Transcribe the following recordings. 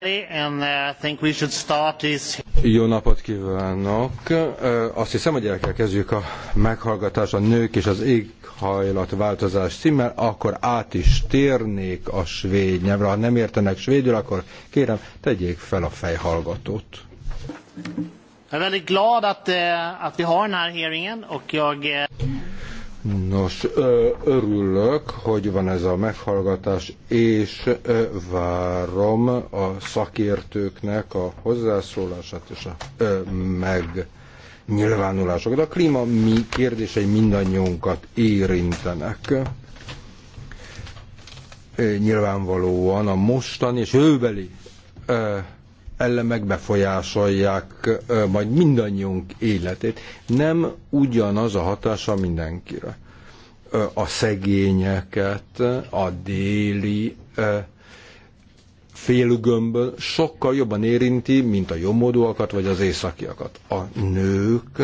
Uh, Jó napot kívánok! Uh, azt hiszem, hogy el kell kezdjük a meghallgatás a nők és az éghajlatváltozás címmel, akkor át is térnék a svéd nyelvre. Ha nem értenek svédül, akkor kérem, tegyék fel a fejhallgatót. Jag är väldigt glad att, eh, att vi har den här hearingen och jag eh, Nos, örülök, hogy van ez a meghallgatás, és várom a szakértőknek a hozzászólását és a megnyilvánulásokat. A klíma mi kérdései mindannyiunkat érintenek. Nyilvánvalóan a mostani és jövőbeli elemek befolyásolják majd mindannyiunk életét. Nem ugyanaz a hatása mindenkire. A szegényeket, a déli félgömbön sokkal jobban érinti, mint a jobbmódúakat vagy az északiakat. A nők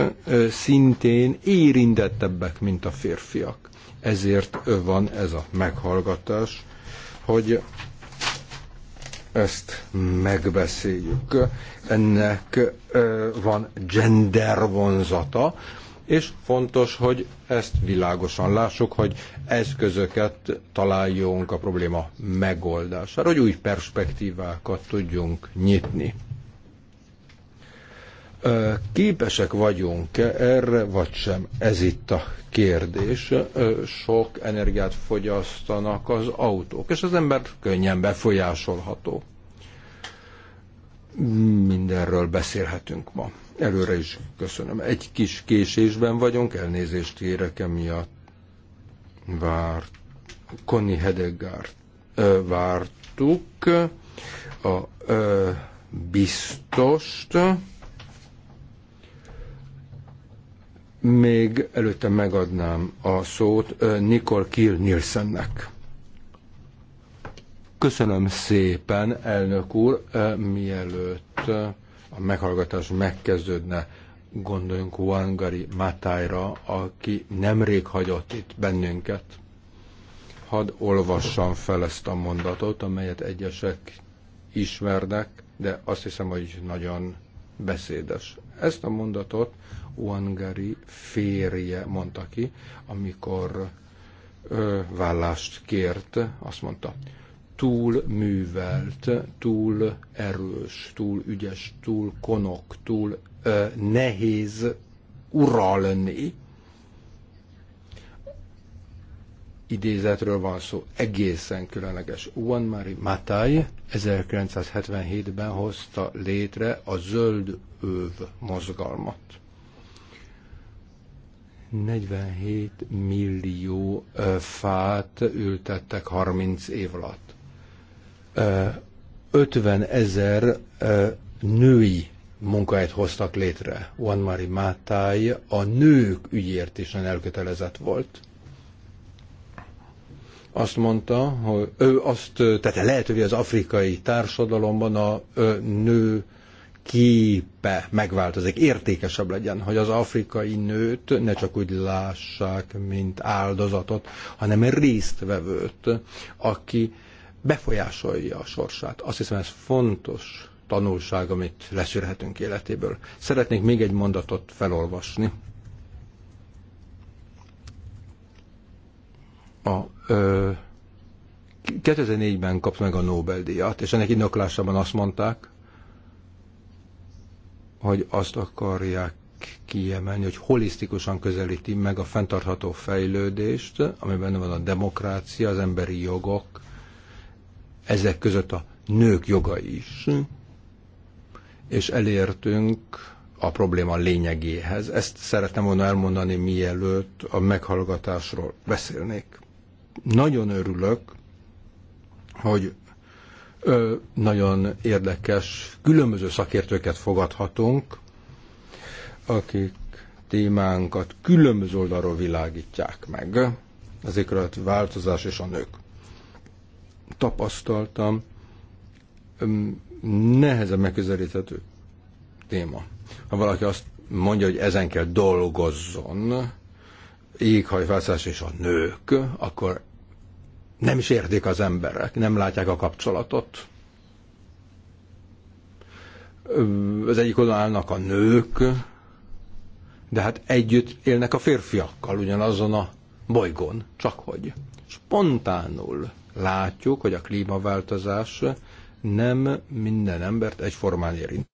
szintén érintettebbek, mint a férfiak. Ezért van ez a meghallgatás, hogy ezt megbeszéljük. Ennek van gender vonzata, és fontos, hogy ezt világosan lássuk, hogy eszközöket találjunk a probléma megoldására, hogy új perspektívákat tudjunk nyitni. Képesek vagyunk erre, vagy sem? Ez itt a kérdés. Sok energiát fogyasztanak az autók, és az ember könnyen befolyásolható. Mindenről beszélhetünk ma. Előre is köszönöm. Egy kis késésben vagyunk, elnézést kérek emiatt. Várt. Connie Hedegaard vártuk. A, ö, biztost Még előtte megadnám a szót Nikol Kiel Nielsennek. Köszönöm szépen, elnök úr, mielőtt a meghallgatás megkezdődne, gondoljunk Wangari Matájra, aki nemrég hagyott itt bennünket. Hadd olvassam fel ezt a mondatot, amelyet egyesek ismernek, de azt hiszem, hogy nagyon beszédes. Ezt a mondatot Wangari férje mondta ki, amikor ö, vállást kért, azt mondta, túl művelt, túl erős, túl ügyes, túl konok, túl ö, nehéz uralni. idézetről van szó, egészen különleges. Mari Matai 1977-ben hozta létre a zöld öv mozgalmat. 47 millió fát ültettek 30 év alatt. 50 ezer női munkáját hoztak létre. Juan Mari Mátály a nők ügyért is nagyon elkötelezett volt. Azt mondta, hogy ő azt tehát lehet, lehetővé az afrikai társadalomban a nő képe megváltozik, értékesebb legyen, hogy az afrikai nőt ne csak úgy lássák, mint áldozatot, hanem résztvevőt, aki befolyásolja a sorsát. Azt hiszem ez fontos tanulság, amit leszűrhetünk életéből. Szeretnék még egy mondatot felolvasni. A, ö, 2004-ben kapta meg a Nobel-díjat, és ennek indoklásában azt mondták, hogy azt akarják kiemelni, hogy holisztikusan közelíti meg a fenntartható fejlődést, amiben van a demokrácia, az emberi jogok, ezek között a nők joga is, és elértünk a probléma lényegéhez. Ezt szeretném volna elmondani, mielőtt a meghallgatásról beszélnék. Nagyon örülök, hogy nagyon érdekes, különböző szakértőket fogadhatunk, akik témánkat különböző oldalról világítják meg. Az éghajlat változás és a nők. Tapasztaltam, nehezen megközelíthető téma. Ha valaki azt mondja, hogy ezen kell dolgozzon, éghajfászás és a nők, akkor nem is értik az emberek, nem látják a kapcsolatot. Az egyik oldalon állnak a nők, de hát együtt élnek a férfiakkal ugyanazon a bolygón, csak hogy spontánul látjuk, hogy a klímaváltozás nem minden embert egyformán érint.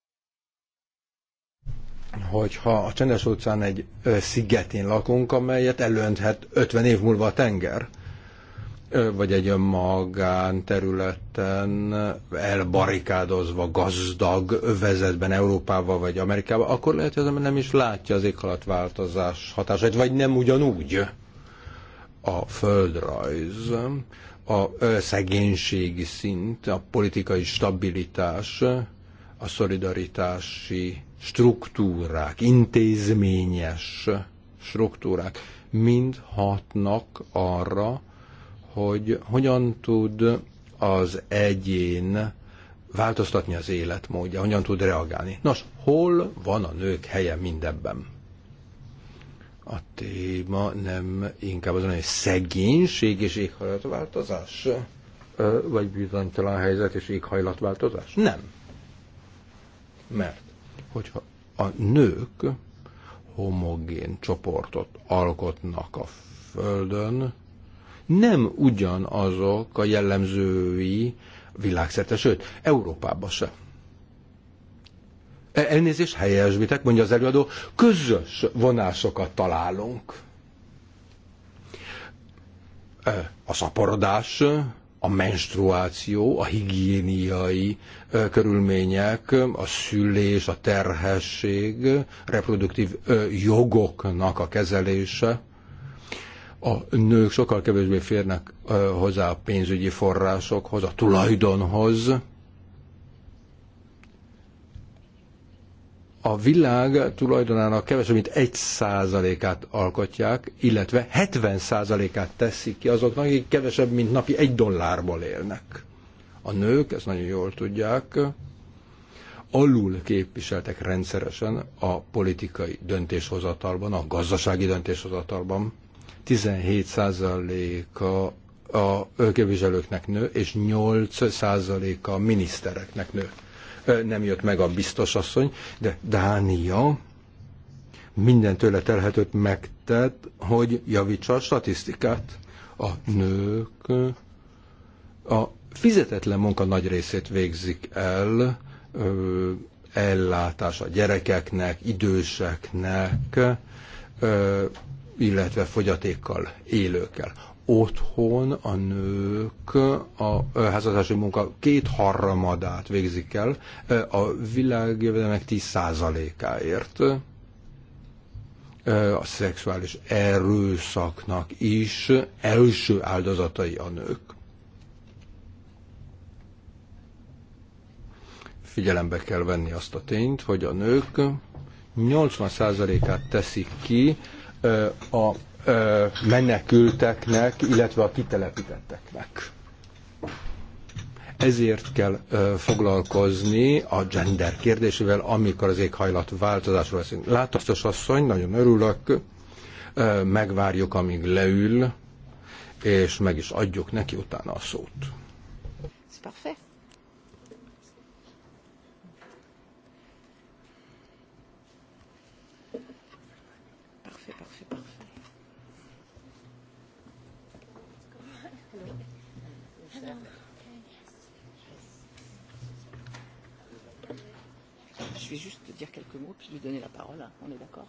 Hogyha a csendes óceán egy szigetén lakunk, amelyet előnthet 50 év múlva a tenger, vagy egy területen elbarikádozva gazdag övezetben, Európában vagy Amerikában, akkor lehet, hogy az ember nem is látja az éghalatváltozás hatását, vagy nem ugyanúgy a földrajz, a szegénységi szint, a politikai stabilitás, a szolidaritási struktúrák, intézményes struktúrák mind hatnak arra, hogy hogyan tud az egyén változtatni az életmódja, hogyan tud reagálni. Nos, hol van a nők helye mindebben? A téma nem inkább az, hogy szegénység és éghajlatváltozás? Vagy bizonytalan helyzet és éghajlatváltozás? Nem. Mert, hogyha a nők homogén csoportot alkotnak a Földön, nem ugyanazok a jellemzői világszerte, sőt, Európában se. E, elnézést helyesbitek, mondja az előadó, közös vonásokat találunk. E, a szaporodás, a menstruáció, a higiéniai e, körülmények, a szülés, a terhesség, reproduktív jogoknak a kezelése, a nők sokkal kevésbé férnek hozzá a pénzügyi forrásokhoz, a tulajdonhoz. A világ tulajdonának kevesebb, mint 1%-át alkotják, illetve 70%-át teszik ki azoknak, akik kevesebb, mint napi egy dollárból élnek. A nők, ezt nagyon jól tudják, alul képviseltek rendszeresen a politikai döntéshozatalban, a gazdasági döntéshozatalban 17%-a a képviselőknek nő, és 8%-a minisztereknek nő. Nem jött meg a biztos asszony, de Dánia minden tőle telhetőt megtett, hogy javítsa a statisztikát. A nők a fizetetlen munka nagy részét végzik el, ellátás a gyerekeknek, időseknek, illetve fogyatékkal élőkkel. Otthon a nők a házatási munka két harmadát végzik el a világjövedelmek 10%-áért a szexuális erőszaknak is első áldozatai a nők. Figyelembe kell venni azt a tényt, hogy a nők 80%-át teszik ki a menekülteknek, illetve a kitelepítetteknek. Ezért kell foglalkozni a gender kérdésével, amikor az éghajlat változásról beszélünk. Látasztos asszony, nagyon örülök, megvárjuk, amíg leül, és meg is adjuk neki utána a szót. C'est parfait. je vais juste te dire quelques mots, puis lui donner la parole. Hein. On est d'accord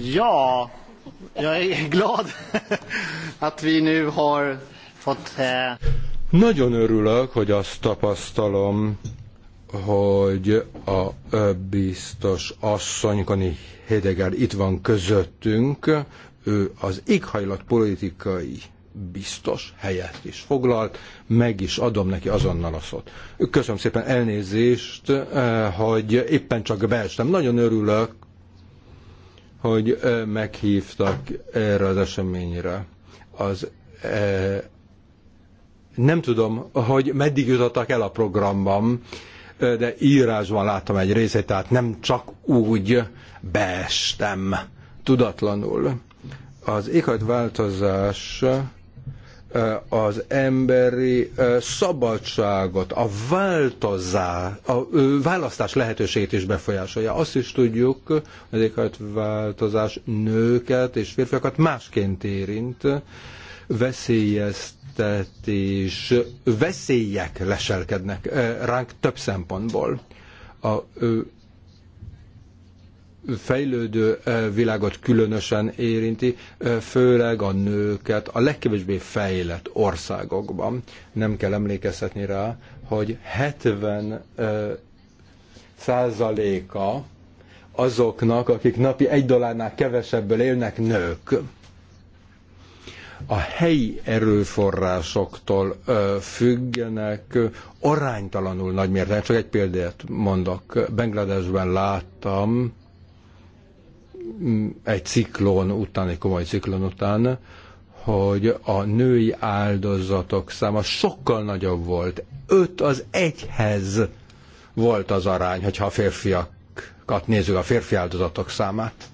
Ja, jag är glad att vi nu har fått... Eh, Nagyon örülök, hogy azt tapasztalom, hogy a biztos asszonykani. Hedegár itt van közöttünk, ő az politikai biztos helyet is foglalt, meg is adom neki azonnal a szót. Köszönöm szépen elnézést, eh, hogy éppen csak beestem. Nagyon örülök, hogy eh, meghívtak erre az eseményre. Az, eh, nem tudom, hogy meddig jutottak el a programban, de írásban láttam egy részét, tehát nem csak úgy beestem tudatlanul. Az éghajlatváltozás az emberi szabadságot, a változás, a választás lehetőségét is befolyásolja. Azt is tudjuk, hogy az éghajlatváltozás nőket és férfiakat másként érint, veszélyezt befektetés veszélyek leselkednek ránk több szempontból. A fejlődő világot különösen érinti, főleg a nőket a legkevésbé fejlett országokban. Nem kell emlékeztetni rá, hogy 70 százaléka azoknak, akik napi egy dollárnál kevesebből élnek, nők a helyi erőforrásoktól függenek aránytalanul nagy mértékben. Csak egy példát mondok. Bangladesben láttam mm, egy ciklon után, egy komoly ciklon után, hogy a női áldozatok száma sokkal nagyobb volt. Öt az egyhez volt az arány, hogyha a férfiakat nézzük, a férfi áldozatok számát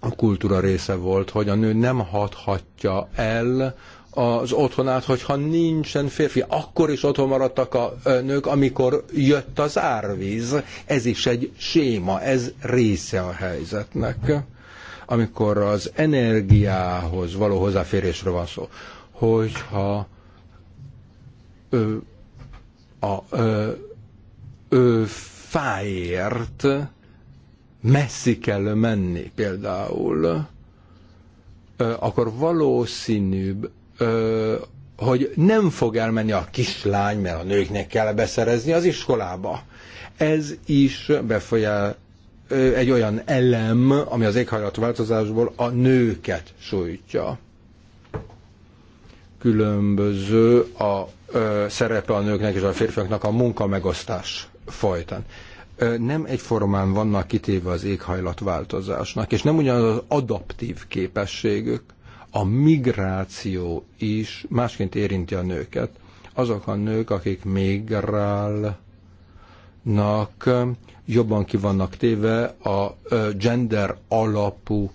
a kultúra része volt, hogy a nő nem hathatja el az otthonát, hogyha nincsen férfi. Akkor is otthon maradtak a nők, amikor jött az árvíz. Ez is egy séma, ez része a helyzetnek, amikor az energiához való hozzáférésről van szó. Hogyha ö, a ö, ö, fáért messzi kell menni például, akkor valószínűbb, hogy nem fog elmenni a kislány, mert a nőknek kell beszerezni az iskolába. Ez is befolyál egy olyan elem, ami az éghajlatváltozásból a nőket sújtja. Különböző a szerepe a nőknek és a férfiaknak a munka megosztás folytán nem egyformán vannak kitéve az éghajlatváltozásnak, és nem ugyanaz az adaptív képességük, a migráció is másként érinti a nőket. Azok a nők, akik migrálnak, jobban ki vannak téve a gender alapú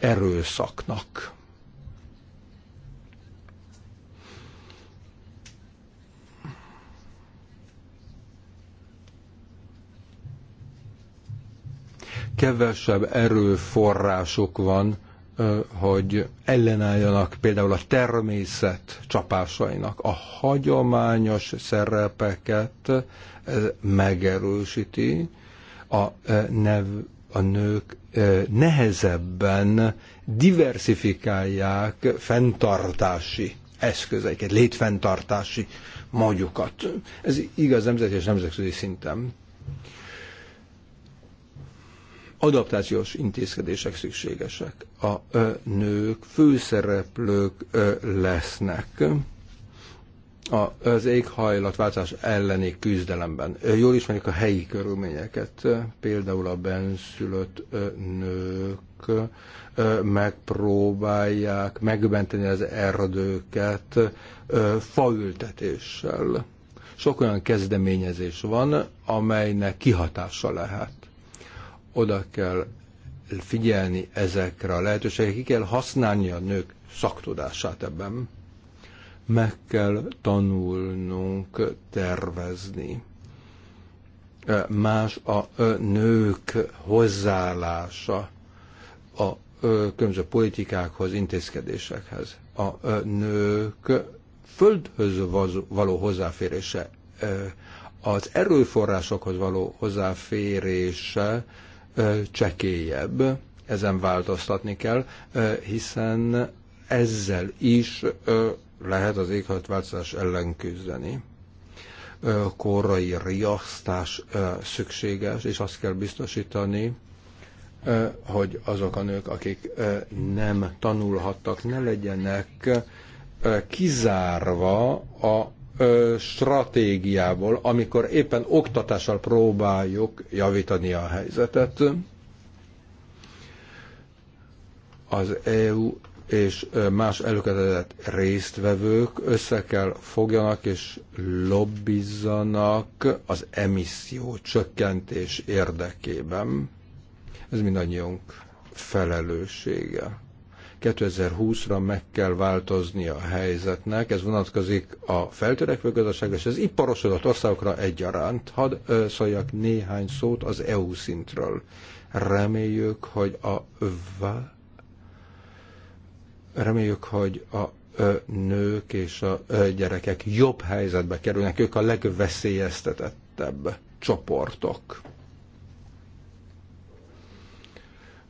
erőszaknak. kevesebb erőforrásuk van, hogy ellenálljanak például a természet csapásainak. A hagyományos szerepeket megerősíti, a, nev, a nők nehezebben diversifikálják fenntartási eszközeiket, létfenntartási magyukat. Ez igaz nemzeti és nemzetközi szinten adaptációs intézkedések szükségesek. A nők főszereplők lesznek az éghajlatváltás elleni küzdelemben. Jól ismerjük a helyi körülményeket, például a benszülött nők megpróbálják megmenteni az erdőket faültetéssel. Sok olyan kezdeményezés van, amelynek kihatása lehet oda kell figyelni ezekre a lehetőségekre, ki kell használni a nők szaktudását ebben. Meg kell tanulnunk tervezni. Más a nők hozzáállása a különböző politikákhoz, intézkedésekhez. A nők földhöz való hozzáférése, az erőforrásokhoz való hozzáférése csekélyebb, ezen változtatni kell, hiszen ezzel is lehet az éghajlatváltozás ellen küzdeni. Korai riasztás szükséges, és azt kell biztosítani, hogy azok a nők, akik nem tanulhattak, ne legyenek kizárva a stratégiából, amikor éppen oktatással próbáljuk javítani a helyzetet. Az EU és más előkedezett résztvevők össze kell fogjanak és lobbizzanak az emisszió csökkentés érdekében. Ez mindannyiunk felelőssége. 2020-ra meg kell változni a helyzetnek. Ez vonatkozik a feltörekvő gazdaságra és az iparosodott országokra egyaránt. Hadd szóljak néhány szót az EU szintről. Reméljük, hogy a reméljük, hogy a nők és a gyerekek jobb helyzetbe kerülnek, ők a legveszélyeztetettebb csoportok.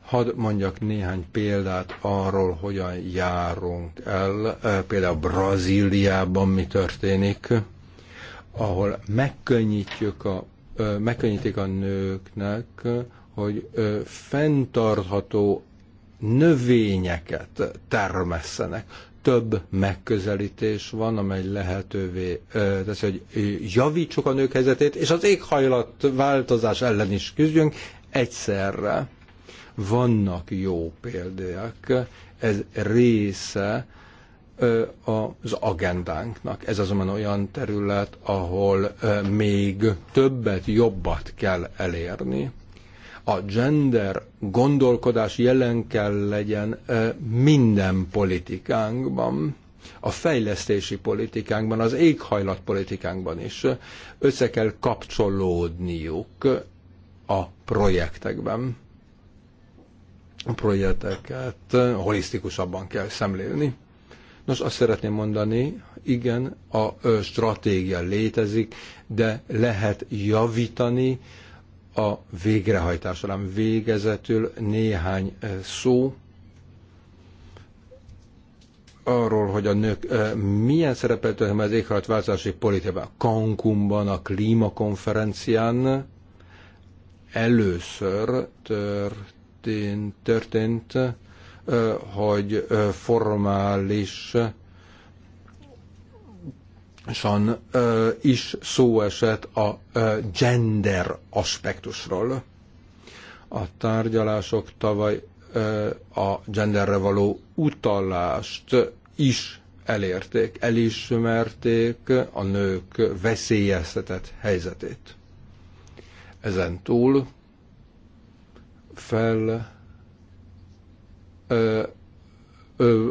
Hadd mondjak néhány példát arról, hogyan járunk el, eh, például Brazíliában mi történik, ahol megkönnyítjük a, eh, megkönnyítik a nőknek, hogy eh, fenntartható növényeket termesszenek. Több megközelítés van, amely lehetővé teszi, hogy javítsuk a nők helyzetét, és az éghajlat változás ellen is küzdjünk egyszerre vannak jó példák, ez része az agendánknak. Ez azonban olyan terület, ahol még többet, jobbat kell elérni. A gender gondolkodás jelen kell legyen minden politikánkban a fejlesztési politikánkban, az éghajlatpolitikánkban is össze kell kapcsolódniuk a projektekben projekteket holisztikusabban kell szemlélni. Nos, azt szeretném mondani, igen, a stratégia létezik, de lehet javítani a végrehajtás alá. végezetül néhány szó arról, hogy a nők milyen szerepet töltenek az éghajlatváltozási politikában. Cancunban, a klímakonferencián először tört történt, történt hogy formálisan is szó esett a gender aspektusról. A tárgyalások tavaly a genderre való utalást is elérték, elismerték a nők veszélyeztetett helyzetét. Ezen túl fel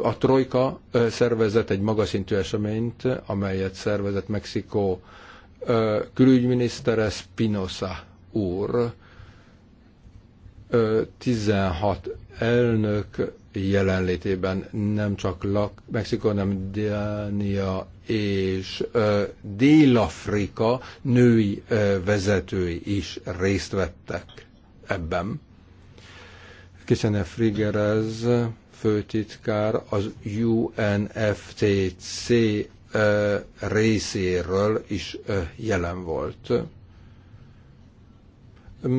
a Trojka szervezett egy magaszintű eseményt, amelyet szervezett Mexikó külügyminisztere Spinoza úr. 16 elnök jelenlétében nem csak Lak, Mexikó, nem Dánia és Dél-Afrika női vezetői is részt vettek ebben. Kisene Frigerez főtitkár az UNFTC részéről is jelen volt.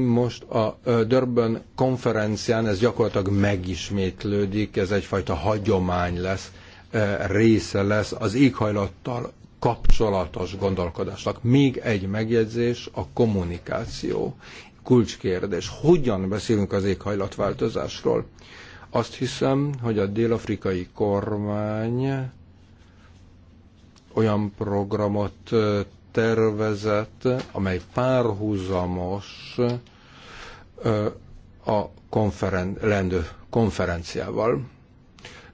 Most a Durban konferencián ez gyakorlatilag megismétlődik, ez egyfajta hagyomány lesz, része lesz az éghajlattal kapcsolatos gondolkodásnak. Még egy megjegyzés, a kommunikáció kulcskérdés. Hogyan beszélünk az éghajlatváltozásról? Azt hiszem, hogy a dél-afrikai kormány olyan programot tervezett, amely párhuzamos a konferen- lendő konferenciával.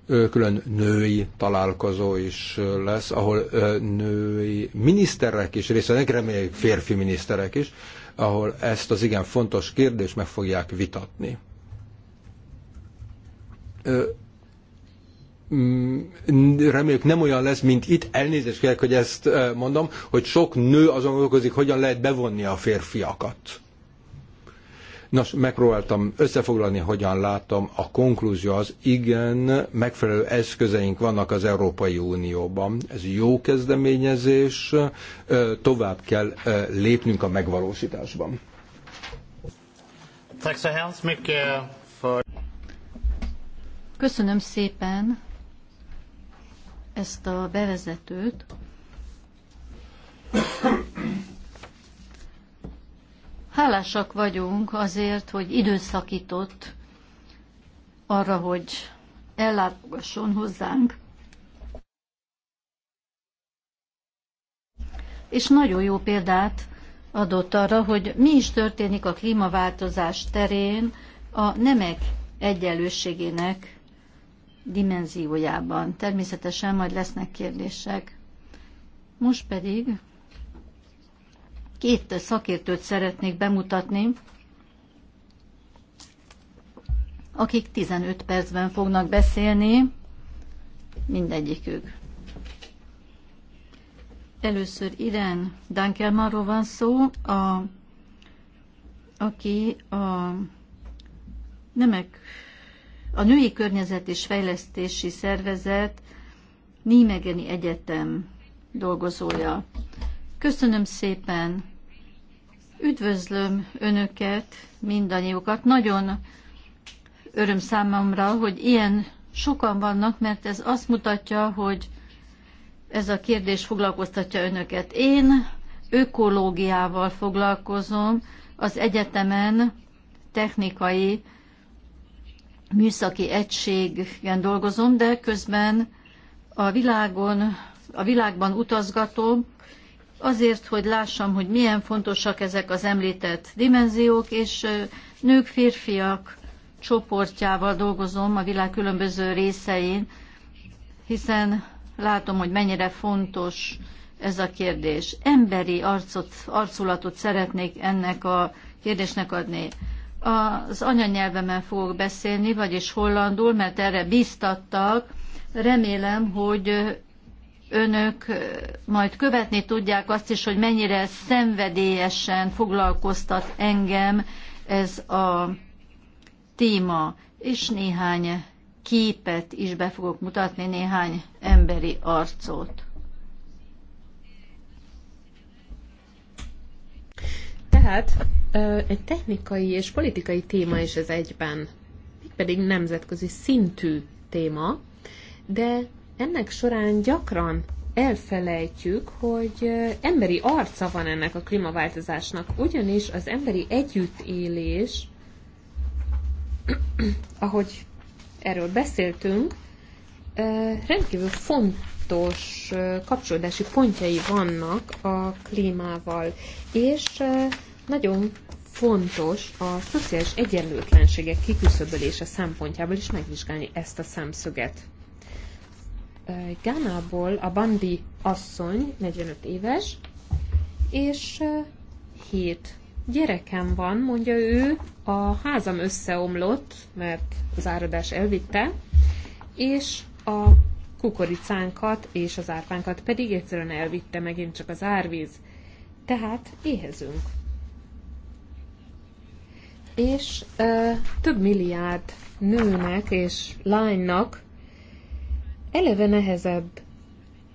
Külön női találkozó is lesz, ahol női miniszterek is részt vesznek, reméljük férfi miniszterek is, ahol ezt az igen fontos kérdést meg fogják vitatni. Mm, reméljük nem olyan lesz, mint itt, elnézést kérek, hogy ezt mondom, hogy sok nő azon gondolkozik, hogyan lehet bevonni a férfiakat Nos, megpróbáltam összefoglalni, hogyan látom. A konklúzió az, igen, megfelelő eszközeink vannak az Európai Unióban. Ez jó kezdeményezés, tovább kell lépnünk a megvalósításban. Köszönöm szépen ezt a bevezetőt. Hálásak vagyunk azért, hogy időszakított arra, hogy ellátogasson hozzánk. És nagyon jó példát adott arra, hogy mi is történik a klímaváltozás terén a nemek egyenlőségének dimenziójában. Természetesen majd lesznek kérdések. Most pedig Két szakértőt szeretnék bemutatni, akik 15 percben fognak beszélni, mindegyikük. Először Irán Dankelmarról van szó, a, aki a nemek, a Női Környezet és Fejlesztési Szervezet Nímegeni Egyetem dolgozója. Köszönöm szépen! Üdvözlöm Önöket, mindannyiukat. Nagyon öröm számomra, hogy ilyen sokan vannak, mert ez azt mutatja, hogy ez a kérdés foglalkoztatja Önöket. Én ökológiával foglalkozom az egyetemen technikai műszaki egységen dolgozom, de közben a világon, a világban utazgatom, azért, hogy lássam, hogy milyen fontosak ezek az említett dimenziók, és nők, férfiak csoportjával dolgozom a világ különböző részein, hiszen látom, hogy mennyire fontos ez a kérdés. Emberi arcot, arculatot szeretnék ennek a kérdésnek adni. Az anyanyelvemen fogok beszélni, vagyis hollandul, mert erre bíztattak. Remélem, hogy önök majd követni tudják azt is, hogy mennyire szenvedélyesen foglalkoztat engem ez a téma, és néhány képet is be fogok mutatni, néhány emberi arcot. Tehát egy technikai és politikai téma is ez egyben, pedig nemzetközi szintű téma, de ennek során gyakran elfelejtjük, hogy emberi arca van ennek a klímaváltozásnak, ugyanis az emberi együttélés, ahogy erről beszéltünk, rendkívül fontos kapcsolódási pontjai vannak a klímával, és nagyon fontos a szociális egyenlőtlenségek kiküszöbölése szempontjából is megvizsgálni ezt a szemszöget. Gánából a Bandi asszony, 45 éves, és hét gyerekem van, mondja ő, a házam összeomlott, mert az áradás elvitte, és a kukoricánkat és az árpánkat pedig egyszerűen elvitte megint csak az árvíz. Tehát éhezünk. És ö, több milliárd nőnek és lánynak eleve nehezebb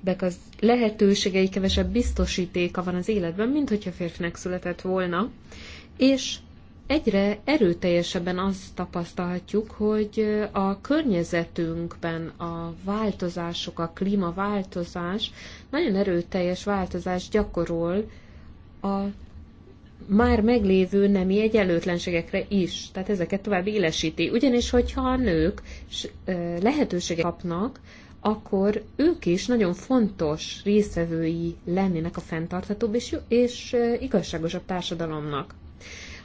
bek az lehetőségei, kevesebb biztosítéka van az életben, mint hogyha férfinek született volna, és egyre erőteljesebben azt tapasztalhatjuk, hogy a környezetünkben a változások, a klímaváltozás nagyon erőteljes változás gyakorol a már meglévő nemi egyenlőtlenségekre is, tehát ezeket tovább élesíti. Ugyanis, hogyha a nők lehetőséget kapnak, akkor ők is nagyon fontos részevői lennének a fenntarthatóbb és, és igazságosabb társadalomnak.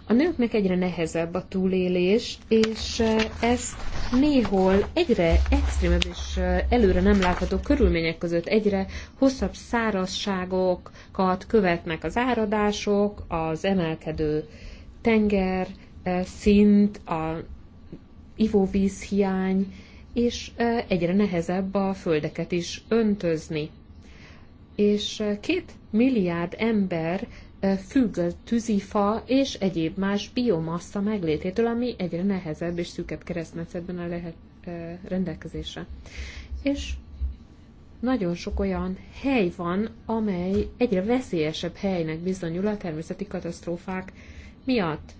A nőknek egyre nehezebb a túlélés, és ezt néhol egyre extrémebb és előre nem látható körülmények között egyre hosszabb szárazságokat követnek az áradások, az emelkedő tenger szint, a ivóvíz hiány, és egyre nehezebb a földeket is öntözni. És két milliárd ember függ a tűzifa és egyéb más biomassa meglététől, ami egyre nehezebb és szűkebb keresztmetszetben a lehet rendelkezésre. És nagyon sok olyan hely van, amely egyre veszélyesebb helynek bizonyul a természeti katasztrófák miatt.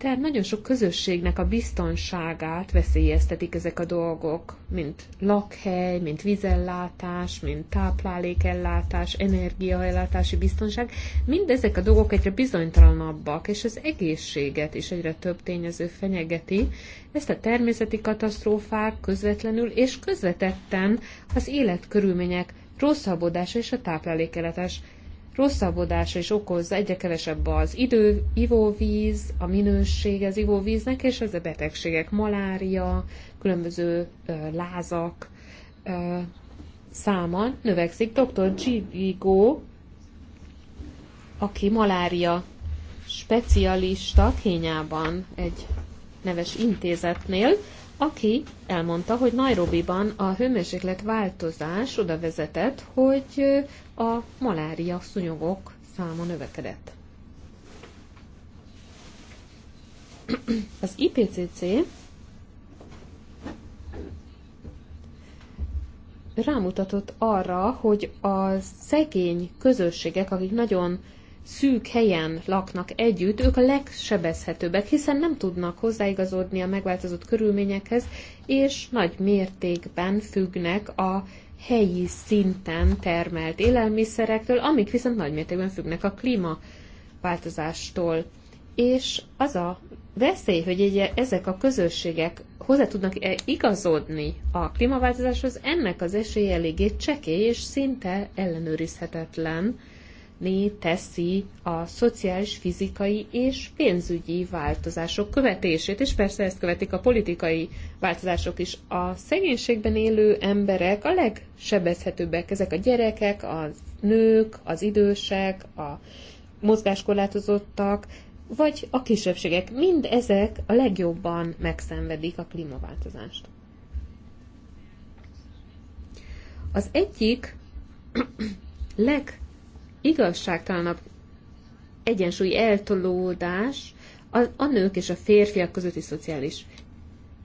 Tehát nagyon sok közösségnek a biztonságát veszélyeztetik ezek a dolgok, mint lakhely, mint vízellátás, mint táplálékellátás, energiaellátási biztonság. Mindezek a dolgok egyre bizonytalanabbak, és az egészséget is egyre több tényező fenyegeti. Ezt a természeti katasztrófák közvetlenül és közvetetten az életkörülmények rosszabbodása és a táplálékellátás rosszabbodás is okozza, egyre kevesebb az idő, ivóvíz, a minőség az ivóvíznek, és ez a betegségek, malária, különböző ö, lázak ö, száma növekszik. Dr. Gigo, aki malária specialista Kényában egy neves intézetnél, aki elmondta, hogy Nairobiban a hőmérséklet változás oda vezetett, hogy a malária szúnyogok száma növekedett. Az IPCC rámutatott arra, hogy a szegény közösségek, akik nagyon szűk helyen laknak együtt, ők a legsebezhetőbbek, hiszen nem tudnak hozzáigazodni a megváltozott körülményekhez, és nagy mértékben függnek a helyi szinten termelt élelmiszerektől, amik viszont nagymértékben függnek a klímaváltozástól. És az a veszély, hogy egy, ezek a közösségek hozzá tudnak -e igazodni a klímaváltozáshoz, ennek az esélye eléggé csekély és szinte ellenőrizhetetlen nehezebbé teszi a szociális, fizikai és pénzügyi változások követését, és persze ezt követik a politikai változások is. A szegénységben élő emberek a legsebezhetőbbek, ezek a gyerekek, a nők, az idősek, a mozgáskorlátozottak, vagy a kisebbségek. Mind ezek a legjobban megszenvedik a klímaváltozást. Az egyik leg igazságtalanabb egyensúly eltolódás a, a nők és a férfiak közötti szociális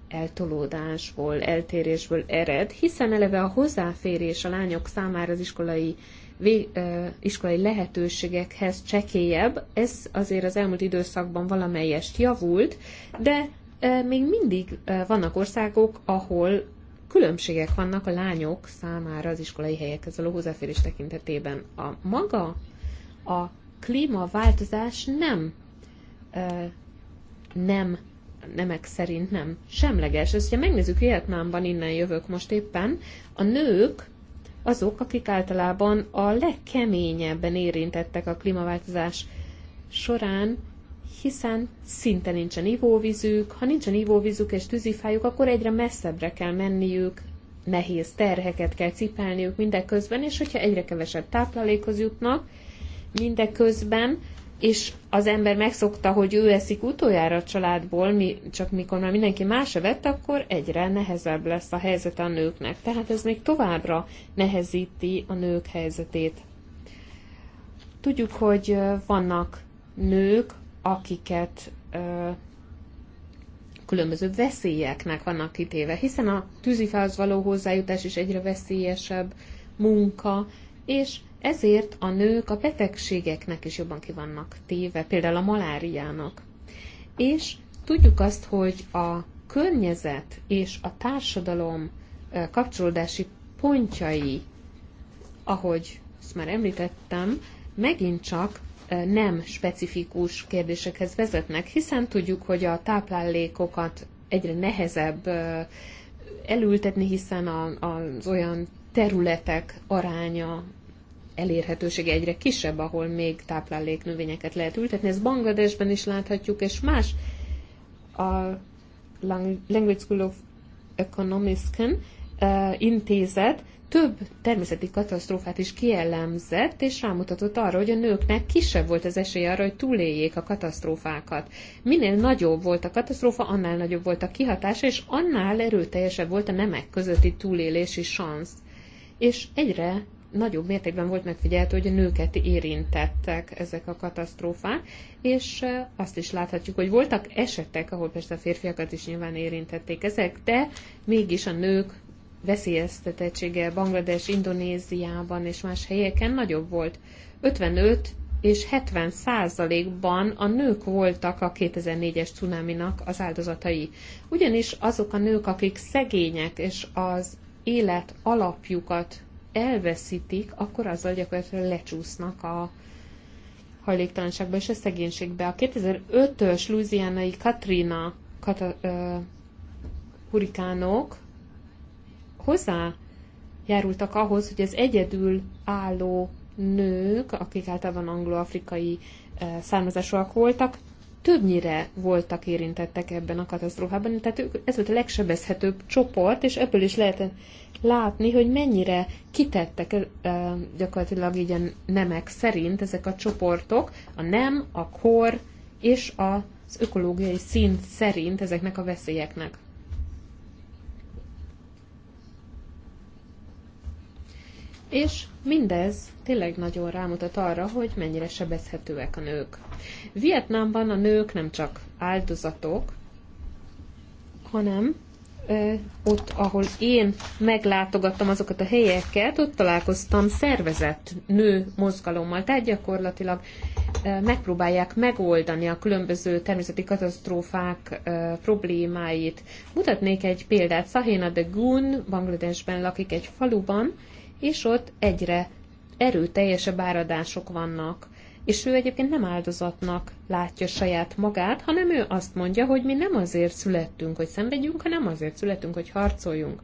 eltolódásból, eltérésből ered, hiszen eleve a hozzáférés a lányok számára az iskolai vé, ö, iskolai lehetőségekhez csekélyebb. Ez azért az elmúlt időszakban valamelyest javult, de ö, még mindig ö, vannak országok, ahol különbségek vannak a lányok számára az iskolai helyekhez való hozzáférés tekintetében. A maga a klímaváltozás nem nem nemek szerint nem semleges. Ezt, ha megnézzük, Vietnámban innen jövök most éppen, a nők azok, akik általában a legkeményebben érintettek a klímaváltozás során, hiszen szinte nincsen ivóvízük, ha nincsen ivóvízük és tűzifájuk, akkor egyre messzebbre kell menniük, nehéz terheket kell cipelniük mindeközben, és hogyha egyre kevesebb táplálékhoz jutnak mindeközben, és az ember megszokta, hogy ő eszik utoljára a családból, mi, csak mikor már mindenki más evett, akkor egyre nehezebb lesz a helyzet a nőknek. Tehát ez még továbbra nehezíti a nők helyzetét. Tudjuk, hogy vannak nők, akiket különböző veszélyeknek vannak kitéve, hiszen a tűzifához való hozzájutás is egyre veszélyesebb munka, és ezért a nők a betegségeknek is jobban vannak téve, például a maláriának. És tudjuk azt, hogy a környezet és a társadalom kapcsolódási pontjai, ahogy ezt már említettem, megint csak nem specifikus kérdésekhez vezetnek, hiszen tudjuk, hogy a táplálékokat egyre nehezebb elültetni, hiszen az olyan területek aránya elérhetősége egyre kisebb, ahol még tápláléknövényeket lehet ültetni. Ezt Bangladesben is láthatjuk, és más a Language School of Economics uh, intézet több természeti katasztrófát is kiellemzett, és rámutatott arra, hogy a nőknek kisebb volt az esélye arra, hogy túléljék a katasztrófákat. Minél nagyobb volt a katasztrófa, annál nagyobb volt a kihatása, és annál erőteljesebb volt a nemek közötti túlélési szansz. És egyre nagyobb mértékben volt megfigyelhető, hogy a nőket érintettek ezek a katasztrófák, és azt is láthatjuk, hogy voltak esetek, ahol persze a férfiakat is nyilván érintették ezek, de mégis a nők veszélyeztetettsége Banglades, Indonéziában és más helyeken nagyobb volt. 55 és 70 százalékban a nők voltak a 2004-es cunáminak az áldozatai. Ugyanis azok a nők, akik szegények és az élet alapjukat elveszítik, akkor azzal gyakorlatilag lecsúsznak a hajléktalanságba és a szegénységbe. A 2005-ös luziánai Katrina kata, hurikánok hozzájárultak ahhoz, hogy az egyedül álló nők, akik általában anglo-afrikai eh, származásúak voltak, többnyire voltak érintettek ebben a katasztrófában, tehát ez volt a legsebezhetőbb csoport, és ebből is lehetett látni, hogy mennyire kitettek eh, gyakorlatilag így a nemek szerint ezek a csoportok, a nem, a kor és az ökológiai szint szerint ezeknek a veszélyeknek. És mindez tényleg nagyon rámutat arra, hogy mennyire sebezhetőek a nők. Vietnámban a nők nem csak áldozatok, hanem ö, ott, ahol én meglátogattam azokat a helyeket, ott találkoztam szervezett nő mozgalommal. Tehát gyakorlatilag ö, megpróbálják megoldani a különböző természeti katasztrófák ö, problémáit. Mutatnék egy példát. Sahina de Gun, Bangladesben lakik egy faluban, és ott egyre erőteljesebb áradások vannak. És ő egyébként nem áldozatnak látja saját magát, hanem ő azt mondja, hogy mi nem azért születtünk, hogy szenvedjünk, hanem azért születtünk, hogy harcoljunk.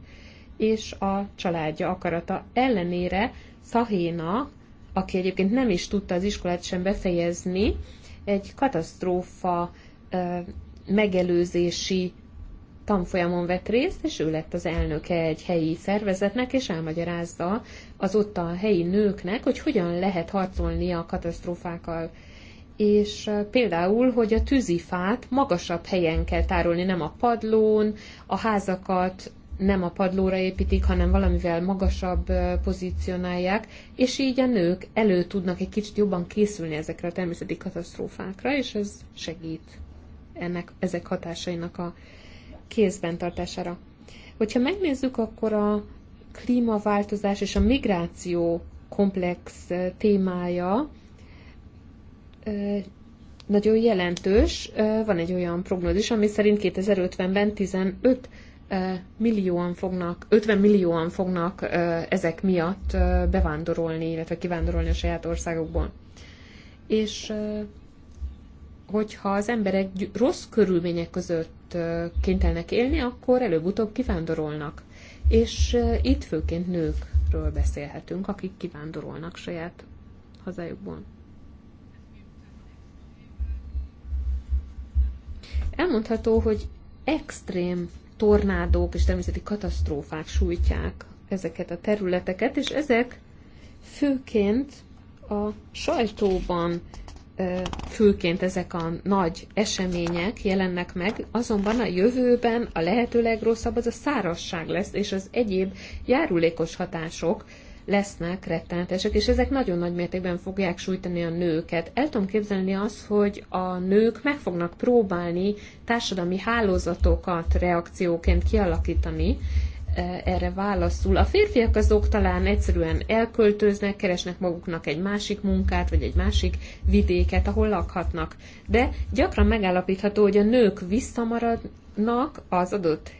És a családja akarata ellenére Szahéna, aki egyébként nem is tudta az iskolát sem befejezni, egy katasztrófa megelőzési tanfolyamon vett részt, és ő lett az elnöke egy helyi szervezetnek, és elmagyarázta az ott a helyi nőknek, hogy hogyan lehet harcolni a katasztrófákkal. És például, hogy a tűzifát magasabb helyen kell tárolni, nem a padlón, a házakat nem a padlóra építik, hanem valamivel magasabb pozícionálják, és így a nők elő tudnak egy kicsit jobban készülni ezekre a természeti katasztrófákra, és ez segít ennek, ezek hatásainak a kézben tartására. Hogyha megnézzük, akkor a klímaváltozás és a migráció komplex témája nagyon jelentős. Van egy olyan prognózis, ami szerint 2050-ben 15 millióan fognak, 50 millióan fognak ezek miatt bevándorolni, illetve kivándorolni a saját országokból. És hogyha az emberek rossz körülmények között ott kénytelenek élni, akkor előbb-utóbb kivándorolnak. És itt főként nőkről beszélhetünk, akik kivándorolnak saját hazájukból. Elmondható, hogy extrém tornádók és természeti katasztrófák sújtják ezeket a területeket, és ezek főként a sajtóban főként ezek a nagy események jelennek meg, azonban a jövőben a lehető legrosszabb az a szárazság lesz, és az egyéb járulékos hatások lesznek rettenetesek, és ezek nagyon nagy mértékben fogják sújtani a nőket. El tudom képzelni azt, hogy a nők meg fognak próbálni társadalmi hálózatokat reakcióként kialakítani, erre válaszul. A férfiak azok talán egyszerűen elköltöznek, keresnek maguknak egy másik munkát, vagy egy másik vidéket, ahol lakhatnak. De gyakran megállapítható, hogy a nők visszamaradnak az adott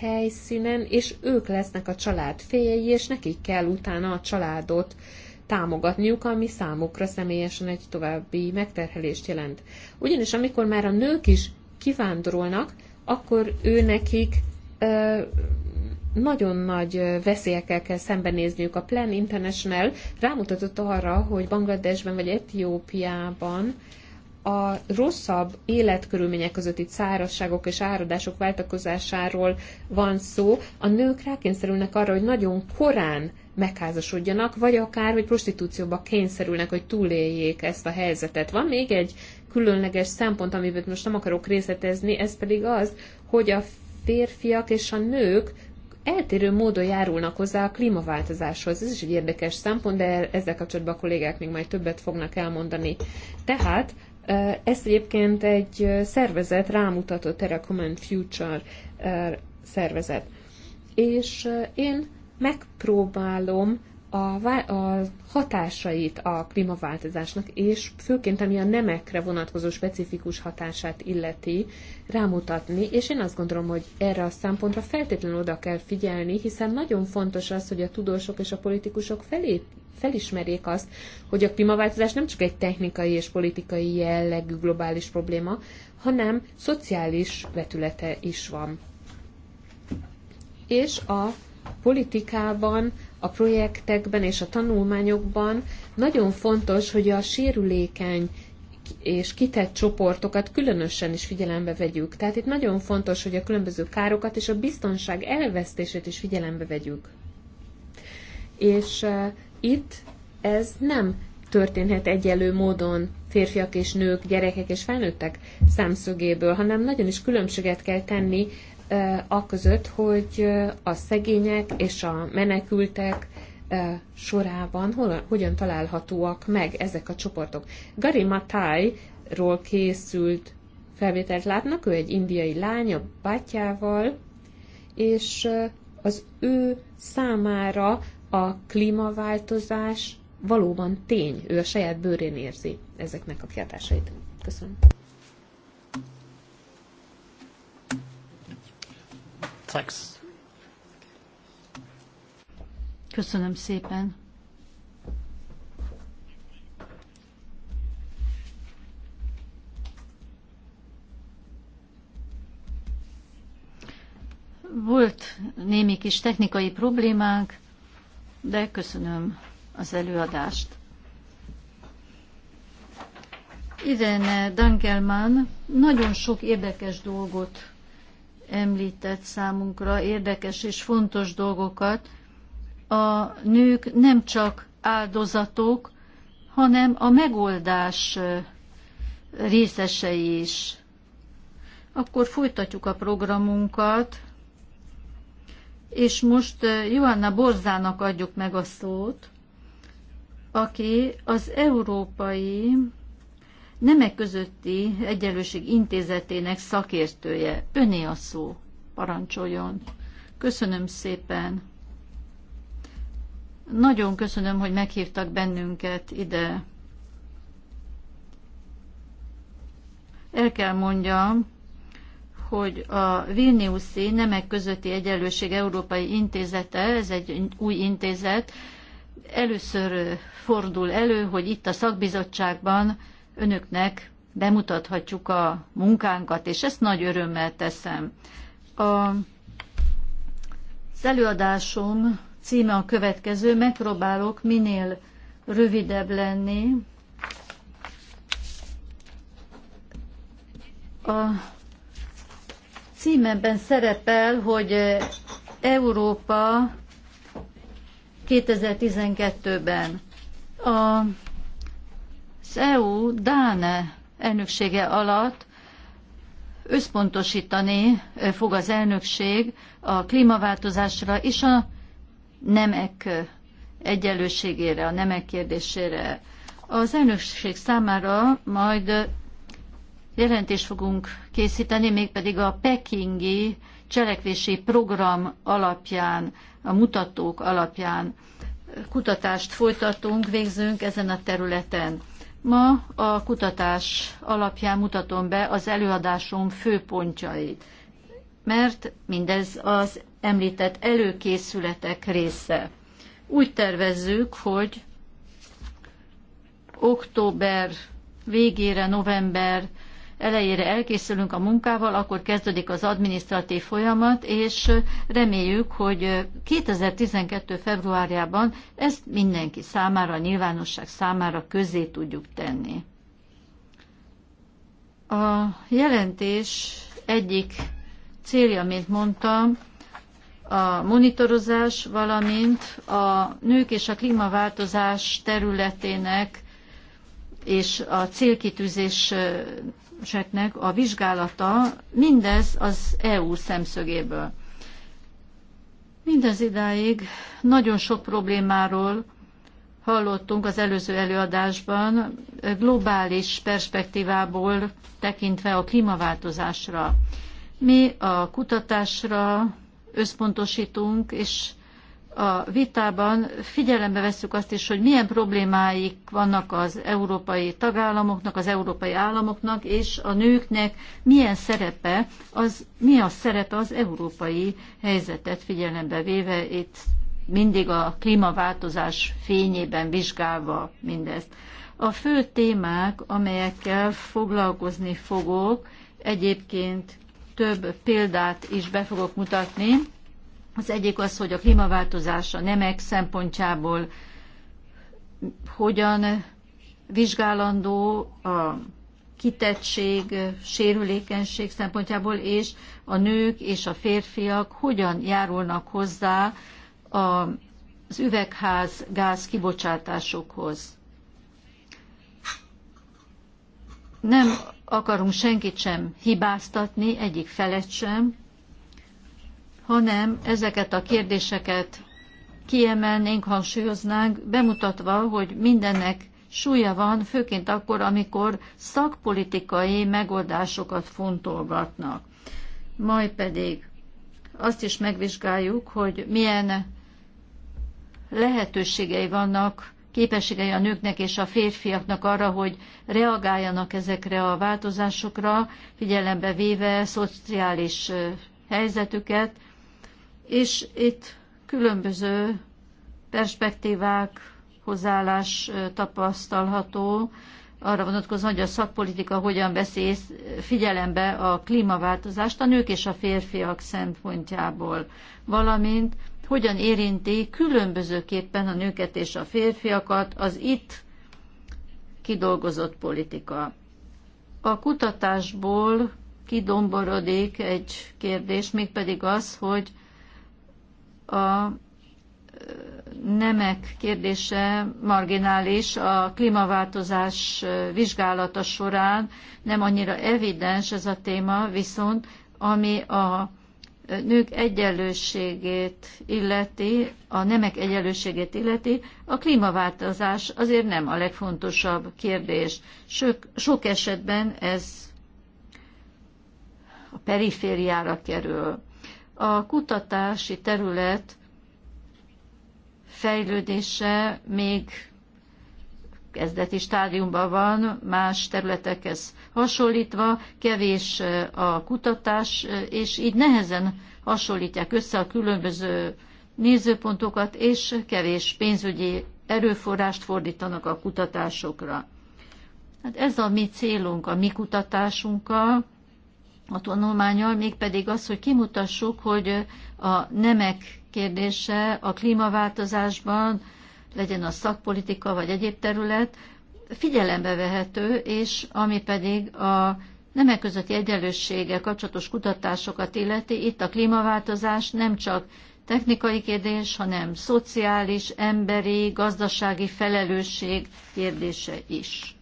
helyszínen, és ők lesznek a család féljei, és nekik kell utána a családot támogatniuk, ami számukra személyesen egy további megterhelést jelent. Ugyanis amikor már a nők is kivándorolnak, akkor ő nekik nagyon nagy veszélyekkel kell szembenézniük. A Plan International rámutatott arra, hogy Bangladesben vagy Etiópiában a rosszabb életkörülmények között itt szárazságok és áradások váltakozásáról van szó, a nők rákényszerülnek arra, hogy nagyon korán megházasodjanak, vagy akár, hogy prostitúcióba kényszerülnek, hogy túléljék ezt a helyzetet. Van még egy különleges szempont, amiben most nem akarok részletezni, ez pedig az, hogy a férfiak és a nők eltérő módon járulnak hozzá a klímaváltozáshoz. Ez is egy érdekes szempont, de ezzel kapcsolatban a kollégák még majd többet fognak elmondani. Tehát ezt egyébként egy szervezet rámutatott, a Recommend Future szervezet. És én megpróbálom a, a hatásait a klímaváltozásnak, és főként ami a nemekre vonatkozó specifikus hatását illeti, rámutatni, és én azt gondolom, hogy erre a szempontra feltétlenül oda kell figyelni, hiszen nagyon fontos az, hogy a tudósok és a politikusok felé felismerjék azt, hogy a klímaváltozás nem csak egy technikai és politikai jellegű globális probléma, hanem szociális vetülete is van. És a politikában a projektekben és a tanulmányokban nagyon fontos, hogy a sérülékeny és kitett csoportokat különösen is figyelembe vegyük. Tehát itt nagyon fontos, hogy a különböző károkat és a biztonság elvesztését is figyelembe vegyük. És uh, itt ez nem történhet egyelő módon férfiak és nők, gyerekek és felnőttek szemszögéből, hanem nagyon is különbséget kell tenni aközött, hogy a szegények és a menekültek sorában hol, hogyan találhatóak meg ezek a csoportok. Gary Matai-ról készült felvételt látnak, ő egy indiai lány a bátyával, és az ő számára a klímaváltozás valóban tény, ő a saját bőrén érzi ezeknek a kiadásait. Köszönöm. Köszönöm szépen. Volt némi kis technikai problémánk, de köszönöm az előadást. Irene Dangelman nagyon sok érdekes dolgot említett számunkra érdekes és fontos dolgokat. A nők nem csak áldozatok, hanem a megoldás részesei is. Akkor folytatjuk a programunkat, és most Joanna Borzának adjuk meg a szót, aki az Európai Nemek közötti Egyenlőség Intézetének szakértője. Öné a szó. Parancsoljon. Köszönöm szépen. Nagyon köszönöm, hogy meghívtak bennünket ide. El kell mondjam, hogy a Vilniuszi Nemek Közötti Egyenlőség Európai Intézete, ez egy új intézet, először fordul elő, hogy itt a szakbizottságban önöknek bemutathatjuk a munkánkat, és ezt nagy örömmel teszem. A, az előadásom címe a következő, megpróbálok minél rövidebb lenni. A címemben szerepel, hogy Európa 2012-ben. A az EU Dán elnöksége alatt összpontosítani fog az elnökség a klímaváltozásra és a nemek egyenlőségére, a nemek kérdésére. Az elnökség számára majd jelentést fogunk készíteni, mégpedig a pekingi cselekvési program alapján, a mutatók alapján kutatást folytatunk, végzünk ezen a területen. Ma a kutatás alapján mutatom be az előadásom főpontjait, mert mindez az említett előkészületek része. Úgy tervezzük, hogy október végére, november elejére elkészülünk a munkával, akkor kezdődik az adminisztratív folyamat, és reméljük, hogy 2012. februárjában ezt mindenki számára, a nyilvánosság számára közé tudjuk tenni. A jelentés egyik célja, mint mondtam, a monitorozás, valamint a nők és a klímaváltozás területének és a célkitűzés kérdéseknek a vizsgálata, mindez az EU szemszögéből. Mindez idáig nagyon sok problémáról hallottunk az előző előadásban, globális perspektívából tekintve a klímaváltozásra. Mi a kutatásra összpontosítunk, és a vitában figyelembe vesszük azt is, hogy milyen problémáik vannak az európai tagállamoknak, az európai államoknak, és a nőknek milyen szerepe, az, mi a szerepe az európai helyzetet figyelembe véve itt mindig a klímaváltozás fényében vizsgálva mindezt. A fő témák, amelyekkel foglalkozni fogok, egyébként több példát is be fogok mutatni, az egyik az, hogy a klímaváltozás a nemek szempontjából hogyan vizsgálandó a kitettség, sérülékenység szempontjából, és a nők és a férfiak hogyan járulnak hozzá az üvegház gáz kibocsátásokhoz. Nem akarunk senkit sem hibáztatni, egyik felet sem, hanem ezeket a kérdéseket kiemelnénk, hangsúlyoznánk, bemutatva, hogy mindennek súlya van, főként akkor, amikor szakpolitikai megoldásokat fontolgatnak. Majd pedig azt is megvizsgáljuk, hogy milyen lehetőségei vannak, képességei a nőknek és a férfiaknak arra, hogy reagáljanak ezekre a változásokra, figyelembe véve szociális helyzetüket, és itt különböző perspektívák, hozzáállás tapasztalható, arra vonatkozóan, hogy a szakpolitika hogyan veszi figyelembe a klímaváltozást a nők és a férfiak szempontjából, valamint hogyan érinti különbözőképpen a nőket és a férfiakat az itt kidolgozott politika. A kutatásból kidomborodik egy kérdés, mégpedig az, hogy a nemek kérdése marginális, a klímaváltozás vizsgálata során nem annyira evidens ez a téma, viszont ami a nők egyenlőségét illeti, a nemek egyenlőségét illeti, a klímaváltozás azért nem a legfontosabb kérdés. Sok, sok esetben ez a perifériára kerül. A kutatási terület fejlődése még kezdeti stádiumban van, más területekhez hasonlítva, kevés a kutatás, és így nehezen hasonlítják össze a különböző nézőpontokat, és kevés pénzügyi erőforrást fordítanak a kutatásokra. Hát ez a mi célunk a mi kutatásunkkal, a tanulmányal, mégpedig az, hogy kimutassuk, hogy a nemek kérdése a klímaváltozásban, legyen a szakpolitika vagy egyéb terület, figyelembe vehető, és ami pedig a nemek közötti egyenlőssége kapcsolatos kutatásokat illeti, itt a klímaváltozás nem csak technikai kérdés, hanem szociális, emberi, gazdasági felelősség kérdése is.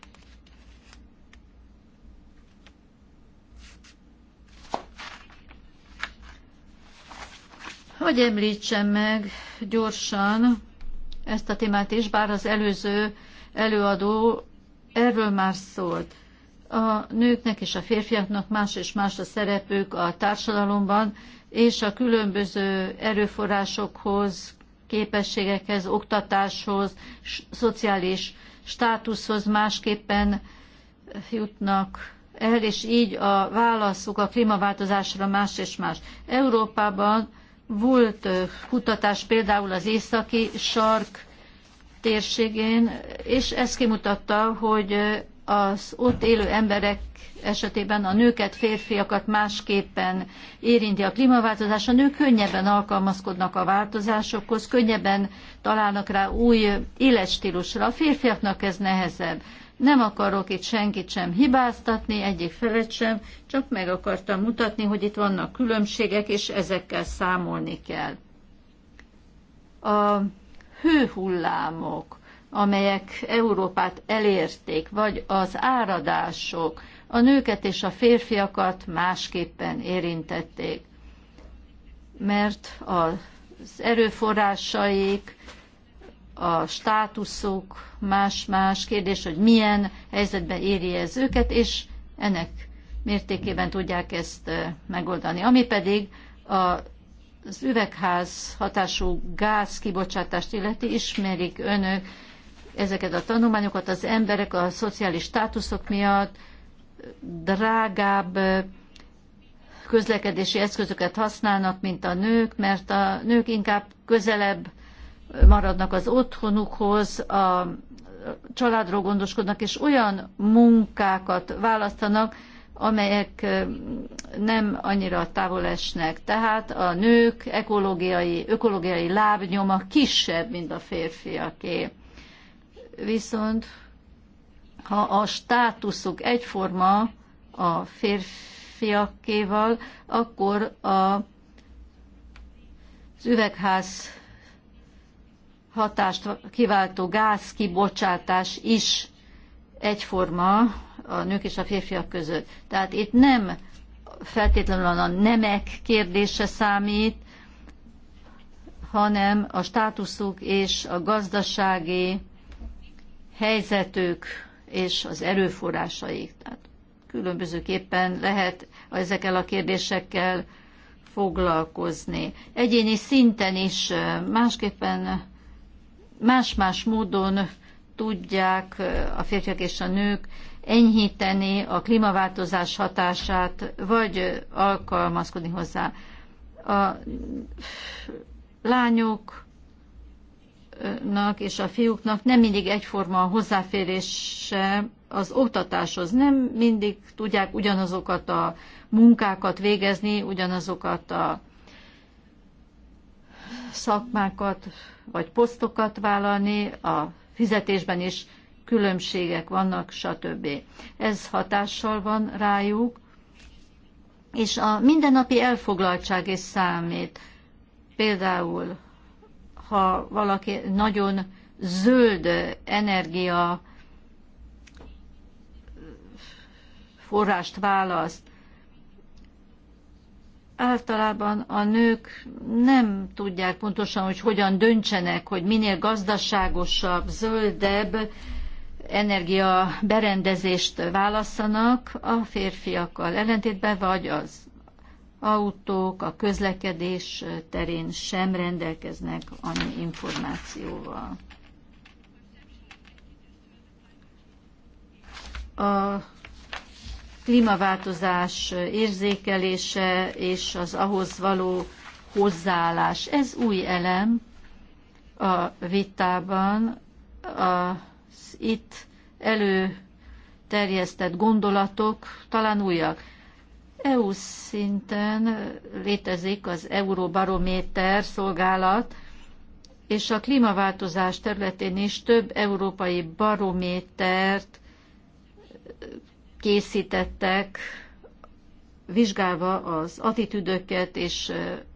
Hogy említsem meg gyorsan ezt a témát is, bár az előző előadó erről már szólt. A nőknek és a férfiaknak más és más a szerepük a társadalomban, és a különböző erőforrásokhoz, képességekhez, oktatáshoz, szociális státuszhoz másképpen jutnak el, és így a válaszuk a klímaváltozásra más és más. Európában volt kutatás például az északi sark térségén, és ez kimutatta, hogy az ott élő emberek esetében a nőket, férfiakat másképpen érinti a klímaváltozás. A nők könnyebben alkalmazkodnak a változásokhoz, könnyebben találnak rá új életstílusra. A férfiaknak ez nehezebb. Nem akarok itt senkit sem hibáztatni, egyik felet sem, csak meg akartam mutatni, hogy itt vannak különbségek, és ezekkel számolni kell. A hőhullámok, amelyek Európát elérték, vagy az áradások a nőket és a férfiakat másképpen érintették, mert az erőforrásaik, a státuszok, más-más kérdés, hogy milyen helyzetben éri ez őket, és ennek mértékében tudják ezt megoldani. Ami pedig a az üvegház hatású gáz kibocsátást illeti, ismerik önök ezeket a tanulmányokat, az emberek a szociális státuszok miatt drágább közlekedési eszközöket használnak, mint a nők, mert a nők inkább közelebb maradnak az otthonukhoz, a családról gondoskodnak, és olyan munkákat választanak, amelyek nem annyira távol esnek. Tehát a nők ekológiai, ökológiai lábnyoma kisebb, mint a férfiaké. Viszont ha a státuszuk egyforma a férfiakéval, akkor a, az üvegház hatást kiváltó gázkibocsátás is egyforma a nők és a férfiak között. Tehát itt nem feltétlenül a nemek kérdése számít, hanem a státuszuk és a gazdasági helyzetük és az erőforrásaik. Tehát különbözőképpen lehet ezekkel a kérdésekkel foglalkozni. Egyéni szinten is eh, másképpen más-más módon tudják a férfiak és a nők enyhíteni a klímaváltozás hatását, vagy alkalmazkodni hozzá. A lányoknak és a fiúknak nem mindig egyforma a hozzáférése az oktatáshoz. Nem mindig tudják ugyanazokat a munkákat végezni, ugyanazokat a szakmákat vagy posztokat vállalni, a fizetésben is különbségek vannak, stb. Ez hatással van rájuk, és a mindennapi elfoglaltság is számít. Például, ha valaki nagyon zöld energia forrást választ, általában a nők nem tudják pontosan, hogy hogyan döntsenek, hogy minél gazdaságosabb, zöldebb energia berendezést válaszanak, a férfiakkal ellentétben, vagy az autók, a közlekedés terén sem rendelkeznek annyi információval. A klímaváltozás érzékelése és az ahhoz való hozzáállás. Ez új elem a vitában, az itt előterjesztett gondolatok talán újak. EU szinten létezik az Euróbarométer szolgálat, és a klímaváltozás területén is több európai barométert készítettek, vizsgálva az attitűdöket és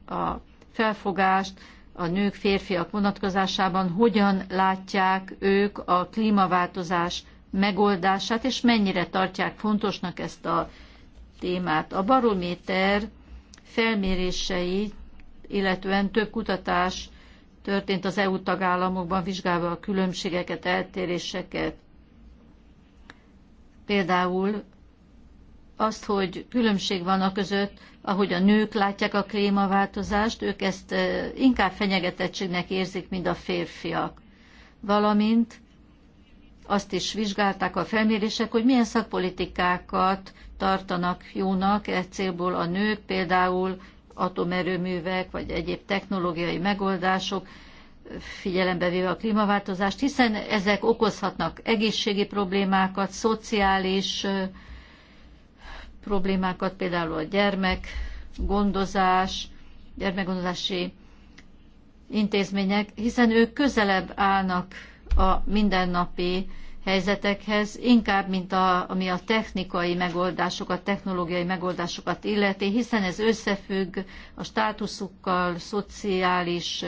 a felfogást a nők, férfiak vonatkozásában, hogyan látják ők a klímaváltozás megoldását, és mennyire tartják fontosnak ezt a témát. A barométer felmérései, illetően több kutatás történt az EU tagállamokban, vizsgálva a különbségeket, eltéréseket. Például azt, hogy különbség van a között, ahogy a nők látják a klímaváltozást, ők ezt inkább fenyegetettségnek érzik, mint a férfiak. Valamint azt is vizsgálták a felmérések, hogy milyen szakpolitikákat tartanak jónak e célból a nők, például atomerőművek vagy egyéb technológiai megoldások, figyelembe véve a klímaváltozást, hiszen ezek okozhatnak egészségi problémákat, szociális problémákat, például a gyermek gondozás, gyermekgondozási intézmények, hiszen ők közelebb állnak a mindennapi helyzetekhez, inkább, mint a, ami a technikai megoldásokat, technológiai megoldásokat illeti, hiszen ez összefügg a státuszukkal, szociális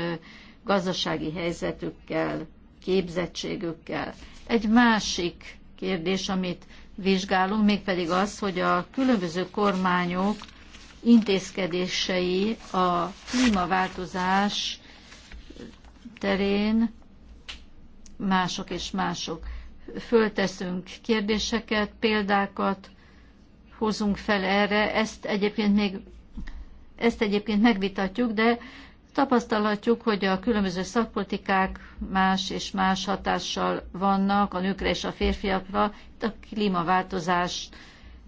gazdasági helyzetükkel, képzettségükkel. Egy másik kérdés, amit vizsgálunk, mégpedig az, hogy a különböző kormányok intézkedései a klímaváltozás terén mások és mások. Fölteszünk kérdéseket, példákat hozunk fel erre, ezt egyébként még ezt egyébként megvitatjuk, de Tapasztalhatjuk, hogy a különböző szakpolitikák más és más hatással vannak a nőkre és a férfiakra, itt a klímaváltozás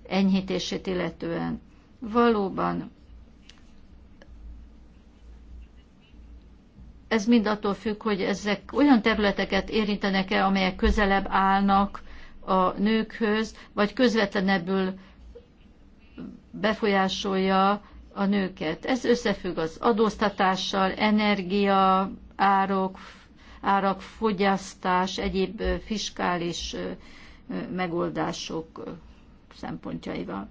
enyhítését illetően. Valóban ez mind attól függ, hogy ezek olyan területeket érintenek-e, amelyek közelebb állnak a nőkhöz, vagy közvetlenebbül befolyásolja a nőket. Ez összefügg az adóztatással, energia, árok, árak, fogyasztás, egyéb fiskális megoldások szempontjaival.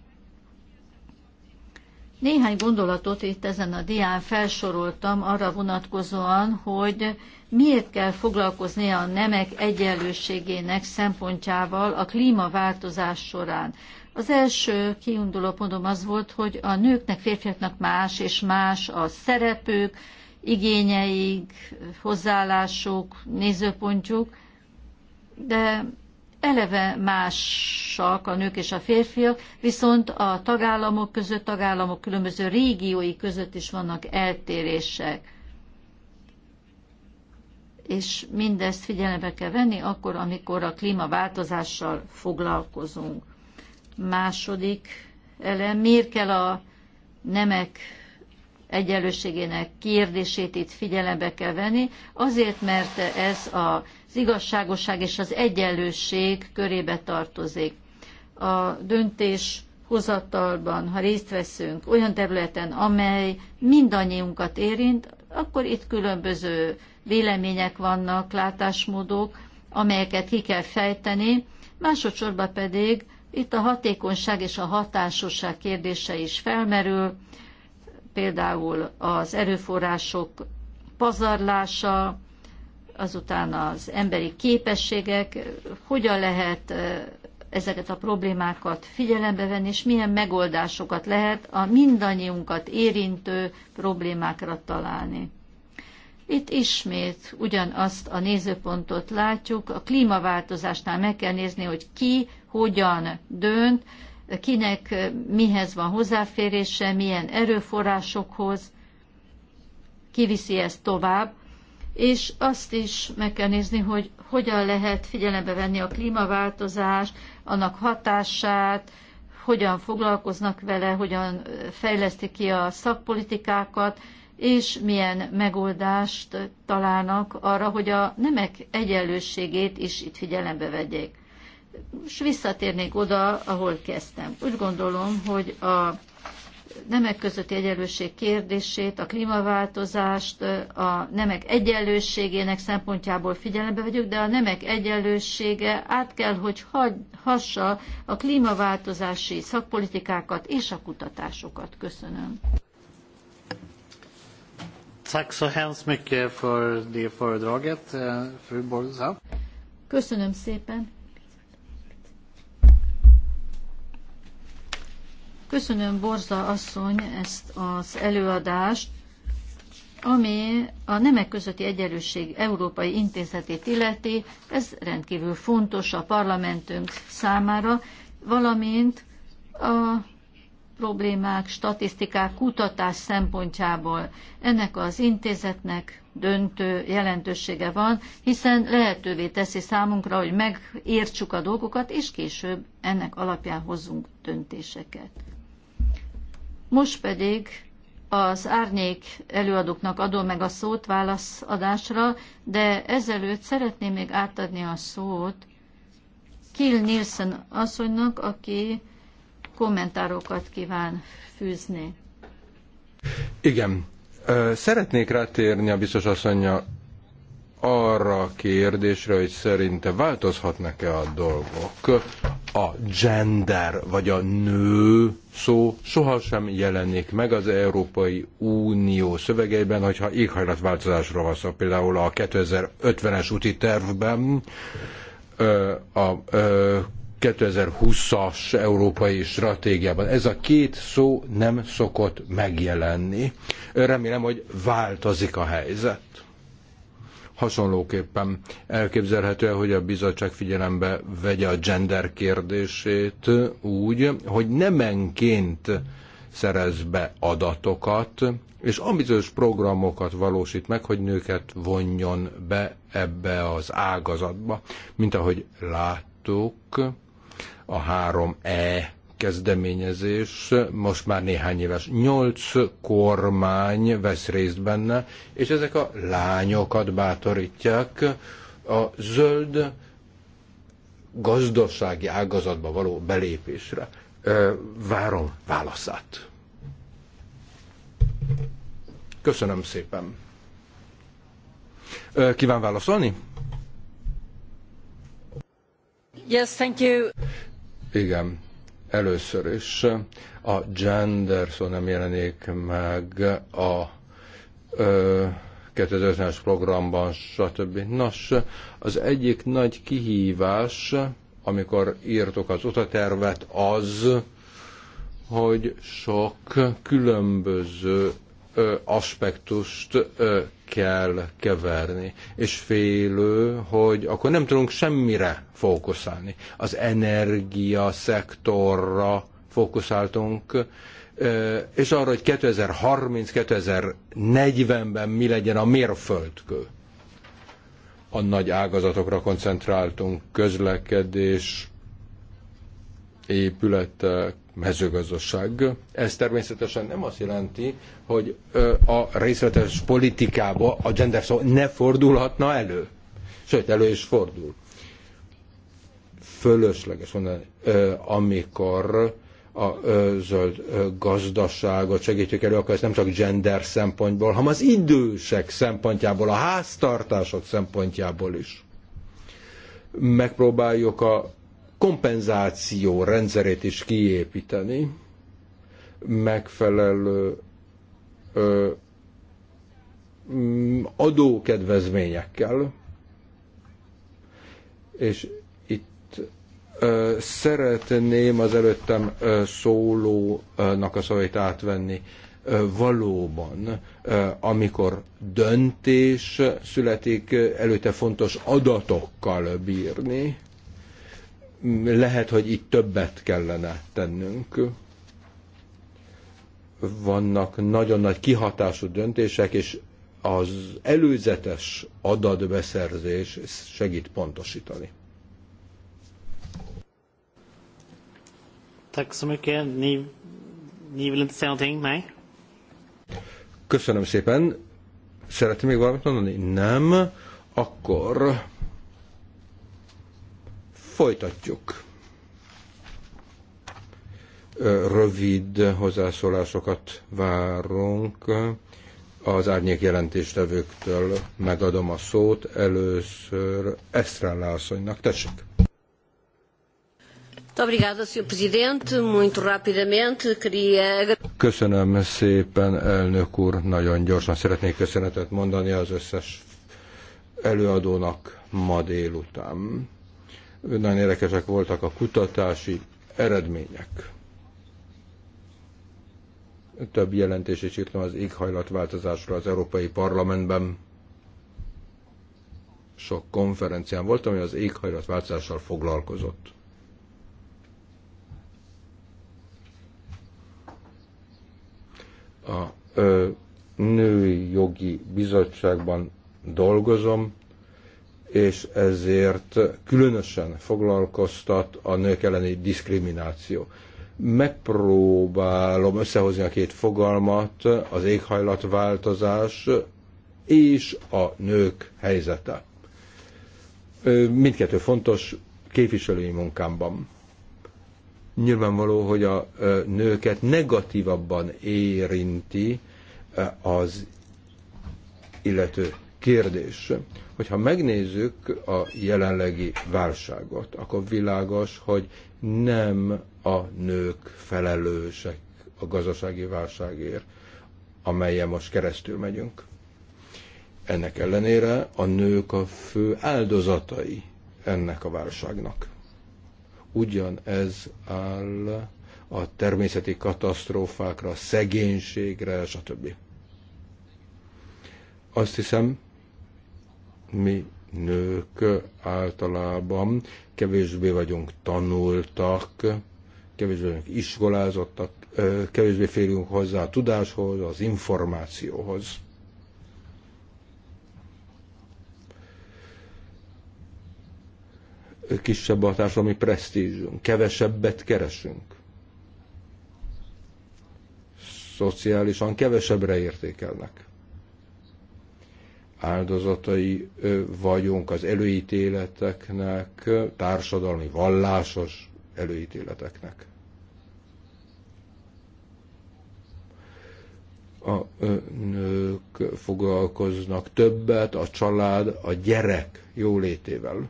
Néhány gondolatot itt ezen a dián felsoroltam arra vonatkozóan, hogy miért kell foglalkozni a nemek egyenlőségének szempontjával a klímaváltozás során. Az első kiinduló pontom az volt, hogy a nőknek, férfiaknak más és más a szerepük, igényeik, hozzáállásuk, nézőpontjuk, de eleve másak a nők és a férfiak, viszont a tagállamok között, tagállamok különböző régiói között is vannak eltérések. És mindezt figyelembe kell venni akkor, amikor a klímaváltozással foglalkozunk. Második elem, miért kell a nemek egyenlőségének kérdését itt figyelembe kell venni, azért, mert ez az igazságosság és az egyenlőség körébe tartozik. A döntés hozatalban, ha részt veszünk olyan területen, amely mindannyiunkat érint, akkor itt különböző vélemények vannak, látásmódok, amelyeket ki kell fejteni, másodszorban pedig itt a hatékonyság és a hatásosság kérdése is felmerül, például az erőforrások pazarlása, azután az emberi képességek, hogyan lehet ezeket a problémákat figyelembe venni, és milyen megoldásokat lehet a mindannyiunkat érintő problémákra találni. Itt ismét ugyanazt a nézőpontot látjuk, a klímaváltozásnál meg kell nézni, hogy ki hogyan dönt, kinek mihez van hozzáférése, milyen erőforrásokhoz, kiviszi ezt tovább, és azt is meg kell nézni, hogy hogyan lehet figyelembe venni a klímaváltozást, annak hatását, hogyan foglalkoznak vele, hogyan fejlesztik ki a szakpolitikákat, és milyen megoldást találnak arra, hogy a nemek egyenlőségét is itt figyelembe vegyék. És visszatérnék oda, ahol kezdtem. Úgy gondolom, hogy a nemek közötti egyenlőség kérdését, a klímaváltozást, a nemek egyenlőségének szempontjából figyelembe vegyük, de a nemek egyenlősége át kell, hogy hassa a klímaváltozási szakpolitikákat és a kutatásokat. Köszönöm. Tack så hemskt mycket för det föredraget, eh, fru Borza. Köszönöm szépen. Köszönöm Borza asszony ezt az előadást, ami a nemek közötti egyenlőség európai intézetét illeti, ez rendkívül fontos a parlamentünk számára, valamint a problémák, statisztikák, kutatás szempontjából. Ennek az intézetnek döntő jelentősége van, hiszen lehetővé teszi számunkra, hogy megértsük a dolgokat, és később ennek alapján hozzunk döntéseket. Most pedig az árnyék előadóknak adom meg a szót válaszadásra, de ezelőtt szeretném még átadni a szót Kill Nielsen asszonynak, aki kommentárokat kíván fűzni. Igen. Szeretnék rátérni a biztos asszonya arra a kérdésre, hogy szerinte változhatnak-e a dolgok. A gender vagy a nő szó sohasem jelenik meg az Európai Unió szövegeiben, hogyha éghajlatváltozásról van szó, például a 2050-es úti tervben a 2020-as európai stratégiában. Ez a két szó nem szokott megjelenni. Remélem, hogy változik a helyzet. Hasonlóképpen elképzelhető, hogy a bizottság figyelembe vegye a gender kérdését úgy, hogy nemenként szerez be adatokat, és ambiciós programokat valósít meg, hogy nőket vonjon be ebbe az ágazatba, mint ahogy láttuk a 3E kezdeményezés, most már néhány éves. Nyolc kormány vesz részt benne, és ezek a lányokat bátorítják a zöld gazdasági ágazatba való belépésre. Várom válaszát. Köszönöm szépen. Kíván válaszolni? Yes, thank you. Igen, először is a gender szó nem jelenik meg a ö, 2050-es programban, stb. Nos, az egyik nagy kihívás, amikor írtok az utatervet, az, hogy sok különböző aspektust kell keverni, és félő, hogy akkor nem tudunk semmire fókuszálni. Az energia szektorra fókuszáltunk, és arra, hogy 2030-2040-ben mi legyen a mérföldkő. A nagy ágazatokra koncentráltunk, közlekedés, épületek, mezőgazdaság. Ez természetesen nem azt jelenti, hogy a részletes politikába a gender szó ne fordulhatna elő. Sőt, elő is fordul. Fölösleges mondani, amikor a zöld gazdaságot segítjük elő, akkor ez nem csak gender szempontból, hanem az idősek szempontjából, a háztartások szempontjából is megpróbáljuk a kompenzáció rendszerét is kiépíteni, megfelelő ö, mm, adókedvezményekkel, és itt ö, szeretném az előttem ö, szólónak a szavait átvenni. Ö, valóban, ö, amikor döntés születik, előtte fontos adatokkal bírni, lehet, hogy itt többet kellene tennünk. Vannak nagyon nagy kihatású döntések, és az előzetes adatbeszerzés segít pontosítani. Köszönöm szépen. Szeretném még valamit mondani? Nem. Akkor Folytatjuk. Rövid hozzászólásokat várunk az árnyék jelentéstevőktől. Megadom a szót először Esztrán Lászonynak. Tessék! Köszönöm szépen, elnök úr. Nagyon gyorsan szeretnék köszönetet mondani az összes előadónak ma délután. Nagyon érdekesek voltak a kutatási eredmények. Több jelentés is írtam az éghajlatváltozásra az Európai Parlamentben. Sok konferencián voltam, ami az éghajlatváltozással foglalkozott. A ö, női jogi bizottságban dolgozom, és ezért különösen foglalkoztat a nők elleni diszkrimináció. Megpróbálom összehozni a két fogalmat, az éghajlatváltozás és a nők helyzete. Mindkettő fontos képviselői munkámban. Nyilvánvaló, hogy a nőket negatívabban érinti az illető kérdés. Hogyha megnézzük a jelenlegi válságot, akkor világos, hogy nem a nők felelősek a gazdasági válságért, amelyen most keresztül megyünk. Ennek ellenére a nők a fő áldozatai ennek a válságnak. Ugyanez áll a természeti katasztrófákra, szegénységre, stb. Azt hiszem, mi nők általában kevésbé vagyunk tanultak, kevésbé vagyunk iskolázottak, kevésbé férünk hozzá a tudáshoz, az információhoz. Kisebb a társadalmi presztízsünk, kevesebbet keresünk. Szociálisan kevesebbre értékelnek áldozatai vagyunk az előítéleteknek, társadalmi, vallásos előítéleteknek. A nők foglalkoznak többet a család, a gyerek jólétével.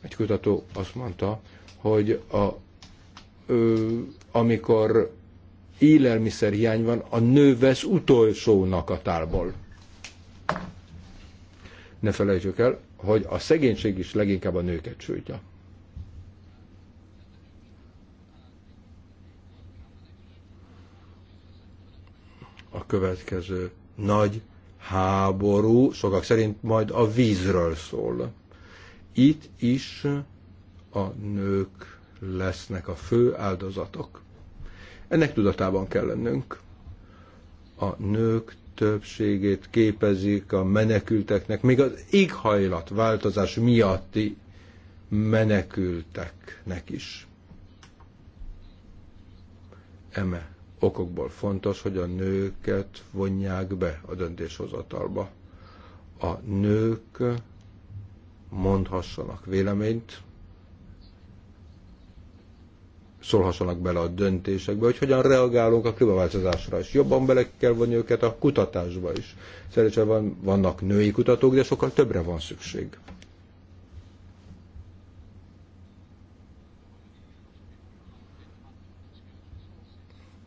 Egy kutató azt mondta, hogy a, ö, amikor élelmiszerhiány van, a nő vesz utolsónak a tárból. Ne felejtsük el, hogy a szegénység is leginkább a nőket sújtja. A következő nagy háború sokak szerint majd a vízről szól. Itt is a nők lesznek a fő áldozatok. Ennek tudatában kell lennünk. A nők többségét képezik a menekülteknek, még az éghajlat változás miatti menekülteknek is. Eme okokból fontos, hogy a nőket vonják be a döntéshozatalba. A nők mondhassanak véleményt, szólhassanak bele a döntésekbe, hogy hogyan reagálunk a klímaváltozásra, is. jobban bele kell vonni őket a kutatásba is. Szerencsére van, vannak női kutatók, de sokkal többre van szükség.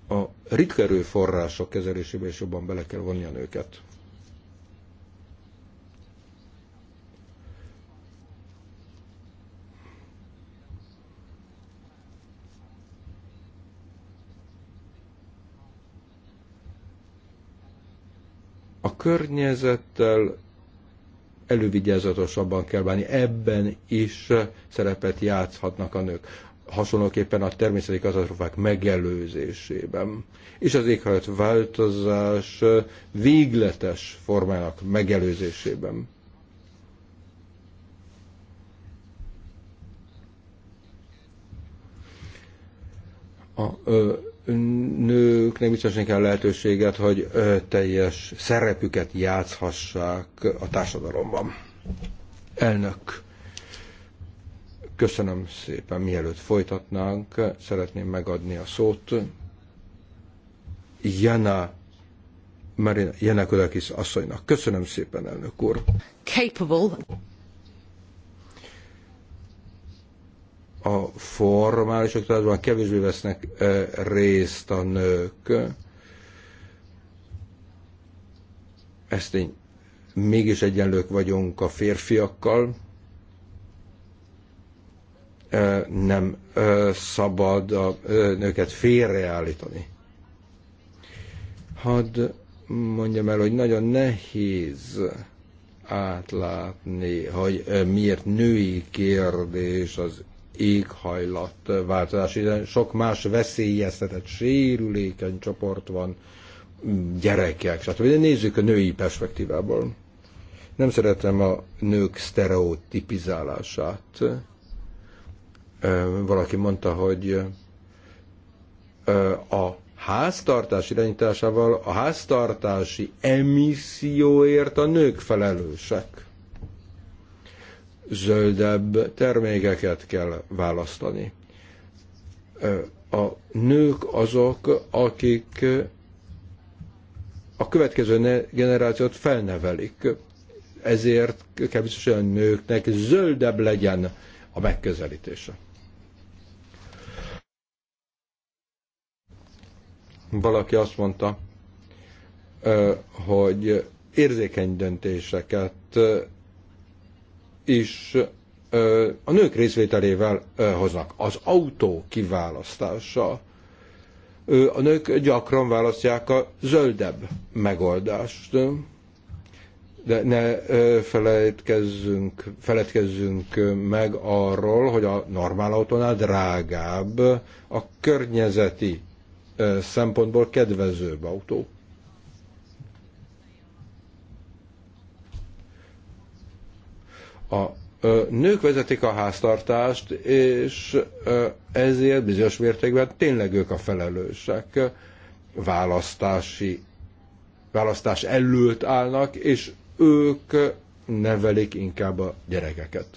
A ritka erőforrások kezelésébe is jobban bele kell vonni a nőket. A környezettel elővigyázatosabban kell bánni. Ebben is szerepet játszhatnak a nők. Hasonlóképpen a természeti katasztrofák megelőzésében. És az éghajlat változás végletes formának megelőzésében. A ö, nőknek biztosan kell lehetőséget, hogy teljes szerepüket játszhassák a társadalomban. Elnök, köszönöm szépen, mielőtt folytatnánk, szeretném megadni a szót Jana Marina Jenekodakis asszonynak. Köszönöm szépen, elnök úr. Capable. a formális oktatásban kevésbé vesznek e, részt a nők. Ezt én Mégis egyenlők vagyunk a férfiakkal. E, nem e, szabad a nőket félreállítani. Hadd mondjam el, hogy nagyon nehéz átlátni, hogy miért női kérdés az változás, sok más veszélyeztetett, sérülékeny csoport van, gyerekek, stb. De nézzük a női perspektívából. Nem szeretem a nők sztereotipizálását. Valaki mondta, hogy a háztartás irányításával a háztartási emisszióért a nők felelősek zöldebb termékeket kell választani. A nők azok, akik a következő generációt felnevelik. Ezért kell biztos, hogy a nőknek zöldebb legyen a megközelítése. Valaki azt mondta, hogy érzékeny döntéseket is a nők részvételével hoznak. Az autó kiválasztása. A nők gyakran választják a zöldebb megoldást. De ne felejtkezzünk, feledkezzünk meg arról, hogy a normál autónál drágább, a környezeti szempontból kedvezőbb autó. A nők vezetik a háztartást, és ezért bizonyos mértékben tényleg ők a felelősek. Választási, választás előtt állnak, és ők nevelik inkább a gyerekeket.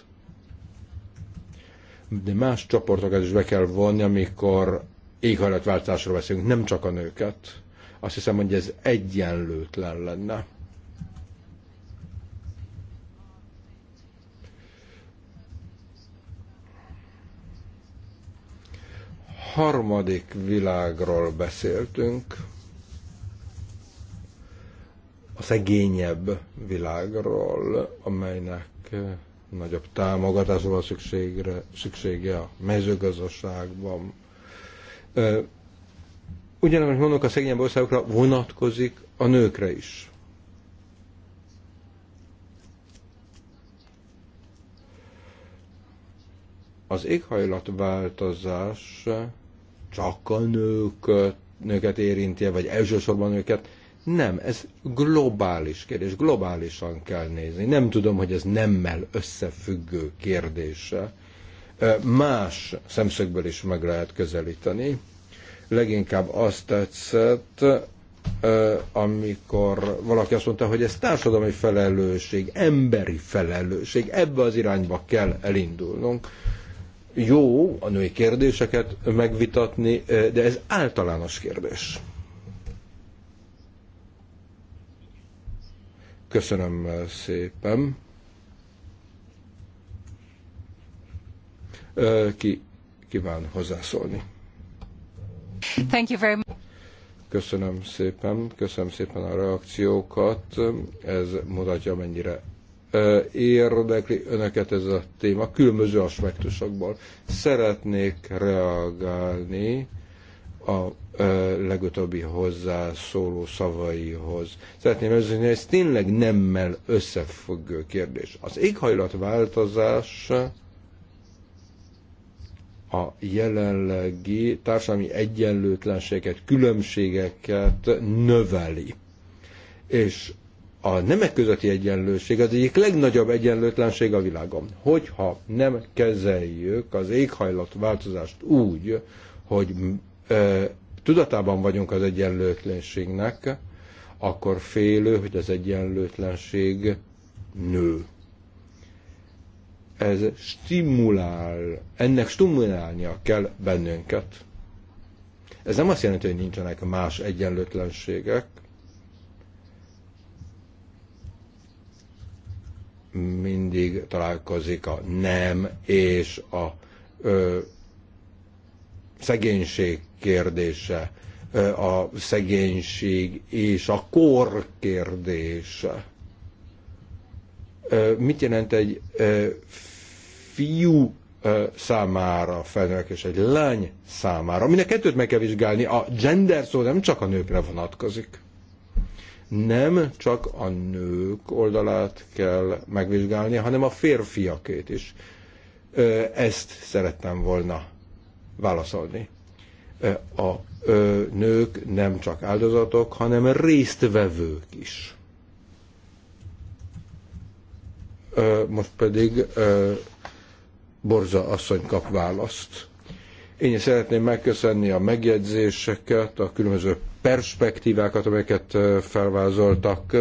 De más csoportokat is be kell vonni, amikor éghajlatváltásról beszélünk, nem csak a nőket. Azt hiszem, hogy ez egyenlőtlen lenne. harmadik világról beszéltünk, a szegényebb világról, amelynek eh, nagyobb támogatásra van szükségre, szüksége a mezőgazdaságban. Eh, ugyanúgy mondok, a szegényebb országokra vonatkozik a nőkre is. Az éghajlatváltozás csak a nők, nőket érinti, vagy elsősorban nőket Nem, ez globális kérdés, globálisan kell nézni. Nem tudom, hogy ez nemmel összefüggő kérdése. Más szemszögből is meg lehet közelíteni. Leginkább azt tetszett, amikor valaki azt mondta, hogy ez társadalmi felelősség, emberi felelősség, ebbe az irányba kell elindulnunk jó a női kérdéseket megvitatni, eh, de ez általános kérdés. Köszönöm eh, szépen. Eh, ki kíván hozzászólni? Thank you very much. Köszönöm szépen, köszönöm szépen a reakciókat. Ez mutatja, mennyire érdekli önöket ez a téma különböző aspektusokból. Szeretnék reagálni a legutóbbi hozzászóló szavaihoz. Szeretném előzni, hogy ez tényleg nemmel összefüggő kérdés. Az éghajlatváltozás a jelenlegi társadalmi egyenlőtlenséget, különbségeket növeli. És a nemek közötti egyenlőség az egyik legnagyobb egyenlőtlenség a világon. Hogyha nem kezeljük az éghajlatváltozást úgy, hogy ö, tudatában vagyunk az egyenlőtlenségnek, akkor félő, hogy az egyenlőtlenség nő. Ez stimulál, ennek stimulálnia kell bennünket. Ez nem azt jelenti, hogy nincsenek más egyenlőtlenségek, mindig találkozik a nem és a ö, szegénység kérdése, a szegénység és a kor kérdése. Mit jelent egy fiú számára felnőtt és egy lány számára? Mind a kettőt meg kell vizsgálni. A gender szó nem csak a nőkre vonatkozik nem csak a nők oldalát kell megvizsgálni, hanem a férfiakét is. Ezt szerettem volna válaszolni. A nők nem csak áldozatok, hanem résztvevők is. Most pedig Borza asszony kap választ. Én is szeretném megköszönni a megjegyzéseket, a különböző perspektívákat, amelyeket felvázoltak.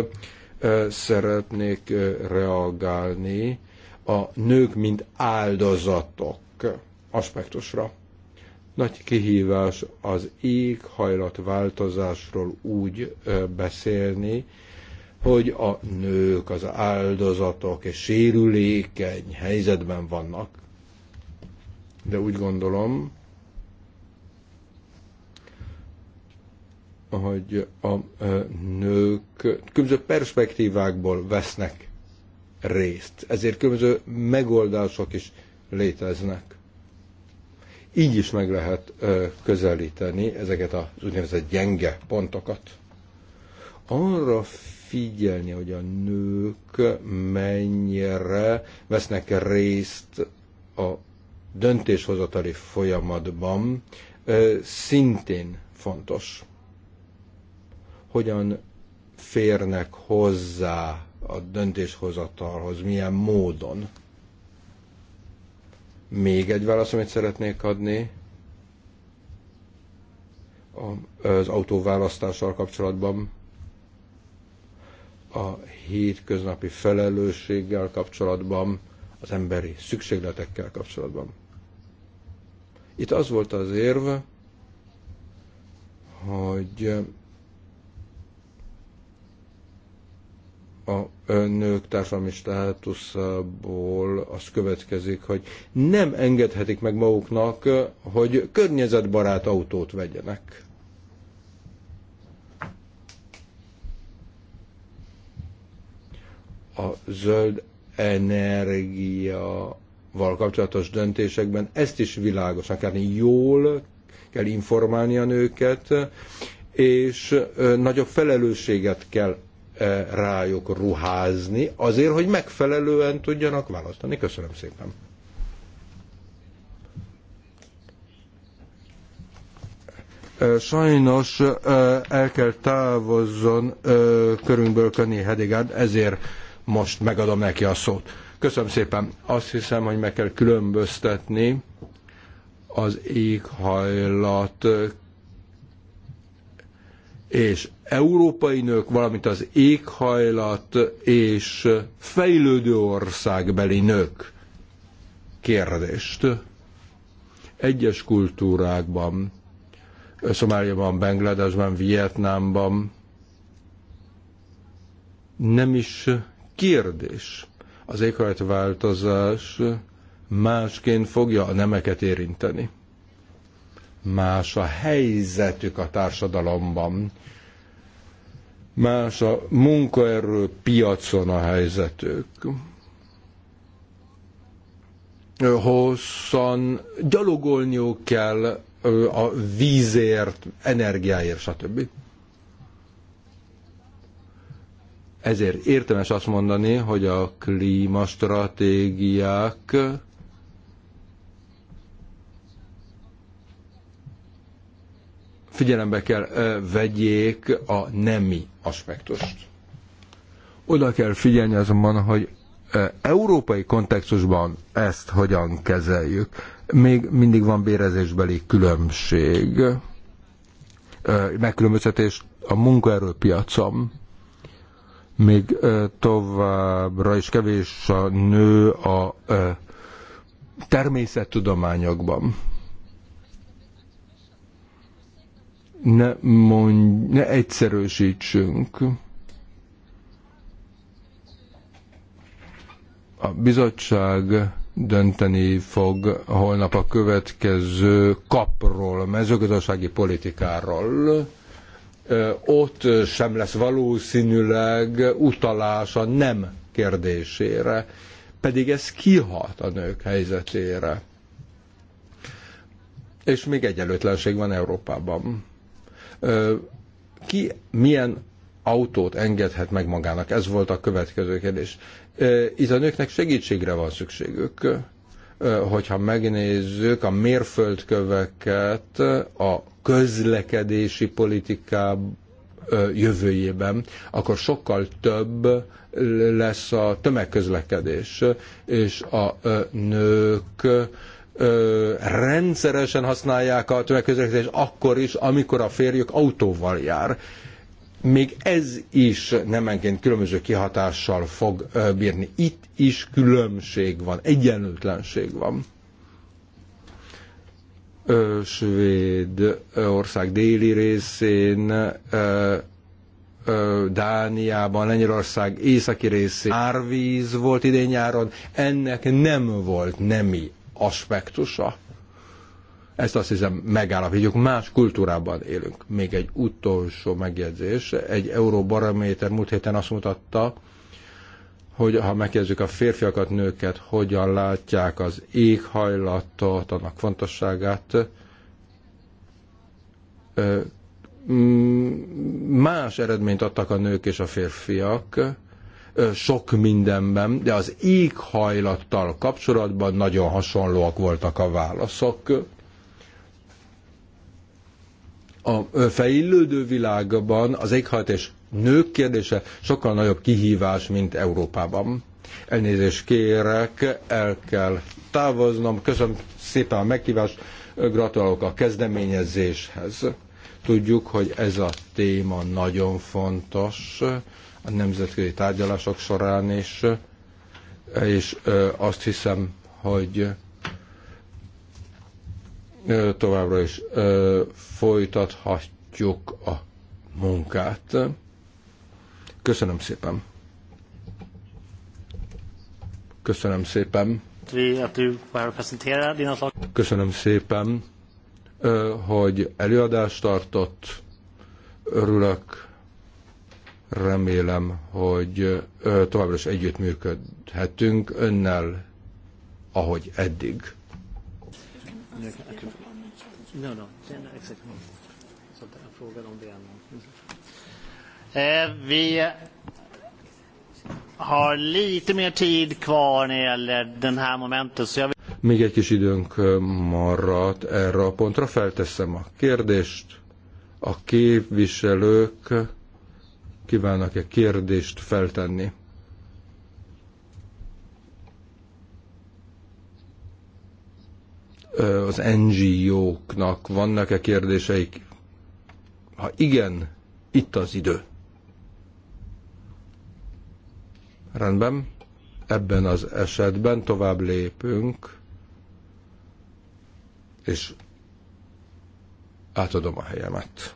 Szeretnék reagálni a nők, mint áldozatok aspektusra. Nagy kihívás az éghajlatváltozásról úgy beszélni, hogy a nők, az áldozatok és sérülékeny helyzetben vannak. De úgy gondolom, hogy a nők különböző perspektívákból vesznek részt. Ezért különböző megoldások is léteznek. Így is meg lehet közelíteni ezeket az úgynevezett gyenge pontokat. Arra figyelni, hogy a nők mennyire vesznek részt a döntéshozatali folyamatban, szintén fontos hogyan férnek hozzá a döntéshozatalhoz, milyen módon. Még egy válasz, amit szeretnék adni az autóválasztással kapcsolatban, a hétköznapi felelősséggel kapcsolatban, az emberi szükségletekkel kapcsolatban. Itt az volt az érv, hogy a nők társadalmi státuszából az következik, hogy nem engedhetik meg maguknak, hogy környezetbarát autót vegyenek. A zöld energiaval kapcsolatos döntésekben ezt is világosan kell jól kell informálni a nőket, és nagyobb felelősséget kell E, rájuk ruházni, azért, hogy megfelelően tudjanak választani. Köszönöm szépen. E, sajnos e, el kell távozzon körünkből Köni Hedigárd, ezért most megadom neki a szót. Köszönöm szépen. Azt hiszem, hogy meg kell különböztetni az éghajlat és európai nők, valamint az éghajlat és fejlődő országbeli nők kérdést. Egyes kultúrákban, Szomáliában, Bangladesben, Vietnámban nem is kérdés. Az éghajlatváltozás másként fogja a nemeket érinteni más a helyzetük a társadalomban, más a munkaerő piacon a helyzetük. Hosszan gyalogolniuk kell a vízért, energiáért, stb. Ezért értemes azt mondani, hogy a klímastratégiák figyelembe kell vegyék a nemi aspektust. Oda kell figyelni azonban, hogy európai kontextusban ezt hogyan kezeljük. Még mindig van bérezésbeli különbség, megkülönböztetés a munkaerőpiacon, még továbbra is kevés a nő a természettudományokban. ne, mondj, ne egyszerűsítsünk. A bizottság dönteni fog holnap a következő kapról, a mezőgazdasági politikáról. Ott sem lesz valószínűleg utalás a nem kérdésére, pedig ez kihat a nők helyzetére. És még egyenlőtlenség van Európában ki milyen autót engedhet meg magának? Ez volt a következő kérdés. Itt a nőknek segítségre van szükségük. Hogyha megnézzük a mérföldköveket a közlekedési politiká jövőjében, akkor sokkal több lesz a tömegközlekedés, és a nők ö, rendszeresen használják a tömegközlekedést, akkor is, amikor a férjük autóval jár. Még ez is nemenként különböző kihatással fog ö, bírni. Itt is különbség van, egyenlőtlenség van. Ö, Svéd ország déli részén ö, Dániában, Lengyelország északi részén árvíz volt idén nyáron, ennek nem volt nemi aspektusa. Ezt azt hiszem megállapítjuk, más kultúrában élünk. Még egy utolsó megjegyzés. Egy euróbarométer múlt héten azt mutatta, hogy ha megkérdezzük a férfiakat, nőket, hogyan látják az éghajlatot, annak fontosságát, más eredményt adtak a nők és a férfiak, sok mindenben, de az éghajlattal kapcsolatban nagyon hasonlóak voltak a válaszok. A fejlődő világban az éghajlat és nők kérdése sokkal nagyobb kihívás, mint Európában. Elnézést kérek, el kell távoznom. Köszönöm szépen a meghívást, gratulálok a kezdeményezéshez. Tudjuk, hogy ez a téma nagyon fontos a nemzetközi tárgyalások során is, és azt hiszem, hogy továbbra is folytathatjuk a munkát. Köszönöm szépen. Köszönöm szépen. Köszönöm szépen, hogy előadást tartott. Örülök Remélem, hogy továbbra is együttműködhetünk önnel, ahogy eddig. Eh, vi har lite mer tid kvar när det gäller den här momentet. Så jag vill... Még egy kis időnk maradt erre a pontra. Felteszem a kérdést. A képviselők kívánnak-e kérdést feltenni? Az NGO-knak vannak-e kérdéseik? Ha igen, itt az idő. Rendben, ebben az esetben tovább lépünk, és átadom a helyemet.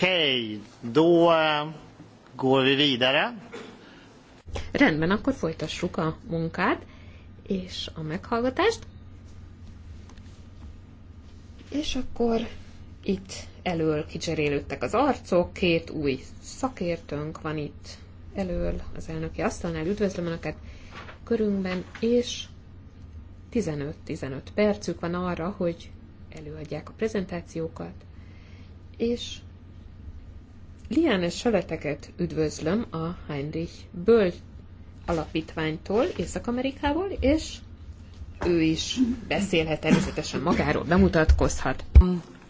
Okej, då eh, går vi vidare. Rendben, akkor folytassuk a munkát és a meghallgatást. És akkor itt elől kicserélődtek az arcok, két új szakértőnk van itt elől az elnöki asztalnál, üdvözlöm Önöket körünkben, és 15-15 percük van arra, hogy előadják a prezentációkat, és Liánes Saleteket üdvözlöm a Heinrich Böll alapítványtól Észak-Amerikából, és ő is beszélhet természetesen magáról, bemutatkozhat.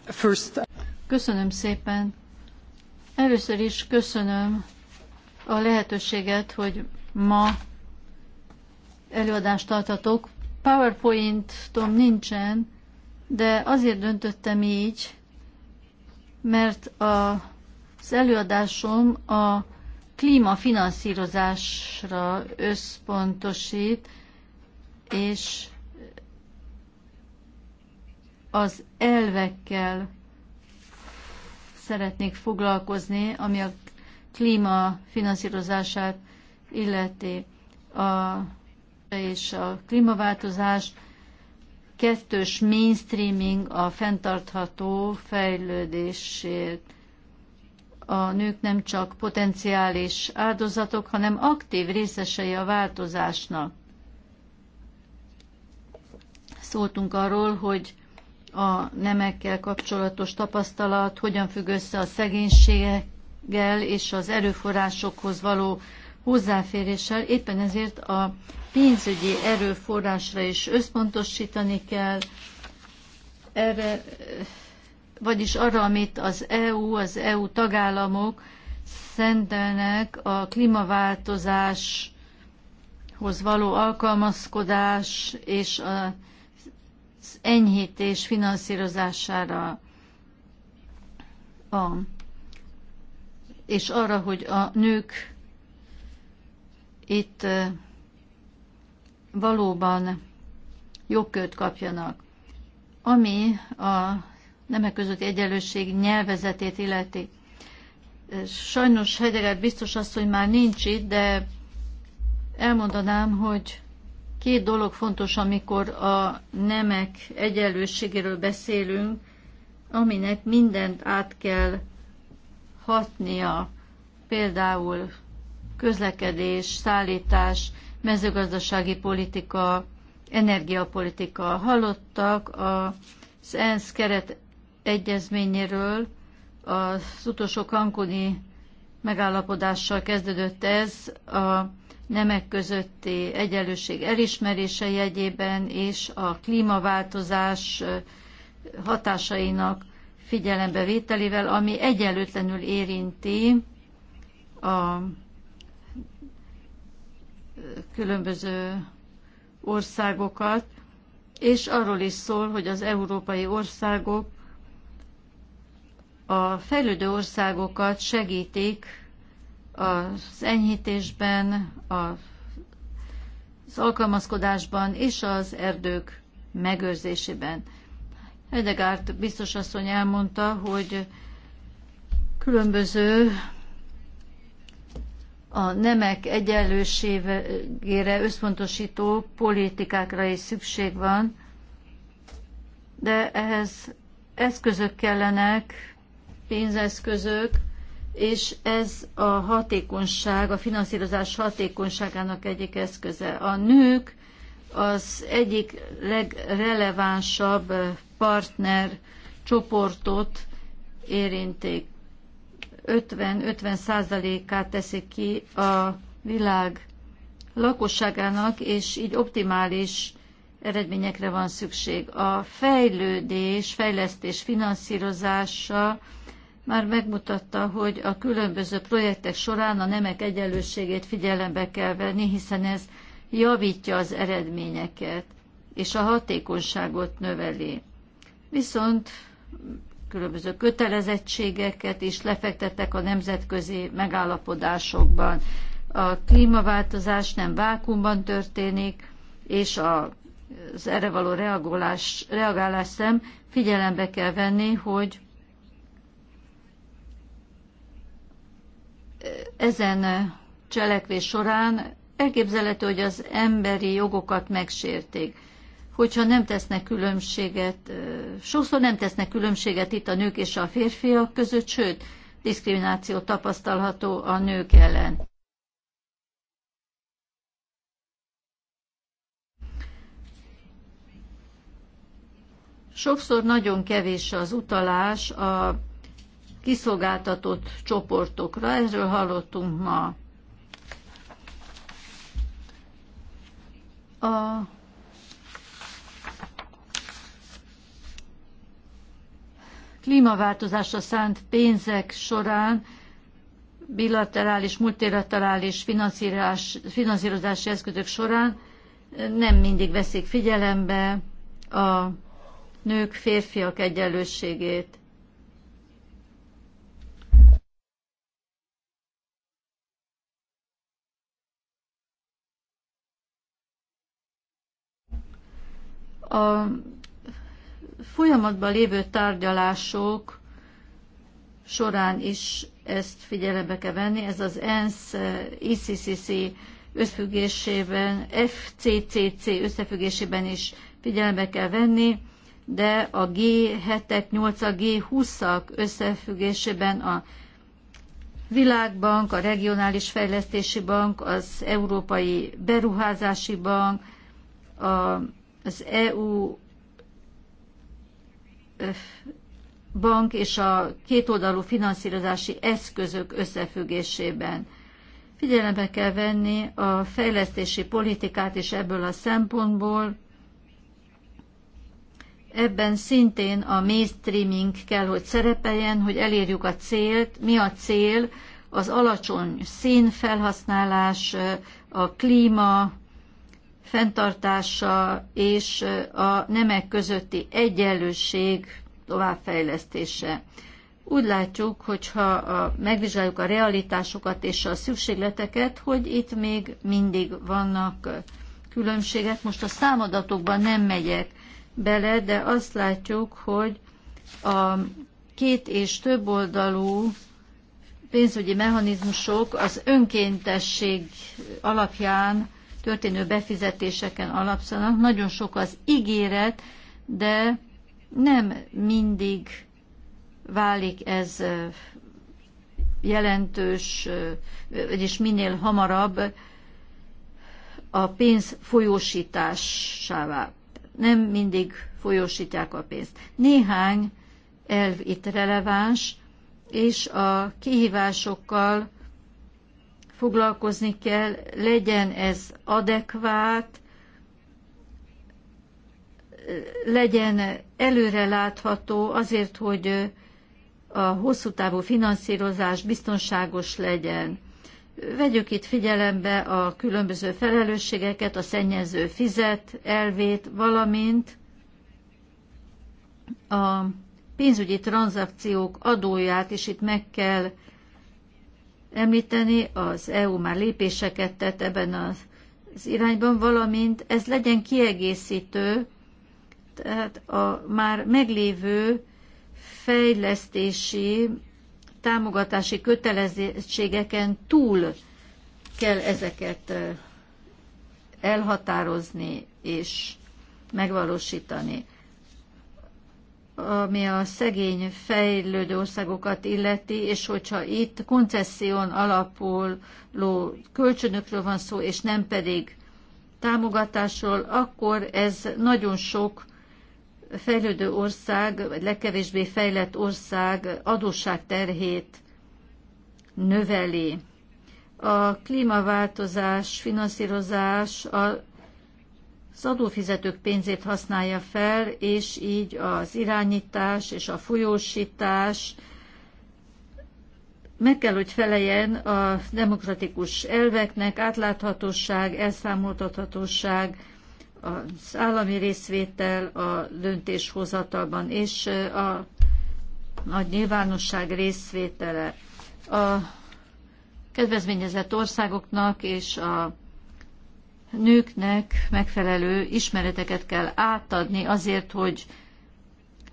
First. Köszönöm szépen. Először is köszönöm a lehetőséget, hogy ma előadást tartatok. PowerPoint-om nincsen, de azért döntöttem így, mert a az előadásom a klímafinanszírozásra összpontosít, és az elvekkel szeretnék foglalkozni, ami a klímafinanszírozását illeti a, és a klímaváltozás kettős mainstreaming a fenntartható fejlődésért a nők nem csak potenciális áldozatok, hanem aktív részesei a változásnak. Szóltunk arról, hogy a nemekkel kapcsolatos tapasztalat hogyan függ össze a szegénységgel és az erőforrásokhoz való hozzáféréssel. Éppen ezért a pénzügyi erőforrásra is összpontosítani kell. Erre vagyis arra, amit az EU, az EU tagállamok szentelnek a klímaváltozáshoz való alkalmazkodás és az enyhítés finanszírozására a, és arra, hogy a nők itt valóban jogkört kapjanak. Ami a nemek közötti egyenlőség nyelvezetét illeti. Sajnos Heidegger biztos azt, hogy már nincs itt, de elmondanám, hogy két dolog fontos, amikor a nemek egyenlőségéről beszélünk, aminek mindent át kell hatnia, például közlekedés, szállítás, mezőgazdasági politika, energiapolitika. Hallottak az ENSZ keret egyezményéről. Az utolsó kankoni megállapodással kezdődött ez a nemek közötti egyenlőség elismerése jegyében és a klímaváltozás eh, hatásainak vételével, ami egyenlőtlenül érinti a eh, különböző országokat, és arról is szól, hogy az európai országok a fejlődő országokat segítik az enyhítésben, az alkalmazkodásban és az erdők megőrzésében. Edegárt biztos asszony elmondta, hogy különböző a nemek egyenlőségére összpontosító politikákra is szükség van, de ehhez eszközök kellenek, pénzeszközök, és ez a hatékonyság, a finanszírozás hatékonyságának egyik eszköze. A nők az egyik legrelevánsabb partner csoportot érinték. 50-50 százalékát teszik ki a világ lakosságának, és így optimális eredményekre van szükség. A fejlődés, fejlesztés finanszírozása már megmutatta, hogy a különböző projektek során a nemek egyenlőségét figyelembe kell venni, hiszen ez javítja az eredményeket, és a hatékonyságot növeli. Viszont különböző kötelezettségeket is lefektettek a nemzetközi megállapodásokban. A klímaváltozás nem vákumban történik, és a, az erre való reagálás, reagálás szem figyelembe kell venni, hogy ezen cselekvés során elképzelhető, hogy az emberi jogokat megsérték. Hogyha nem tesznek különbséget, sokszor nem tesznek különbséget itt a nők és a férfiak között, sőt, diszkrimináció tapasztalható a nők ellen. Sokszor nagyon kevés az utalás a kiszolgáltatott csoportokra. Erről hallottunk ma. A klímaváltozásra szánt pénzek során bilaterális, multilaterális finanszírozási eszközök során nem mindig veszik figyelembe a nők, férfiak egyenlőségét. A folyamatban lévő tárgyalások során is ezt figyelembe kell venni. Ez az ENSZ ICCC összfüggésében, FCCC összefüggésében is figyelembe kell venni, de a G7-ek, 8-ak, G20-ak összefüggésében a Világbank, a Regionális Fejlesztési Bank, az Európai Beruházási Bank, a az EU bank és a kétoldalú finanszírozási eszközök összefüggésében. Figyelembe kell venni a fejlesztési politikát is ebből a szempontból. Ebben szintén a mainstreaming kell, hogy szerepeljen, hogy elérjük a célt. Mi a cél? Az alacsony színfelhasználás, a klíma fenntartása és a nemek közötti egyenlőség továbbfejlesztése. Úgy látjuk, hogyha megvizsgáljuk a realitásokat és a szükségleteket, hogy itt még mindig vannak különbségek. Most a számadatokban nem megyek bele, de azt látjuk, hogy a két és több oldalú pénzügyi mechanizmusok az önkéntesség alapján történő befizetéseken alapszanak. Nagyon sok az ígéret, de nem mindig válik ez jelentős, vagyis minél hamarabb a pénz folyósításává. Nem mindig folyósítják a pénzt. Néhány elv itt releváns, és a kihívásokkal foglalkozni kell, legyen ez adekvát, legyen előrelátható azért, hogy a hosszú távú finanszírozás biztonságos legyen. Vegyük itt figyelembe a különböző felelősségeket, a szennyező fizet elvét, valamint a pénzügyi tranzakciók adóját is itt meg kell említeni, az EU már lépéseket tett ebben az irányban, valamint ez legyen kiegészítő, tehát a már meglévő fejlesztési, támogatási kötelezettségeken túl kell ezeket elhatározni és megvalósítani ami a szegény fejlődő országokat illeti, és hogyha itt koncesszión alapuló kölcsönökről van szó, és nem pedig támogatásról, akkor ez nagyon sok fejlődő ország, vagy legkevésbé fejlett ország adósságterhét növeli. A klímaváltozás, finanszírozás, a az adófizetők pénzét használja fel, és így az irányítás és a folyósítás meg kell, hogy feleljen a demokratikus elveknek, átláthatóság, elszámoltathatóság, az állami részvétel a döntéshozatalban és a nagy nyilvánosság részvétele. A kedvezményezett országoknak és a nőknek megfelelő ismereteket kell átadni azért, hogy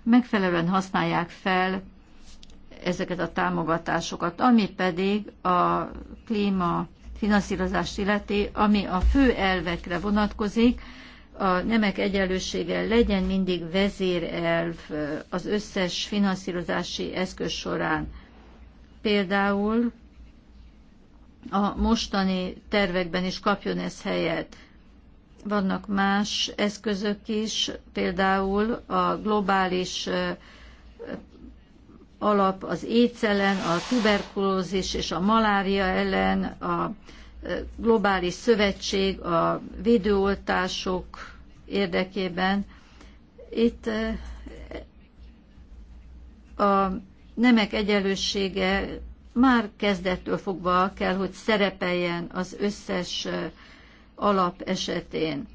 megfelelően használják fel ezeket a támogatásokat, ami pedig a klíma finanszírozást illeti, ami a fő elvekre vonatkozik, a nemek egyenlősége legyen mindig vezérelv az összes finanszírozási eszköz során. Például a mostani tervekben is kapjon ez helyet. Vannak más eszközök is, például a globális alap az éjsz ellen, a tuberkulózis és a malária ellen, a globális szövetség a védőoltások érdekében. Itt a nemek egyenlősége már kezdettől fogva kell, hogy szerepeljen az összes alap esetén.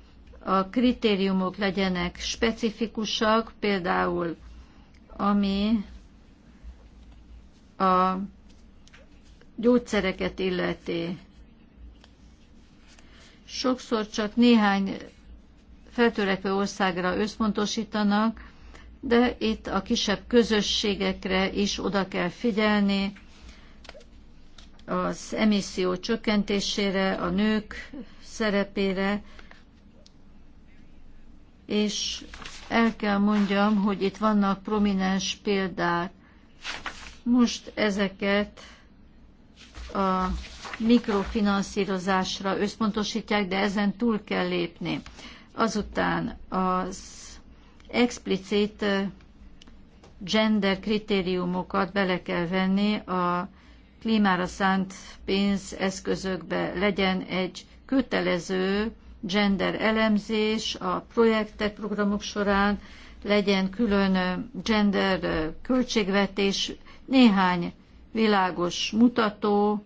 A kritériumok legyenek specifikusak, például ami a gyógyszereket illeti. Sokszor csak néhány feltörekvő országra összpontosítanak, de itt a kisebb közösségekre is oda kell figyelni, az emisszió csökkentésére, a nők szerepére, és el kell mondjam, hogy itt vannak prominens példák. Most ezeket a mikrofinanszírozásra összpontosítják, de ezen túl kell lépni. Azután az explicit eh, gender kritériumokat bele kell venni a klímára szánt pénzeszközökbe legyen egy kötelező gender elemzés a projektek, programok során, legyen külön gender költségvetés, néhány világos mutató,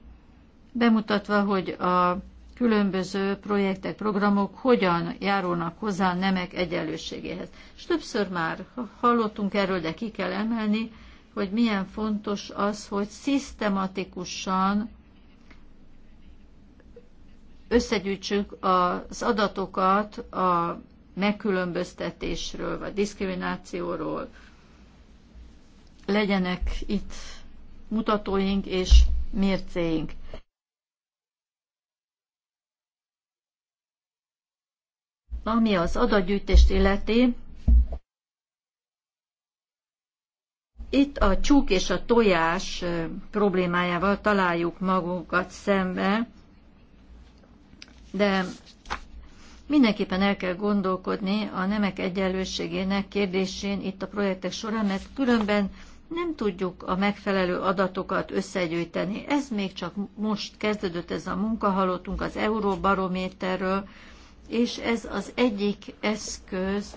bemutatva, hogy a különböző projektek, programok hogyan járulnak hozzá a nemek egyenlőségéhez. És többször már hallottunk erről, de ki kell emelni, hogy milyen fontos az, hogy szisztematikusan összegyűjtsük az adatokat a megkülönböztetésről, vagy diszkriminációról. Legyenek itt mutatóink és mércéink. Ami az adatgyűjtést illeti, itt a csúk és a tojás problémájával találjuk magunkat szembe, de mindenképpen el kell gondolkodni a nemek egyenlőségének kérdésén itt a projektek során, mert különben nem tudjuk a megfelelő adatokat összegyűjteni. Ez még csak most kezdődött ez a munka, hallottunk az Euróbarométerről, és ez az egyik eszköz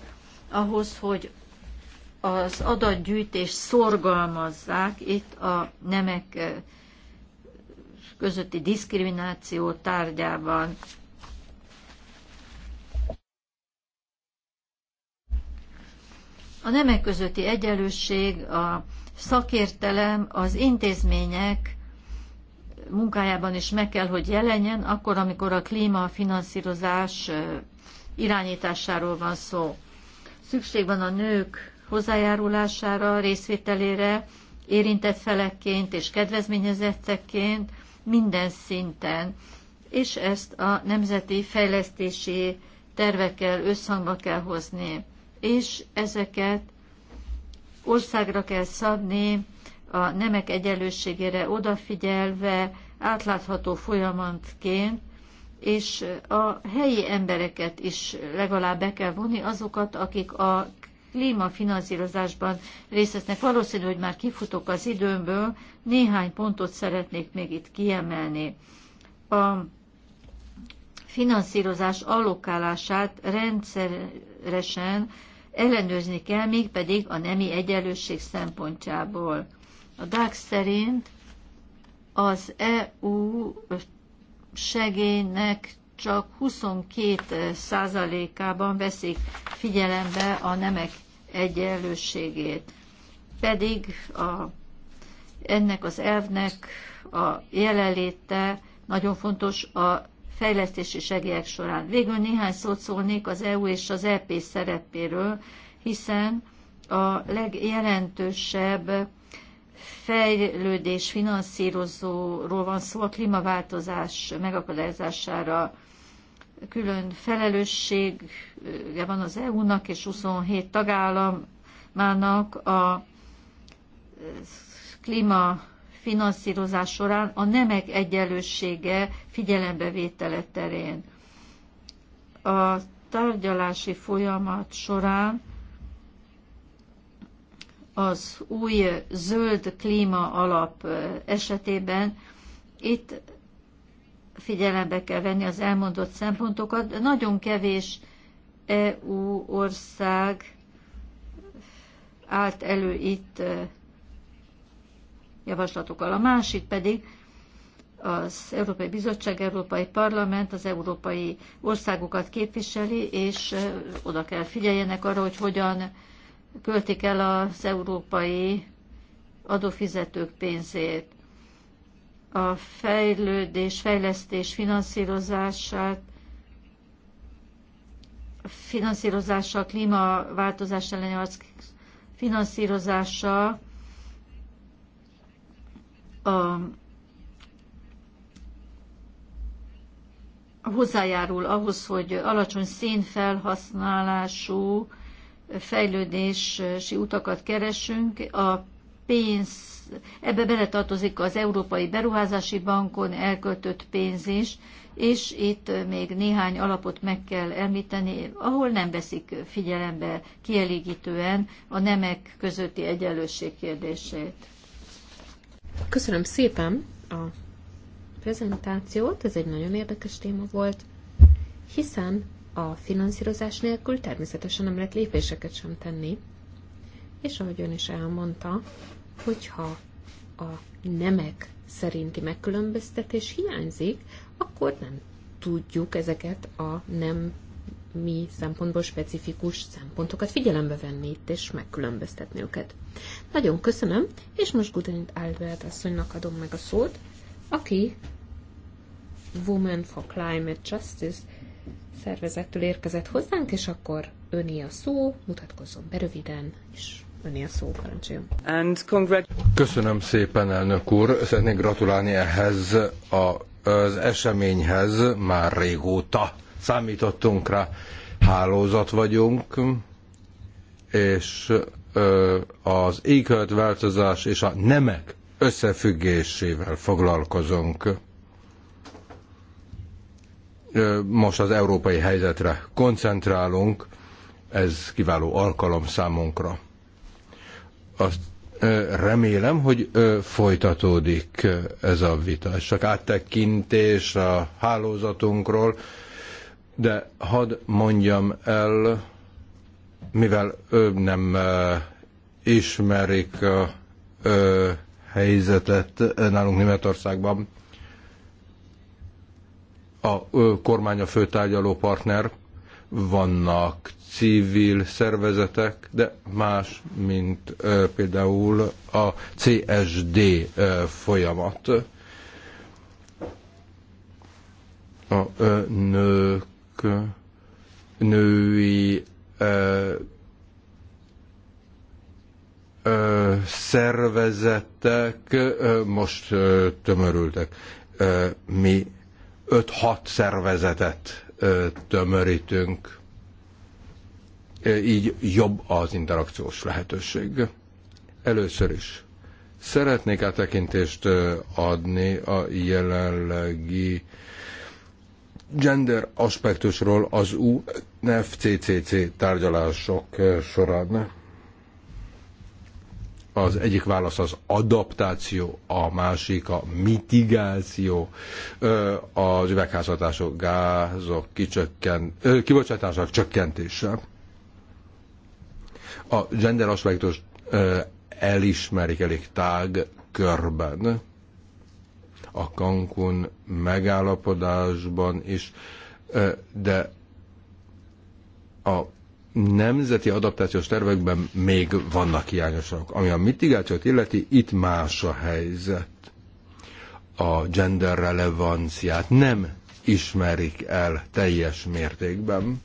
ahhoz, hogy az adatgyűjtést szorgalmazzák, itt a nemek eh, közötti diszkrimináció tárgyában. A nemek közötti egyenlőség, a szakértelem, az intézmények munkájában is meg kell, hogy jelenjen, akkor, amikor a klímafinanszírozás eh, irányításáról van szó. Szükség van a nők hozzájárulására, részvételére, érintett felekként és kedvezményezetteként minden szinten, és ezt a nemzeti fejlesztési tervekkel összhangba kell hozni, és ezeket országra kell szabni, a nemek egyenlőségére odafigyelve, átlátható folyamatként, és a helyi embereket is legalább be kell vonni, azokat, akik a klímafinanszírozásban részt vesznek. Valószínű, hogy már kifutok az időmből, néhány pontot szeretnék még itt kiemelni. A finanszírozás allokálását rendszeresen ellenőrizni kell, mégpedig a nemi egyenlőség szempontjából. A DAX szerint az EU segélynek csak 22%-ában veszik figyelembe a nemek egyenlőségét. Pedig a, ennek az elvnek a jelenléte nagyon fontos a fejlesztési segélyek során. Végül néhány szót szólnék az EU és az EP szerepéről, hiszen a legjelentősebb fejlődés finanszírozóról van szó a klímaváltozás megakadályozására külön felelőssége van az EU-nak és 27 tagállamának a eh, klíma finanszírozás során a nemek egyenlősége figyelembevétele terén. A tárgyalási folyamat során az új zöld klíma alap eh, esetében itt figyelembe kell venni az elmondott szempontokat. Nagyon kevés EU ország állt elő itt e, javaslatokkal. A másik pedig az Európai Bizottság, Európai Parlament az európai országokat képviseli, és e, oda kell figyeljenek arra, hogy hogyan költik el az európai adófizetők pénzét a fejlődés, fejlesztés finanszírozását, finanszírozása, klímaváltozás elleni arc finanszírozása, a hozzájárul ahhoz, hogy alacsony szénfelhasználású fejlődési utakat keresünk. A pénz, ebbe beletartozik az Európai Beruházási Bankon elköltött pénz is, és itt még néhány alapot meg kell említeni, ahol nem veszik figyelembe kielégítően a nemek közötti egyenlőség kérdését. Köszönöm szépen a prezentációt, ez egy nagyon érdekes téma volt, hiszen a finanszírozás nélkül természetesen nem lehet lépéseket sem tenni, és ahogy ön is elmondta, hogyha a nemek szerinti megkülönböztetés hiányzik, akkor nem tudjuk ezeket a nem mi szempontból specifikus szempontokat figyelembe venni itt, és megkülönböztetni őket. Nagyon köszönöm, és most Gudenit Albert asszonynak adom meg a szót, aki Women for Climate Justice szervezettől érkezett hozzánk, és akkor öné a szó, mutatkozzon be röviden, és Önél szó, Köszönöm szépen, elnök úr. Szeretnék gratulálni ehhez a, az eseményhez. Már régóta számítottunk rá. Hálózat vagyunk, és az éghajlatváltozás és a nemek összefüggésével foglalkozunk. Most az európai helyzetre koncentrálunk, ez kiváló alkalom számunkra. Azt remélem, hogy folytatódik ez a vita. Csak áttekintés a hálózatunkról, de hadd mondjam el, mivel ő nem ismerik a helyzetet nálunk Németországban, a kormány a főtárgyaló partner, vannak civil szervezetek, de más, mint például a CSD folyamat. A nők, női ö, szervezetek ö, most ö, tömörültek. Ö, mi 5-6 szervezetet ö, tömörítünk. E, így jobb az interakciós lehetőség. Először is szeretnék áttekintést e, adni a jelenlegi gender aspektusról az UNFCCC tárgyalások e, során. Az egyik válasz az adaptáció, a másik a mitigáció, az üvegházhatású gázok kicsökken, kibocsátásának csökkentése a gender aspektus elismerik elég tág körben. A Cancun megállapodásban is, de a nemzeti adaptációs tervekben még vannak hiányosak. Ami a mitigációt illeti, itt más a helyzet. A gender relevanciát nem ismerik el teljes mértékben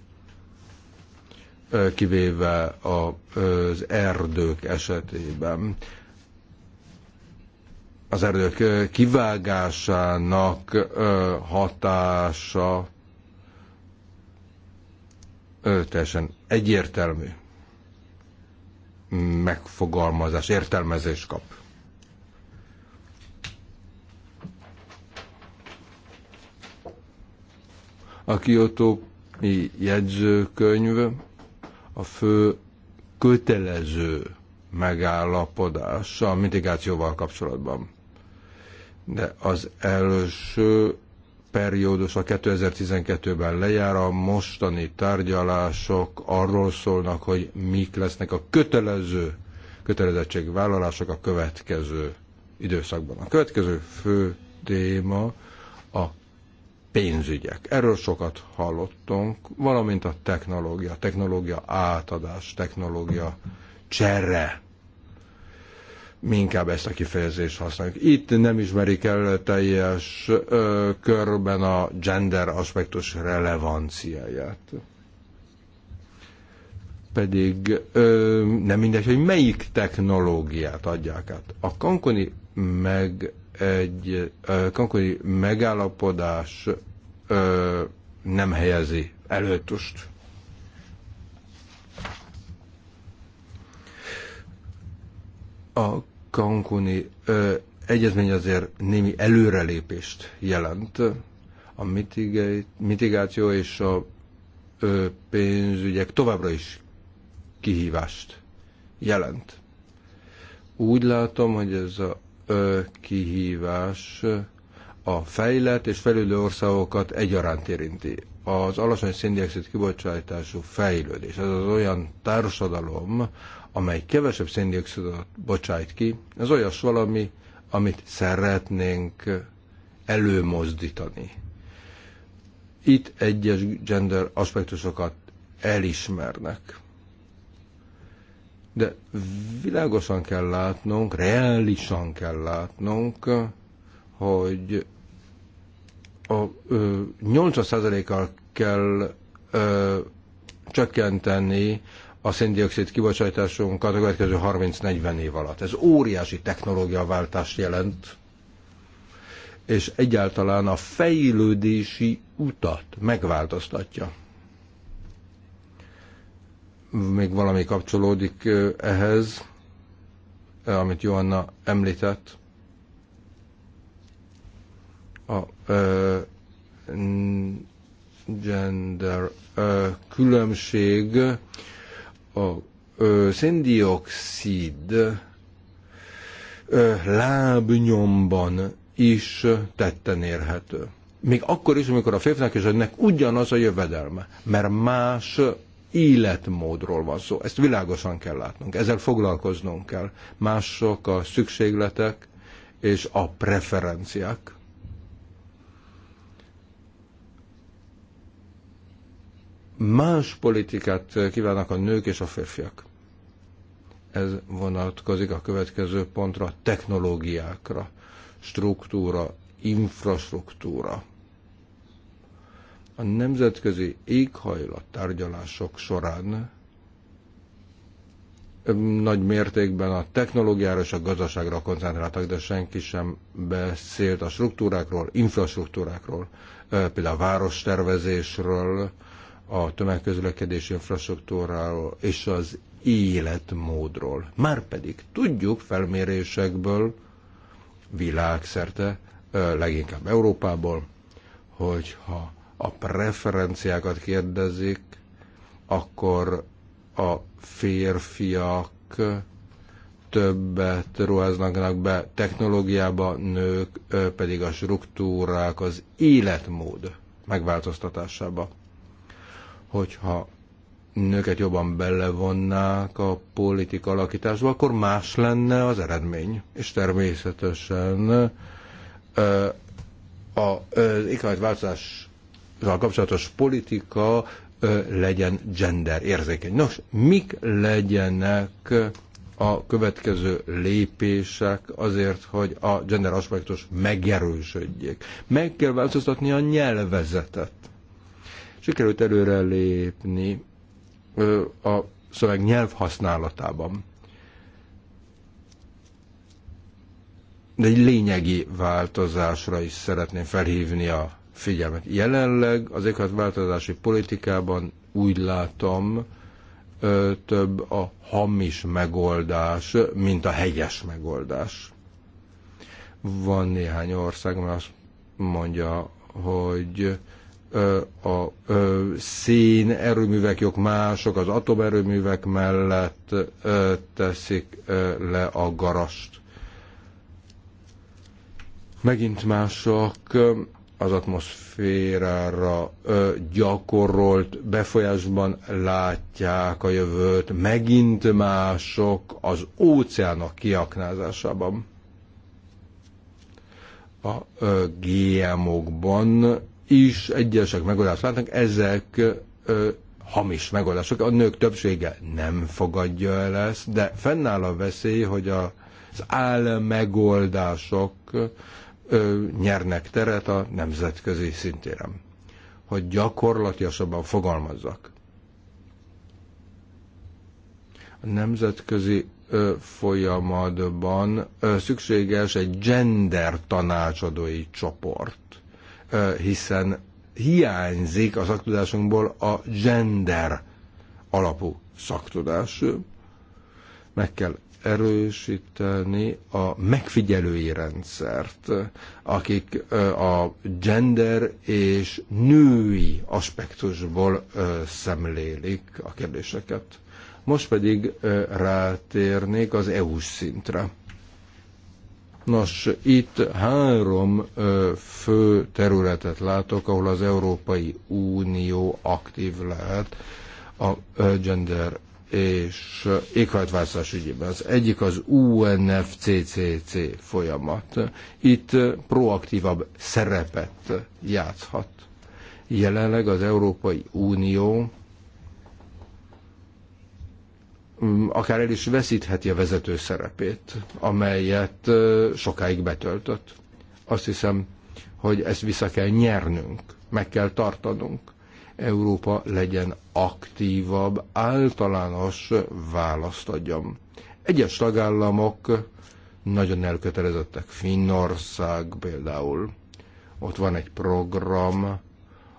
kivéve az erdők esetében. Az erdők kivágásának hatása teljesen egyértelmű megfogalmazás, értelmezés kap. A Kyoto jegyzőkönyv a fő kötelező megállapodása a mitigációval kapcsolatban. De az első periódus a 2012-ben lejár, a mostani tárgyalások arról szólnak, hogy mik lesznek a kötelező kötelezettségvállalások a következő időszakban. A következő fő téma a pénzügyek. Erről sokat hallottunk, valamint a technológia, technológia átadás, technológia csere. Mi inkább ezt a kifejezést használjuk. Itt nem ismerik el teljes ö, körben a gender aspektus relevanciáját. Pedig ö, nem mindegy, hogy melyik technológiát adják át. A kankoni meg egy kankori megállapodás nem helyezi előtust. A kankuni egyezmény azért némi előrelépést jelent. A mitigáció és a pénzügyek továbbra is kihívást jelent. Úgy látom, hogy ez a kihívás a fejlett és fejlődő országokat egyaránt érinti. Az alacsony széndiokszid kibocsátású fejlődés, ez az olyan társadalom, amely kevesebb széndiokszidot bocsájt ki, az olyas valami, amit szeretnénk előmozdítani. Itt egyes gender aspektusokat elismernek. De világosan kell látnunk, reálisan kell látnunk, hogy a 80%-kal kell ö, csökkenteni a széndiokszid kibocsátásunkat a következő 30-40 év alatt. Ez óriási technológiaváltást jelent, és egyáltalán a fejlődési utat megváltoztatja még valami kapcsolódik ehhez, amit Joanna említett. A ö, gender ö, különbség a ö, széndiokszid ö, lábnyomban is tetten érhető. Még akkor is, amikor a férfinak és a ugyanaz a jövedelme, mert más életmódról van szó. Ezt világosan kell látnunk, ezzel foglalkoznunk kell. Mások a szükségletek és a preferenciák. Más politikát kívánnak a nők és a férfiak. Ez vonatkozik a következő pontra, technológiákra, struktúra, infrastruktúra a nemzetközi éghajlat tárgyalások során nagy mértékben a technológiára és a gazdaságra koncentráltak, de senki sem beszélt a struktúrákról, infrastruktúrákról, például a várostervezésről, a tömegközlekedési infrastruktúráról és az életmódról. Márpedig tudjuk felmérésekből világszerte, leginkább Európából, hogyha a preferenciákat kérdezik, akkor a férfiak többet ruháznak be technológiába, nők pedig a struktúrák, az életmód megváltoztatásába. Hogyha nőket jobban belevonnák a politika alakításba, akkor más lenne az eredmény. És természetesen az változás kapcsolatos politika legyen gender érzékeny. Nos, mik legyenek a következő lépések azért, hogy a gender aspektus megerősödjék. Meg kell változtatni a nyelvezetet. Sikerült előre lépni a szöveg nyelvhasználatában. De egy lényegi változásra is szeretném felhívni a figyelmet. Jelenleg az éghajlatváltozási politikában úgy látom, több a hamis megoldás, mint a hegyes megoldás. Van néhány ország, mert azt mondja, hogy a szín erőművek jog mások, az atomerőművek mellett teszik le a garast. Megint mások az atmoszférára gyakorolt befolyásban látják a jövőt, megint mások az óceánok kiaknázásában. A GMO-kban is egyesek megoldást látnak, ezek hamis megoldások. A nők többsége nem fogadja el ezt, de fennáll a veszély, hogy a, az áll megoldások nyernek teret a nemzetközi szintéren. Hogy gyakorlatilasabban fogalmazzak. A nemzetközi folyamatban szükséges egy gender tanácsadói csoport, hiszen hiányzik a szaktudásunkból a gender alapú szaktudás. Meg kell erősíteni a megfigyelői rendszert, akik a gender és női aspektusból szemlélik a kérdéseket. Most pedig rátérnék az EU-s szintre. Nos, itt három fő területet látok, ahol az Európai Unió aktív lehet a gender és éghajtváltozás ügyében. Az egyik az UNFCCC folyamat. Itt proaktívabb szerepet játszhat. Jelenleg az Európai Unió akár el is veszítheti a vezető szerepét, amelyet sokáig betöltött. Azt hiszem, hogy ezt vissza kell nyernünk, meg kell tartanunk Európa legyen aktívabb, általános választ adjam. Egyes tagállamok nagyon elkötelezettek. Finnország például. Ott van egy program,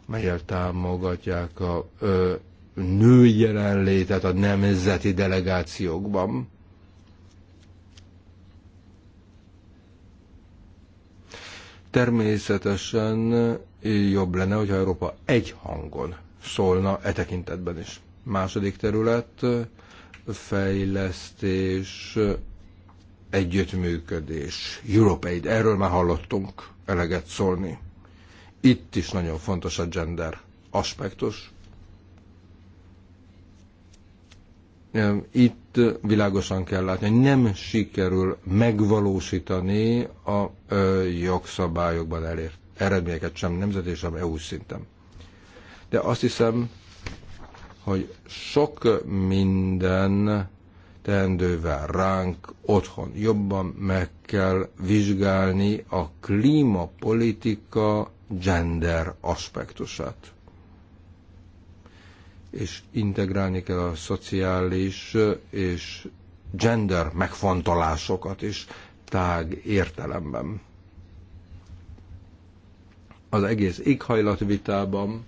melyel támogatják a ö, nő jelenlétet a nemzeti delegációkban. Természetesen jobb lenne, hogyha Európa egy hangon szólna e tekintetben is. Második terület, fejlesztés, együttműködés, Europaid, erről már hallottunk eleget szólni. Itt is nagyon fontos a gender aspektus. Itt világosan kell látni, hogy nem sikerül megvalósítani a jogszabályokban elért eredményeket sem nemzeti, sem EU szinten. De azt hiszem, hogy sok minden teendővel ránk otthon. Jobban meg kell vizsgálni a klímapolitika gender aspektusát. És integrálni kell a szociális és gender megfontolásokat is tág értelemben az egész éghajlatvitában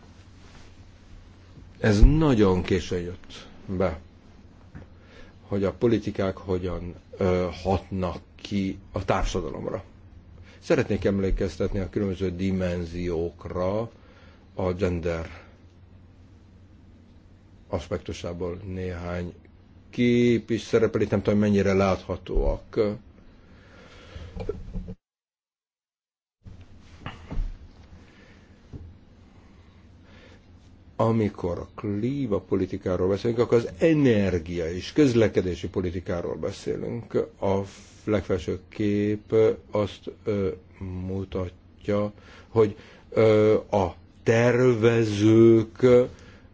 ez nagyon későn jött be, hogy a politikák hogyan ö, hatnak ki a társadalomra. Szeretnék emlékeztetni a különböző dimenziókra a gender aspektusából néhány kép is szerepel, nem tudom mennyire láthatóak. amikor a klímapolitikáról beszélünk, akkor az energia és közlekedési politikáról beszélünk. A legfelső kép azt ö, mutatja, hogy ö, a tervezők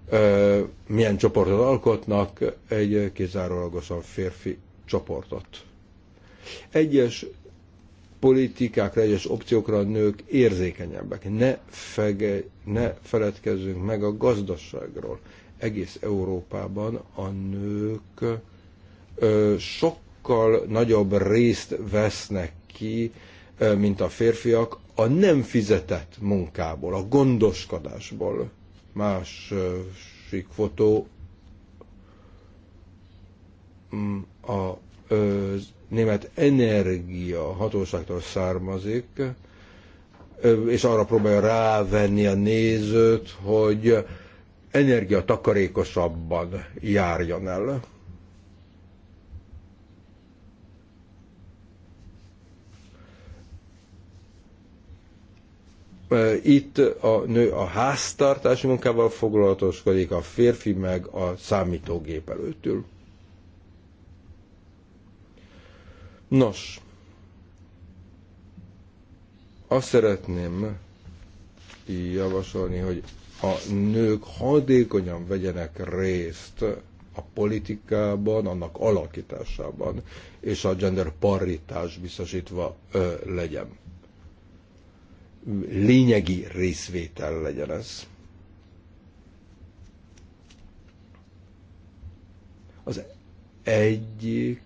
ö, milyen csoportot alkotnak, egy kizárólagosan férfi csoportot. Egyes politikákra, egyes opciókra a nők érzékenyebbek. Ne, fege, ne feledkezzünk meg a gazdaságról. Egész Európában a nők ö, sokkal nagyobb részt vesznek ki, ö, mint a férfiak a nem fizetett munkából, a gondoskodásból. Másik fotó mm, a, ö, német energia hatóságtól származik, és arra próbálja rávenni a nézőt, hogy energia takarékosabban járjon el. Itt a nő a háztartási munkával foglalatoskodik, a férfi meg a számítógép előttül. Nos, azt szeretném javasolni, hogy a nők hadékonyan vegyenek részt a politikában, annak alakításában, és a gender paritás biztosítva ö, legyen. Lényegi részvétel legyen ez. Az egyik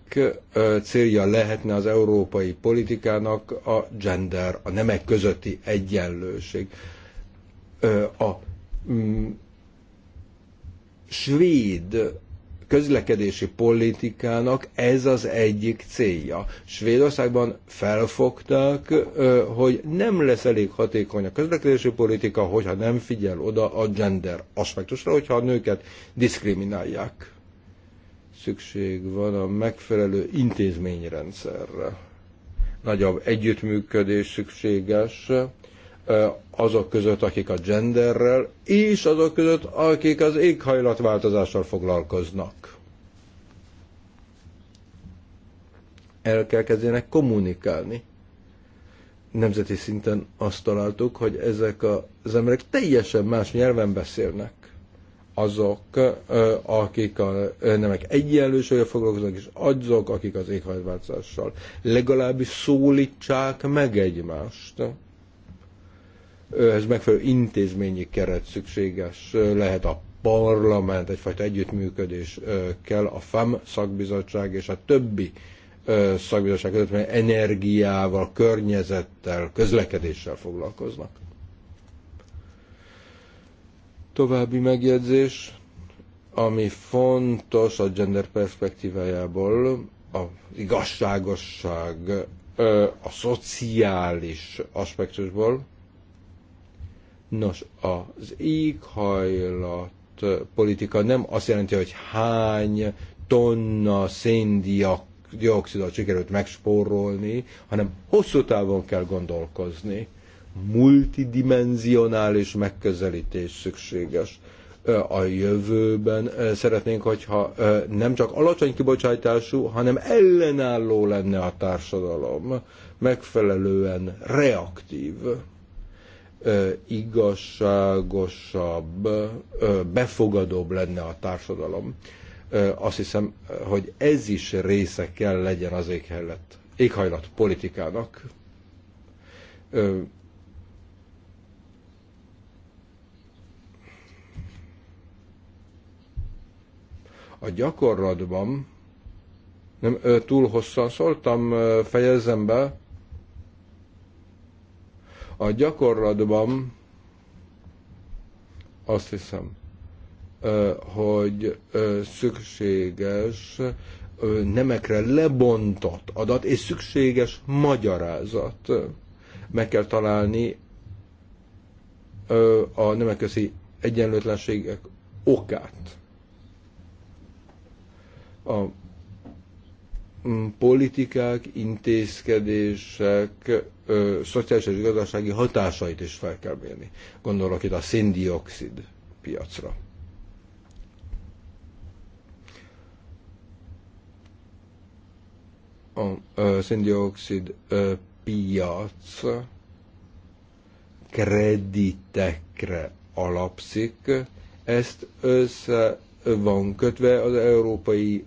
célja lehetne az európai politikának a gender, a nemek közötti egyenlőség. A mm, svéd közlekedési politikának ez az egyik célja. Svédországban felfogták, hogy nem lesz elég hatékony a közlekedési politika, hogyha nem figyel oda a gender aspektusra, hogyha a nőket diszkriminálják szükség van a megfelelő intézményrendszerre. Nagyobb együttműködés szükséges azok között, akik a genderrel, és azok között, akik az éghajlatváltozással foglalkoznak. El kell kezdjenek kommunikálni. Nemzeti szinten azt találtuk, hogy ezek az emberek teljesen más nyelven beszélnek azok, akik a nemek egyenlőséggel foglalkoznak, és azok, akik az éghajlatváltozással legalábbis szólítsák meg egymást. Ez megfelelő intézményi keret szükséges lehet a parlament, egyfajta együttműködés kell a FAM szakbizottság és a többi szakbizottság között, mert energiával, környezettel, közlekedéssel foglalkoznak. További megjegyzés, ami fontos a gender perspektívájából, az igazságosság, a szociális aspektusból. Nos, az éghajlat politika nem azt jelenti, hogy hány tonna széndiokszidot sikerült megspórolni, hanem hosszú távon kell gondolkozni multidimenzionális megközelítés szükséges a jövőben szeretnénk, hogyha nem csak alacsony kibocsátású, hanem ellenálló lenne a társadalom, megfelelően reaktív, igazságosabb, befogadóbb lenne a társadalom. Azt hiszem, hogy ez is része kell legyen az éghajlat, éghajlat politikának A gyakorlatban nem túl hosszan szóltam, fejezzem be. A gyakorlatban azt hiszem, hogy szükséges nemekre lebontott adat és szükséges magyarázat. Meg kell találni a nemek közti egyenlőtlenségek okát. A mm, politikák, intézkedések, ö, szociális és gazdasági hatásait is fel kell mérni. Gondolok itt a széndiokszid piacra. A széndiokszid piac kreditekre alapszik, ezt össze van kötve az európai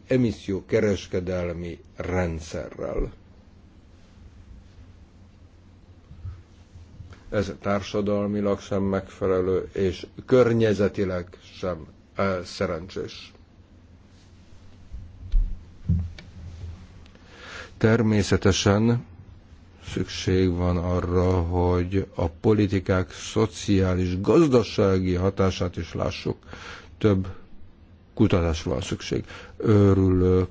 kereskedelmi rendszerrel. Ez társadalmilag sem megfelelő, és környezetileg sem szerencsés. Természetesen szükség van arra, hogy a politikák szociális, gazdasági hatását is lássuk. Több kutatásra van szükség. Örülök,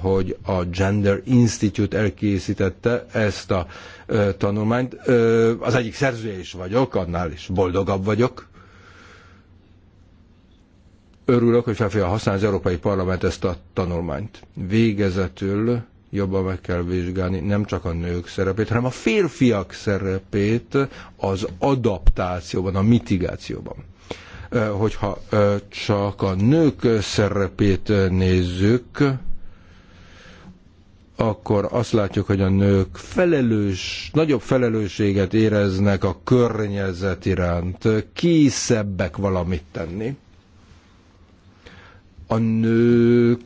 hogy a Gender Institute elkészítette ezt a tanulmányt. Az egyik szerzője is vagyok, annál is boldogabb vagyok. Örülök, hogy felfelé használ az Európai Parlament ezt a tanulmányt. Végezetül jobban meg kell vizsgálni nem csak a nők szerepét, hanem a férfiak szerepét az adaptációban, a mitigációban Hogyha csak a nők szerepét nézzük, akkor azt látjuk, hogy a nők felelős, nagyobb felelősséget éreznek a környezet iránt, készebbek valamit tenni. A nők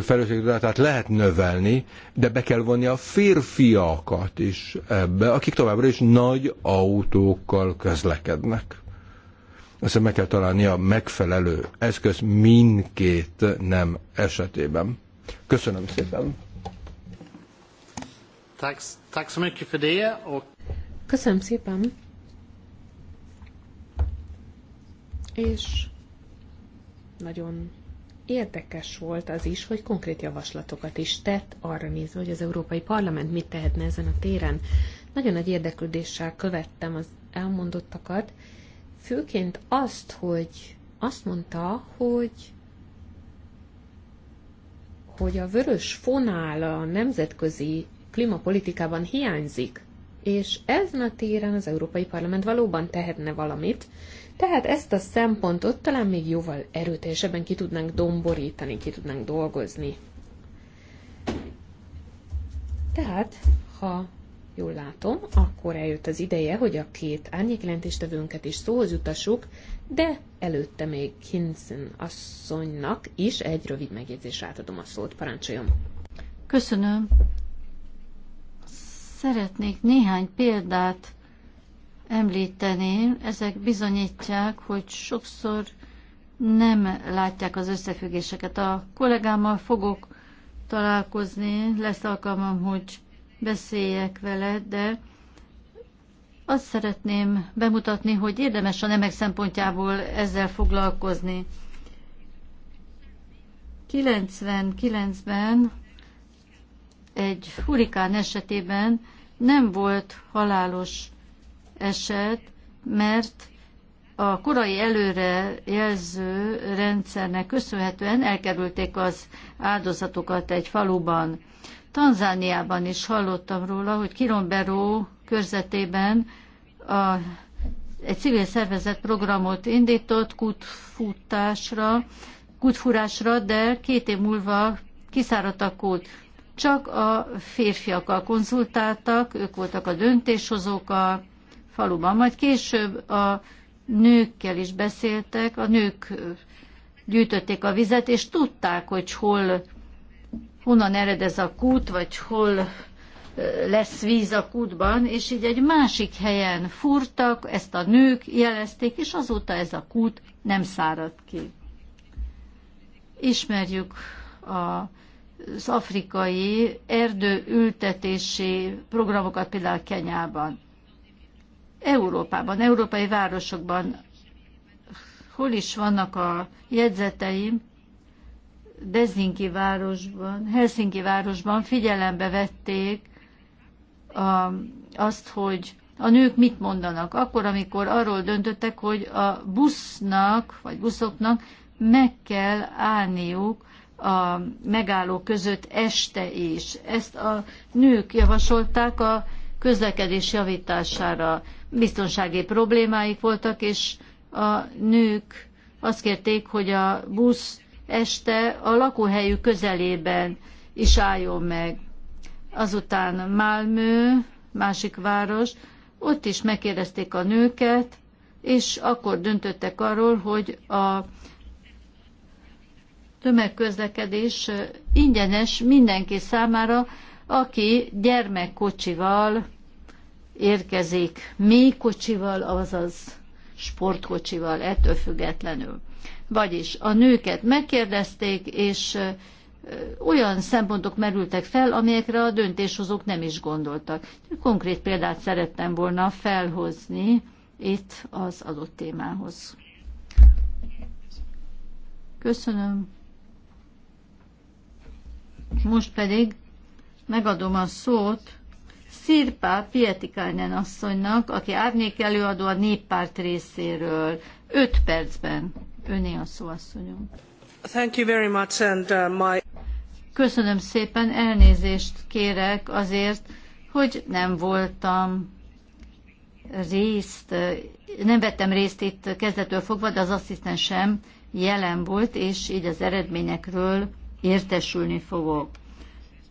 felelősséget, tehát lehet növelni, de be kell vonni a férfiakat is ebbe, akik továbbra is nagy autókkal közlekednek. Aztán meg kell találni a megfelelő eszköz mindkét nem esetében. Köszönöm szépen! Köszönöm szépen! És nagyon érdekes volt az is, hogy konkrét javaslatokat is tett arra nézve, hogy az Európai Parlament mit tehetne ezen a téren. Nagyon nagy érdeklődéssel követtem az elmondottakat, főként azt, hogy azt mondta, hogy hogy a vörös fonál a nemzetközi klímapolitikában hiányzik, és ezen a téren az Európai Parlament valóban tehetne valamit, tehát ezt a szempontot talán még jóval erőteljesebben ki tudnánk domborítani, ki tudnánk dolgozni. Tehát, ha jól látom, akkor eljött az ideje, hogy a két árnyékjelentéstevőnket is szóhoz jutassuk, de előtte még Kinson asszonynak is egy rövid megjegyzésre átadom a szót. Parancsoljon! Köszönöm! Szeretnék néhány példát említeni. Ezek bizonyítják, hogy sokszor nem látják az összefüggéseket. A kollégámmal fogok találkozni, lesz alkalmam, hogy beszéljek vele, de azt szeretném bemutatni, hogy érdemes a nemek szempontjából ezzel foglalkozni. 99-ben egy hurikán esetében nem volt halálos eset, mert a korai előre jelző rendszernek köszönhetően elkerülték az áldozatokat egy faluban. Tanzániában is hallottam róla, hogy Kiromberó körzetében a, egy civil szervezet programot indított kutfutásra, kutfurásra, de két év múlva kiszáradt a kút. Csak a férfiakkal konzultáltak, ők voltak a döntéshozók a faluban. Majd később a nőkkel is beszéltek, a nők gyűjtötték a vizet, és tudták, hogy hol honnan ered ez a kút, vagy hol lesz víz a kútban, és így egy másik helyen furtak, ezt a nők jelezték, és azóta ez a kút nem szárad ki. Ismerjük a az afrikai erdőültetési programokat például Kenyában. Európában, európai városokban hol is vannak a jegyzeteim, Dezinki városban, Helsinki városban figyelembe vették a, azt, hogy a nők mit mondanak. Akkor, amikor arról döntöttek, hogy a busznak, vagy buszoknak meg kell állniuk a megálló között este is. Ezt a nők javasolták a közlekedés javítására. Biztonsági problémáik voltak, és a nők azt kérték, hogy a busz este a lakóhelyük közelében is álljon meg. Azután Malmö, másik város, ott is megkérdezték a nőket, és akkor döntöttek arról, hogy a tömegközlekedés ingyenes mindenki számára, aki gyermekkocsival érkezik, mély kocsival, azaz sportkocsival, ettől függetlenül. Vagyis a nőket megkérdezték, és olyan szempontok merültek fel, amelyekre a döntéshozók nem is gondoltak. Konkrét példát szerettem volna felhozni itt az adott témához. Köszönöm. Most pedig megadom a szót Szirpá Pietikainen asszonynak, aki árnyék előadó a néppárt részéről. Öt percben. Öné a Thank you very much and uh, my... Köszönöm szépen, elnézést kérek azért, hogy nem voltam részt, nem vettem részt itt kezdetől fogva, de az sem jelen volt, és így az eredményekről értesülni fogok.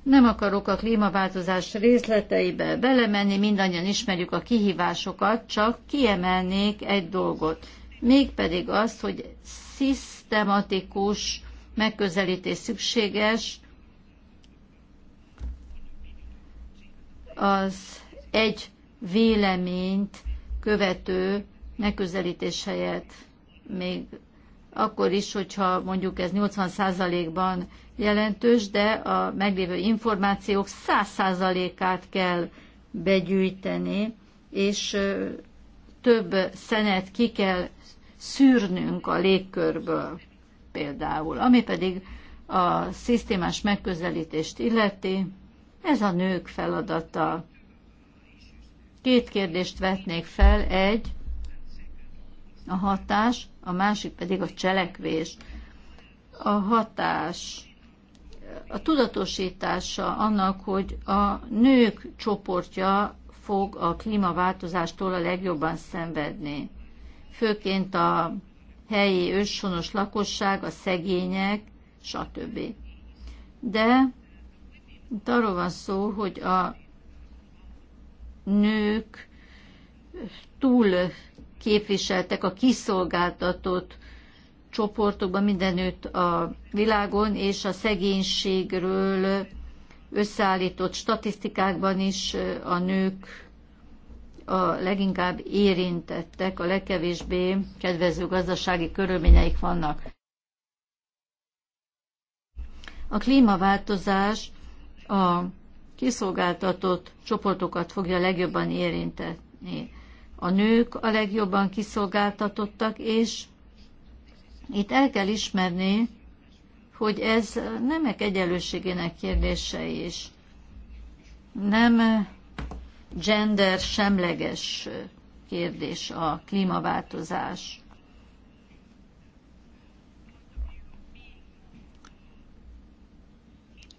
Nem akarok a klímaváltozás részleteibe belemenni, mindannyian ismerjük a kihívásokat, csak kiemelnék egy dolgot mégpedig azt, hogy szisztematikus megközelítés szükséges az egy véleményt követő megközelítés helyett még akkor is, hogyha mondjuk ez 80%-ban jelentős, de a meglévő információk 100%-át kell begyűjteni, és több szenet ki kell szűrnünk a légkörből például. Ami pedig a szisztémás megközelítést illeti, ez a nők feladata. Két kérdést vetnék fel, egy a hatás, a másik pedig a cselekvés. A hatás a tudatosítása annak, hogy a nők csoportja fog a klímaváltozástól a legjobban szenvedni főként a helyi őshonos lakosság, a szegények, stb. De itt arról van szó, hogy a nők túl képviseltek a kiszolgáltatott csoportokban mindenütt a világon, és a szegénységről összeállított statisztikákban is a nők a leginkább érintettek, a legkevésbé kedvező gazdasági körülményeik vannak. A klímaváltozás a kiszolgáltatott csoportokat fogja legjobban érinteni. A nők a legjobban kiszolgáltatottak, és itt el kell ismerni, hogy ez nemek egyenlőségének kérdése is. Nem gender semleges kérdés a klímaváltozás.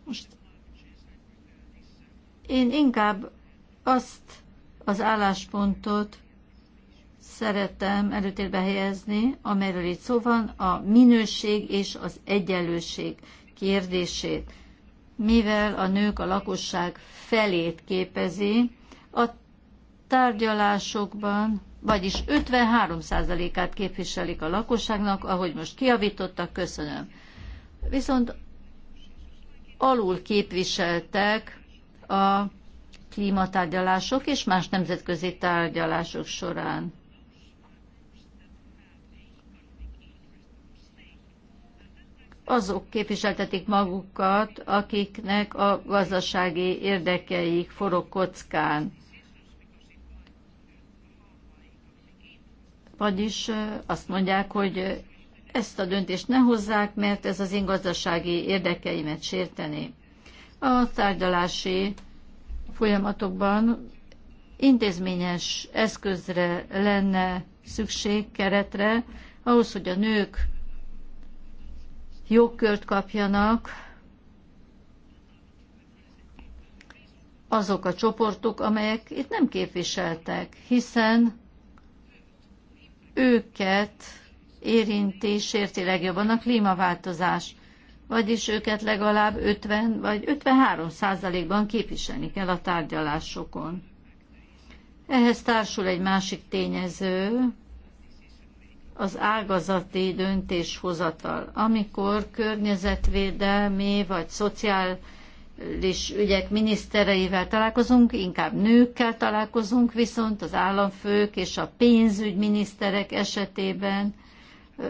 Most én inkább azt az álláspontot szeretem előtérbe helyezni, amelyről itt szó van, a minőség és az egyenlőség kérdését. Mivel a nők a lakosság felét képezi, a tárgyalásokban, vagyis 53%-át képviselik a lakosságnak, ahogy most kiavítottak, köszönöm. Viszont alul képviseltek a klímatárgyalások és más nemzetközi tárgyalások során. azok képviseltetik magukat, akiknek a gazdasági érdekeik forog kockán. Vagyis azt mondják, hogy ezt a döntést ne hozzák, mert ez az én gazdasági érdekeimet sérteni. A tárgyalási folyamatokban intézményes eszközre lenne szükség, keretre, ahhoz, hogy a nők jogkört kapjanak azok a csoportok, amelyek itt nem képviseltek, hiszen őket érinti, sérti legjobban a klímaváltozás, vagyis őket legalább 50 vagy 53 százalékban képviselni kell a tárgyalásokon. Ehhez társul egy másik tényező, az ágazati döntéshozatal, amikor környezetvédelmi vagy szociális ügyek minisztereivel találkozunk, inkább nőkkel találkozunk, viszont az államfők és a pénzügyminiszterek esetében,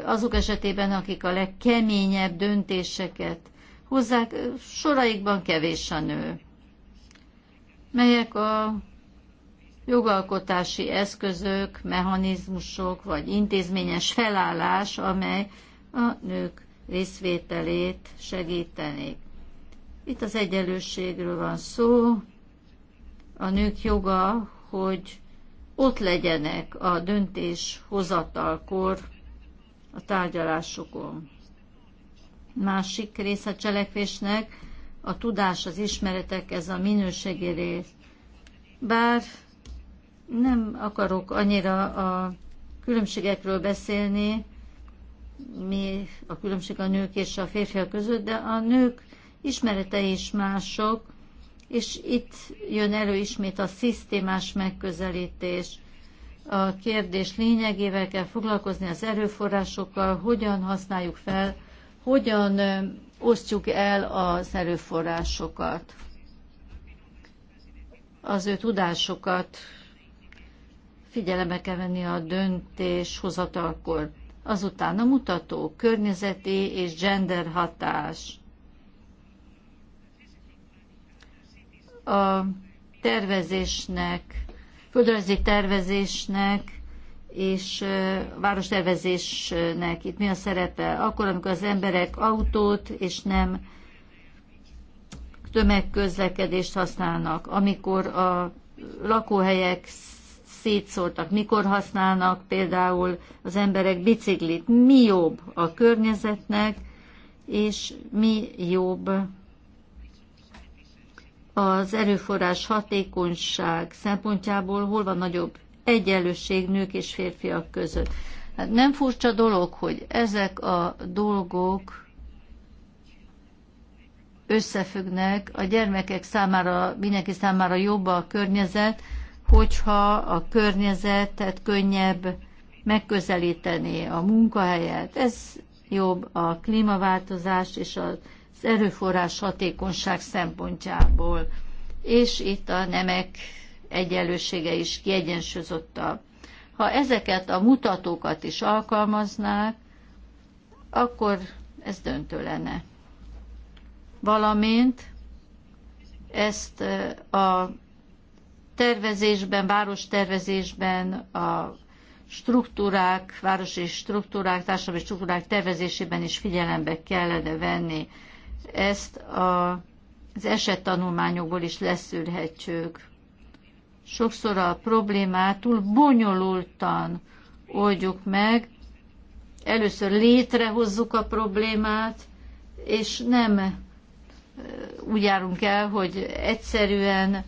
azok esetében, akik a legkeményebb döntéseket hozzák, soraikban kevés a nő, melyek a jogalkotási eszközök, mechanizmusok vagy intézményes felállás, amely a nők részvételét segítenék. Itt az egyenlőségről van szó, a nők joga, hogy ott legyenek a döntéshozatalkor a tárgyalásokon. Másik rész a cselekvésnek a tudás, az ismeretek, ez a minőségi rész. Bár nem akarok annyira a különbségekről beszélni, mi a különbség a nők és a férfiak között, de a nők ismerete is mások, és itt jön elő ismét a szisztémás megközelítés. A kérdés lényegével kell foglalkozni az erőforrásokkal, hogyan használjuk fel, hogyan osztjuk el az erőforrásokat, az ő tudásokat figyelembe kell venni a döntéshozatalkor. Azután a mutató, környezeti és gender hatás. A tervezésnek, földrajzi tervezésnek és várostervezésnek itt mi a szerepe? Akkor, amikor az emberek autót és nem tömegközlekedést használnak, amikor a lakóhelyek szétszóltak, mikor használnak például az emberek biciklit, mi jobb a környezetnek, és mi jobb az erőforrás hatékonyság szempontjából, hol van nagyobb egyenlőség nők és férfiak között. Hát nem furcsa dolog, hogy ezek a dolgok összefüggnek, a gyermekek számára, mindenki számára jobb a környezet, hogyha a környezetet könnyebb megközelíteni, a munkahelyet. Ez jobb a klímaváltozás és az erőforrás hatékonyság szempontjából. És itt a nemek egyenlősége is kiegyensúlyozottabb. Ha ezeket a mutatókat is alkalmaznák, akkor ez döntő lenne. Valamint ezt a tervezésben, várostervezésben, a struktúrák, városi struktúrák, társadalmi struktúrák tervezésében is figyelembe kellene venni. Ezt a, az esettanulmányokból is leszűrhetjük. Sokszor a problémát túl bonyolultan oldjuk meg, először létrehozzuk a problémát, és nem úgy járunk el, hogy egyszerűen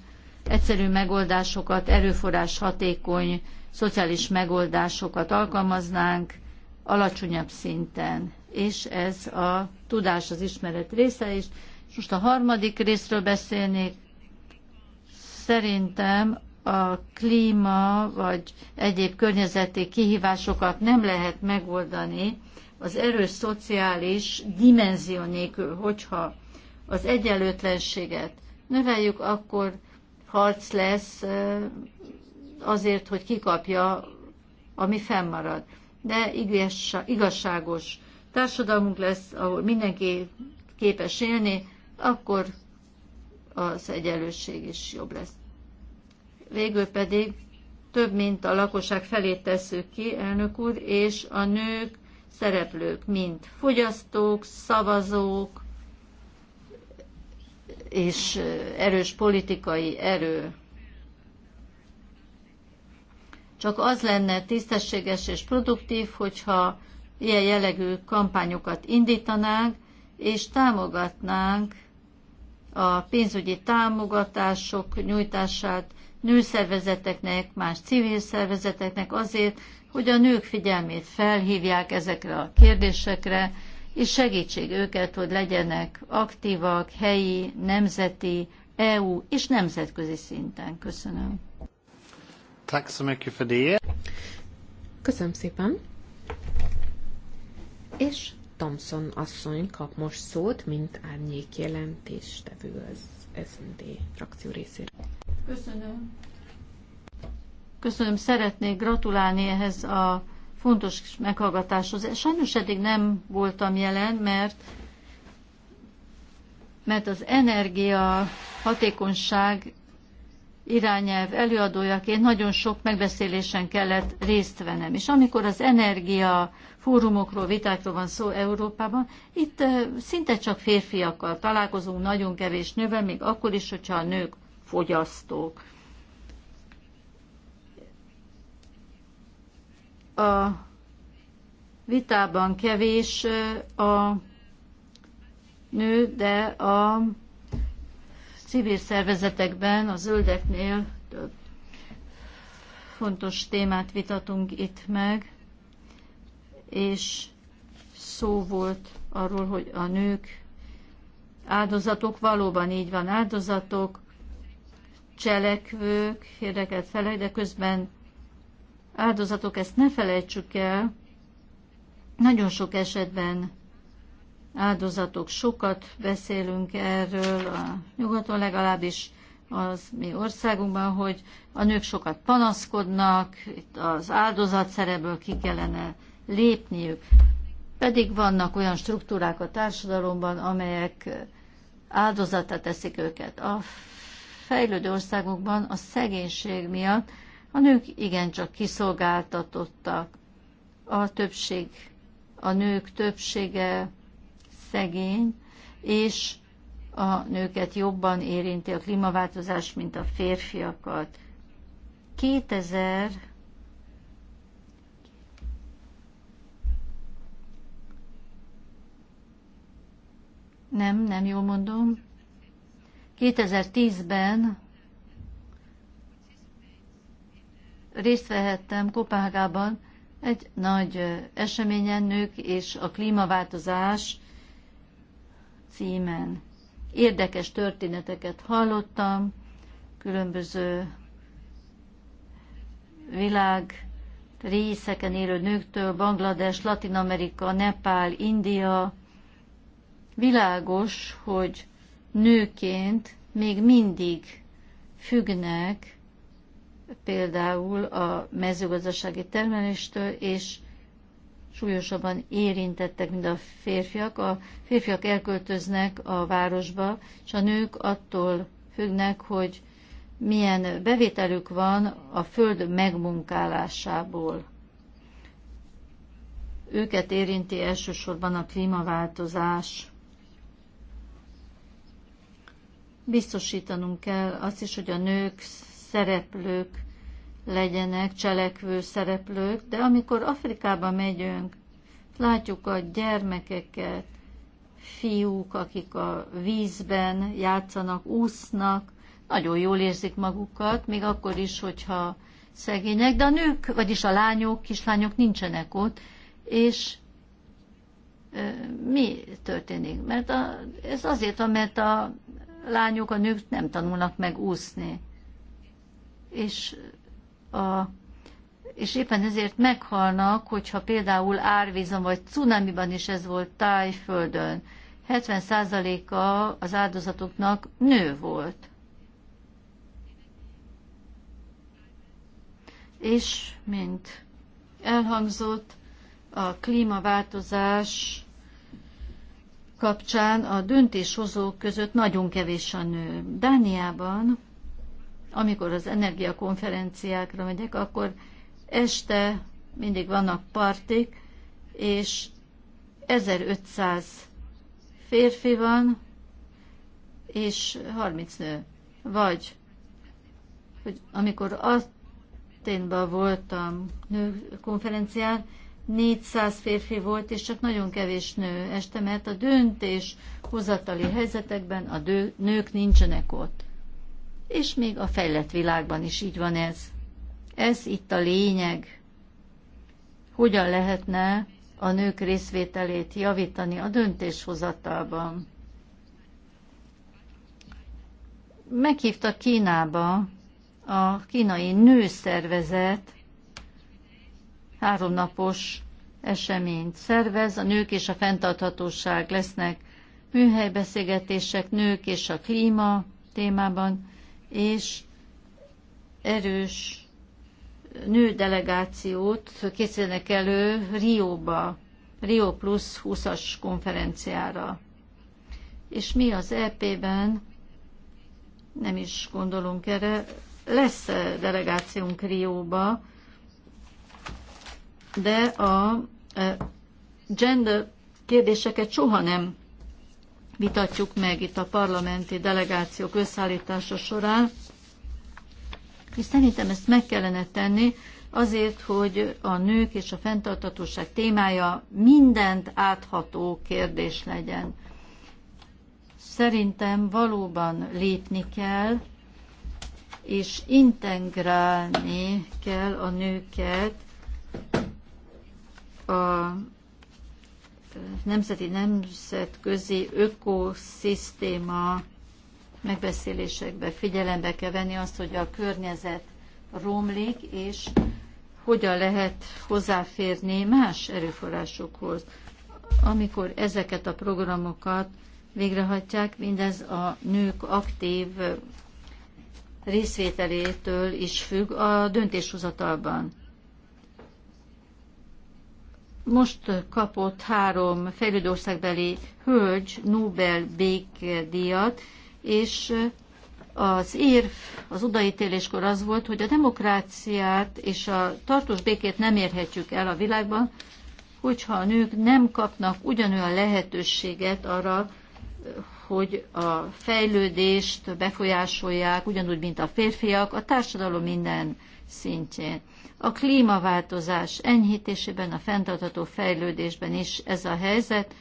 egyszerű megoldásokat, erőforrás hatékony szociális megoldásokat alkalmaznánk alacsonyabb szinten. És ez a tudás, az ismeret része is. És most a harmadik részről beszélnék. Szerintem a klíma vagy egyéb környezeti kihívásokat nem lehet megoldani az erős szociális dimenzió nélkül, hogyha az egyenlőtlenséget növeljük, akkor harc lesz azért, hogy kikapja, ami fennmarad. De igazságos társadalmunk lesz, ahol mindenki képes élni, akkor az egyenlőség is jobb lesz. Végül pedig több, mint a lakosság felét tesszük ki, elnök úr, és a nők szereplők, mint fogyasztók, szavazók, és erős politikai erő. Csak az lenne tisztességes és produktív, hogyha ilyen jellegű kampányokat indítanánk, és támogatnánk a pénzügyi támogatások nyújtását nőszervezeteknek, más civil szervezeteknek azért, hogy a nők figyelmét felhívják ezekre a kérdésekre, és segítség őket, hogy legyenek aktívak helyi, nemzeti, EU és nemzetközi szinten. Köszönöm. Köszönöm szépen. És Thompson asszony kap most szót, mint árnyék jelentéstevő az SMD frakció részéről. Köszönöm. Köszönöm, szeretnék gratulálni ehhez a fontos meghallgatáshoz. Sajnos eddig nem voltam jelen, mert mert az energia hatékonyság irányelv előadójaként nagyon sok megbeszélésen kellett részt vennem. És amikor az energia fórumokról, vitákról van szó Európában, itt szinte csak férfiakkal találkozunk, nagyon kevés nővel, még akkor is, hogyha a nők fogyasztók. a vitában kevés a nő, de a civil szervezetekben, a zöldeknél több fontos témát vitatunk itt meg, és szó volt arról, hogy a nők áldozatok, valóban így van, áldozatok, cselekvők, érdekelt felek, de közben áldozatok, ezt ne felejtsük el, nagyon sok esetben áldozatok, sokat beszélünk erről, a nyugaton legalábbis az mi országunkban, hogy a nők sokat panaszkodnak, itt az áldozat szereből ki kellene lépniük. Pedig vannak olyan struktúrák a társadalomban, amelyek áldozatát teszik őket. A fejlődő országokban a szegénység miatt a nők igencsak kiszolgáltatottak. A többség, a nők többsége szegény, és a nőket jobban érinti a klímaváltozás, mint a férfiakat. 2000 nem, nem jól mondom. 2010-ben részt vehettem Kopenhágában egy nagy eseményen nők és a klímaváltozás címen. Érdekes történeteket hallottam, különböző világ részeken élő nőktől, Banglades, Latin Amerika, Nepál, India. Világos, hogy nőként még mindig függnek például a mezőgazdasági termeléstől, és súlyosabban érintettek, mint a férfiak. A férfiak elköltöznek a városba, és a nők attól függnek, hogy milyen bevételük van a föld megmunkálásából. Őket érinti elsősorban a klímaváltozás. Biztosítanunk kell azt is, hogy a nők szereplők legyenek, cselekvő szereplők, de amikor Afrikába megyünk, látjuk a gyermekeket, fiúk, akik a vízben játszanak, úsznak, nagyon jól érzik magukat, még akkor is, hogyha szegények, de a nők, vagyis a lányok, kislányok nincsenek ott, és mi történik? Mert a, ez azért van, mert a lányok, a nők nem tanulnak meg úszni és, a, és éppen ezért meghalnak, hogyha például árvízon vagy cunamiban is ez volt tájföldön. 70%-a az áldozatoknak nő volt. És, mint elhangzott, a klímaváltozás kapcsán a döntéshozók között nagyon kevés a nő. Dániában amikor az energiakonferenciákra megyek, akkor este mindig vannak partik, és 1500 férfi van, és 30 nő. Vagy, hogy amikor Aténban voltam nőkonferencián, 400 férfi volt, és csak nagyon kevés nő este, mert a döntés hozatali helyzetekben a dő, nők nincsenek ott és még a fejlett világban is így van ez. Ez itt a lényeg. Hogyan lehetne a nők részvételét javítani a döntéshozatalban? Meghívta Kínába a kínai nőszervezet háromnapos eseményt szervez. A nők és a fenntarthatóság lesznek műhelybeszélgetések, nők és a klíma témában és erős nő delegációt készítenek elő Rióba, Rio Plus 20-as konferenciára. És mi az EP-ben, nem is gondolunk erre, lesz e delegációnk Rióba, de a e, gender kérdéseket soha nem vitatjuk meg itt a parlamenti delegációk összeállítása során, és szerintem ezt meg kellene tenni azért, hogy a nők és a fenntartatóság témája mindent átható kérdés legyen. Szerintem valóban lépni kell, és integrálni kell a nőket a nemzeti nemzetközi ökoszisztéma megbeszélésekbe figyelembe kell venni azt, hogy a környezet romlik, és hogyan lehet hozzáférni más erőforrásokhoz. Amikor ezeket a programokat végrehajtják, mindez a nők aktív részvételétől is függ a döntéshozatalban most kapott három fejlődőországbeli hölgy Nobel békdíjat, és az érv az odaítéléskor az volt, hogy a demokráciát és a tartós békét nem érhetjük el a világban, hogyha a nők nem kapnak ugyanolyan lehetőséget arra, hogy a fejlődést befolyásolják, ugyanúgy, mint a férfiak, a társadalom minden szintjén. A klímaváltozás enyhítésében, a fenntartható fejlődésben is ez a helyzet,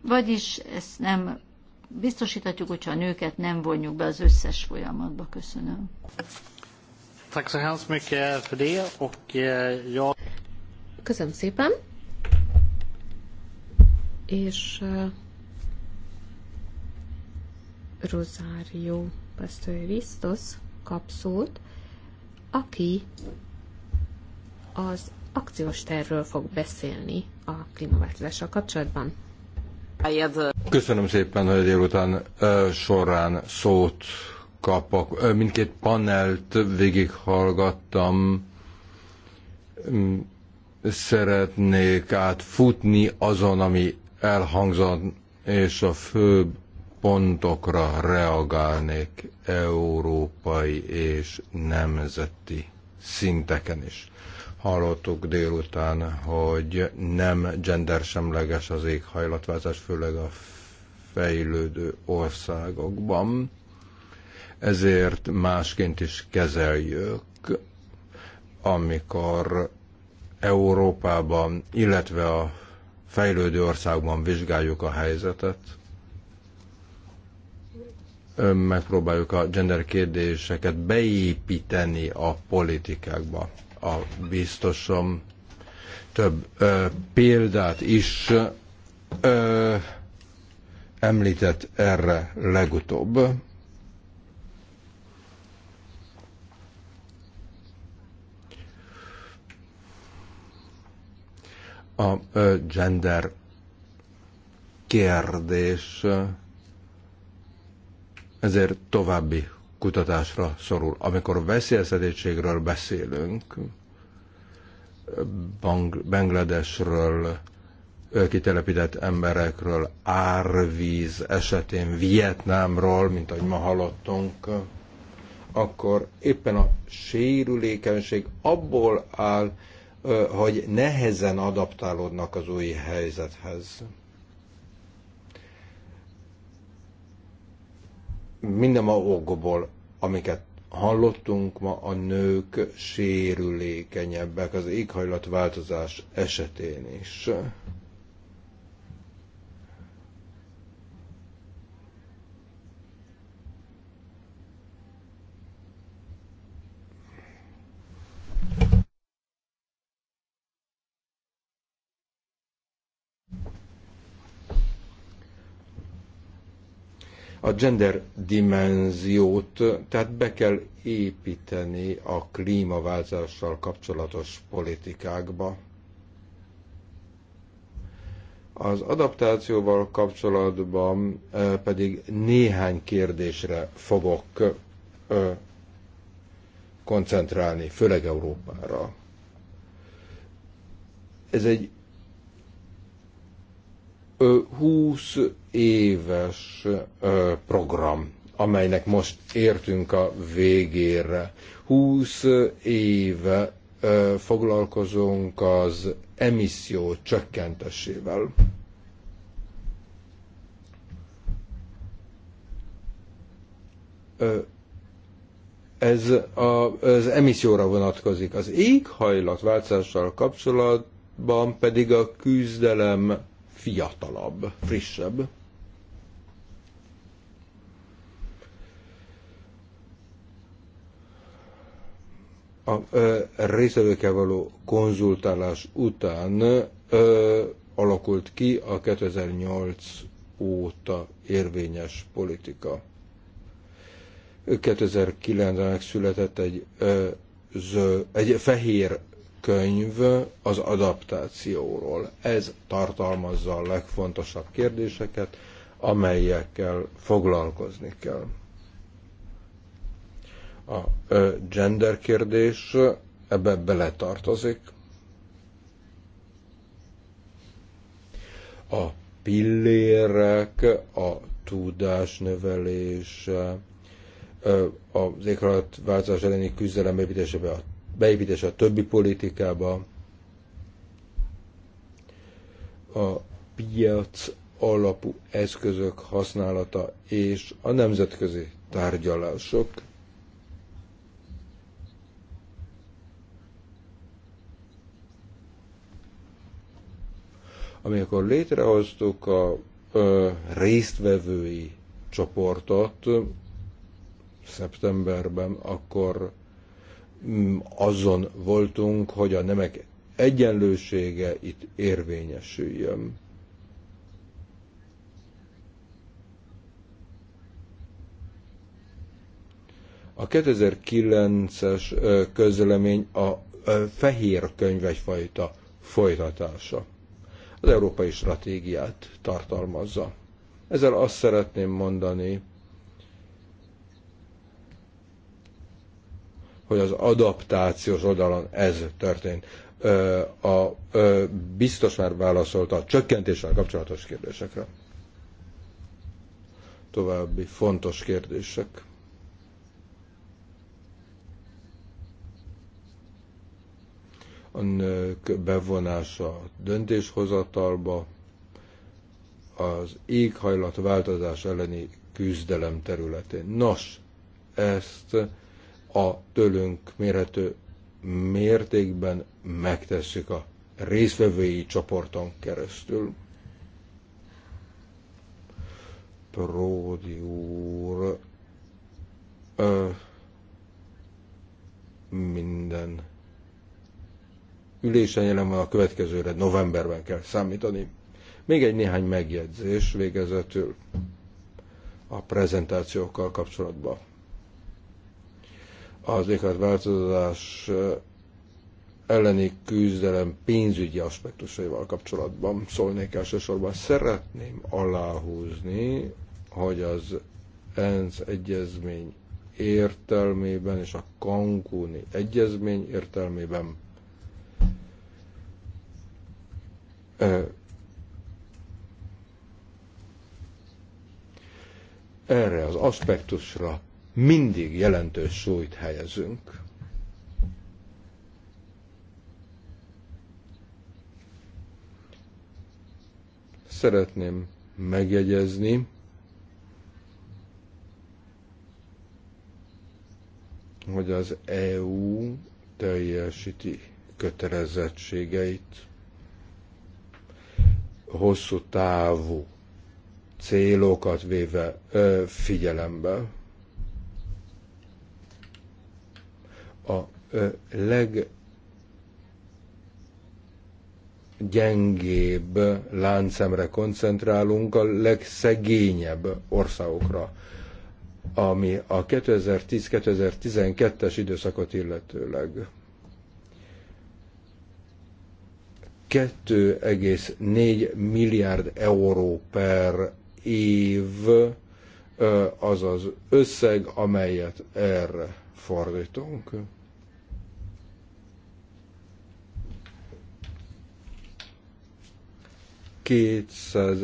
vagyis ezt nem biztosíthatjuk, hogyha a nőket nem vonjuk be az összes folyamatba. Köszönöm. Tack eh, Köszönöm szépen. És uh, Rosario Pastor Ristos kap szót, aki az akciós tervről fog beszélni a klímaváltozással kapcsolatban. Köszönöm szépen, hogy délután során szót kapok. Mindkét panelt végighallgattam. Mm, szeretnék átfutni azon, ami elhangzott, és a főbb pontokra reagálnék európai és nemzeti szinteken is. Hallottuk délután, hogy nem gendersemleges az éghajlatvázás, főleg a fejlődő országokban, ezért másként is kezeljük, amikor Európában, illetve a fejlődő országban vizsgáljuk a helyzetet, megpróbáljuk a gender kérdéseket beépíteni a politikákba. A biztosom több ö, példát is ö, említett erre legutóbb. A ö, gender kérdés ezért további kutatásra szorul. Amikor veszélyeztetettségről beszélünk, Bang- Bangladesről, kitelepített emberekről, árvíz esetén Vietnámról, mint ahogy ma hallottunk, akkor éppen a sérülékenység abból áll, hogy nehezen adaptálódnak az új helyzethez. minden a okból, amiket hallottunk ma, a nők sérülékenyebbek az éghajlatváltozás esetén is. a gender dimenziót, tehát be kell építeni a klímaváltozással kapcsolatos politikákba. Az adaptációval kapcsolatban pedig néhány kérdésre fogok koncentrálni, főleg Európára. Ez egy 20 éves program, amelynek most értünk a végére. 20 éve foglalkozunk az emisszió csökkentésével. Ez a, az emisszióra vonatkozik. Az éghajlatváltozással kapcsolatban pedig a küzdelem fiatalabb, frissebb. A részvevőkkel való konzultálás után alakult ki a 2008 óta érvényes politika. 2009-ben született egy, zö, egy fehér könyv az adaptációról. Ez tartalmazza a legfontosabb kérdéseket, amelyekkel foglalkozni kell. A gender kérdés ebbe beletartozik. A pillérek, a tudásnövelés, az éghajlatváltozás elleni küzdelem beépítése a, beépítése a többi politikába, a piac alapú eszközök használata és a nemzetközi tárgyalások Amikor létrehoztuk a ö, résztvevői csoportot szeptemberben, akkor mm, azon voltunk, hogy a nemek egyenlősége itt érvényesüljön. A 2009-es közlemény a fehér könyv egyfajta folytatása az európai stratégiát tartalmazza. Ezzel azt szeretném mondani, hogy az adaptációs oldalon ez történt. A biztos már válaszolta a csökkentéssel kapcsolatos kérdésekre. További fontos kérdések. a nők bevonása döntéshozatalba, az éghajlatváltozás elleni küzdelem területén. Nos, ezt a tőlünk mérhető mértékben megtesszük a részvevői csoporton keresztül. Pródi úr, ö, minden ülésen jelen van a következőre, novemberben kell számítani. Még egy néhány megjegyzés végezetül a prezentációkkal kapcsolatban. Az éghajlatváltozás eh, elleni küzdelem pénzügyi aspektusaival kapcsolatban szólnék elsősorban. Szeretném aláhúzni, hogy az ENSZ egyezmény értelmében és a Cancúni egyezmény értelmében Erre az aspektusra mindig jelentős súlyt helyezünk. Szeretném megjegyezni, hogy az EU teljesíti kötelezettségeit hosszú távú célokat véve figyelembe, a leggyengébb láncemre koncentrálunk, a legszegényebb országokra, ami a 2010-2012-es időszakot illetőleg 2,4 milliárd euró per év az az összeg, amelyet erre fordítunk. Kétszáz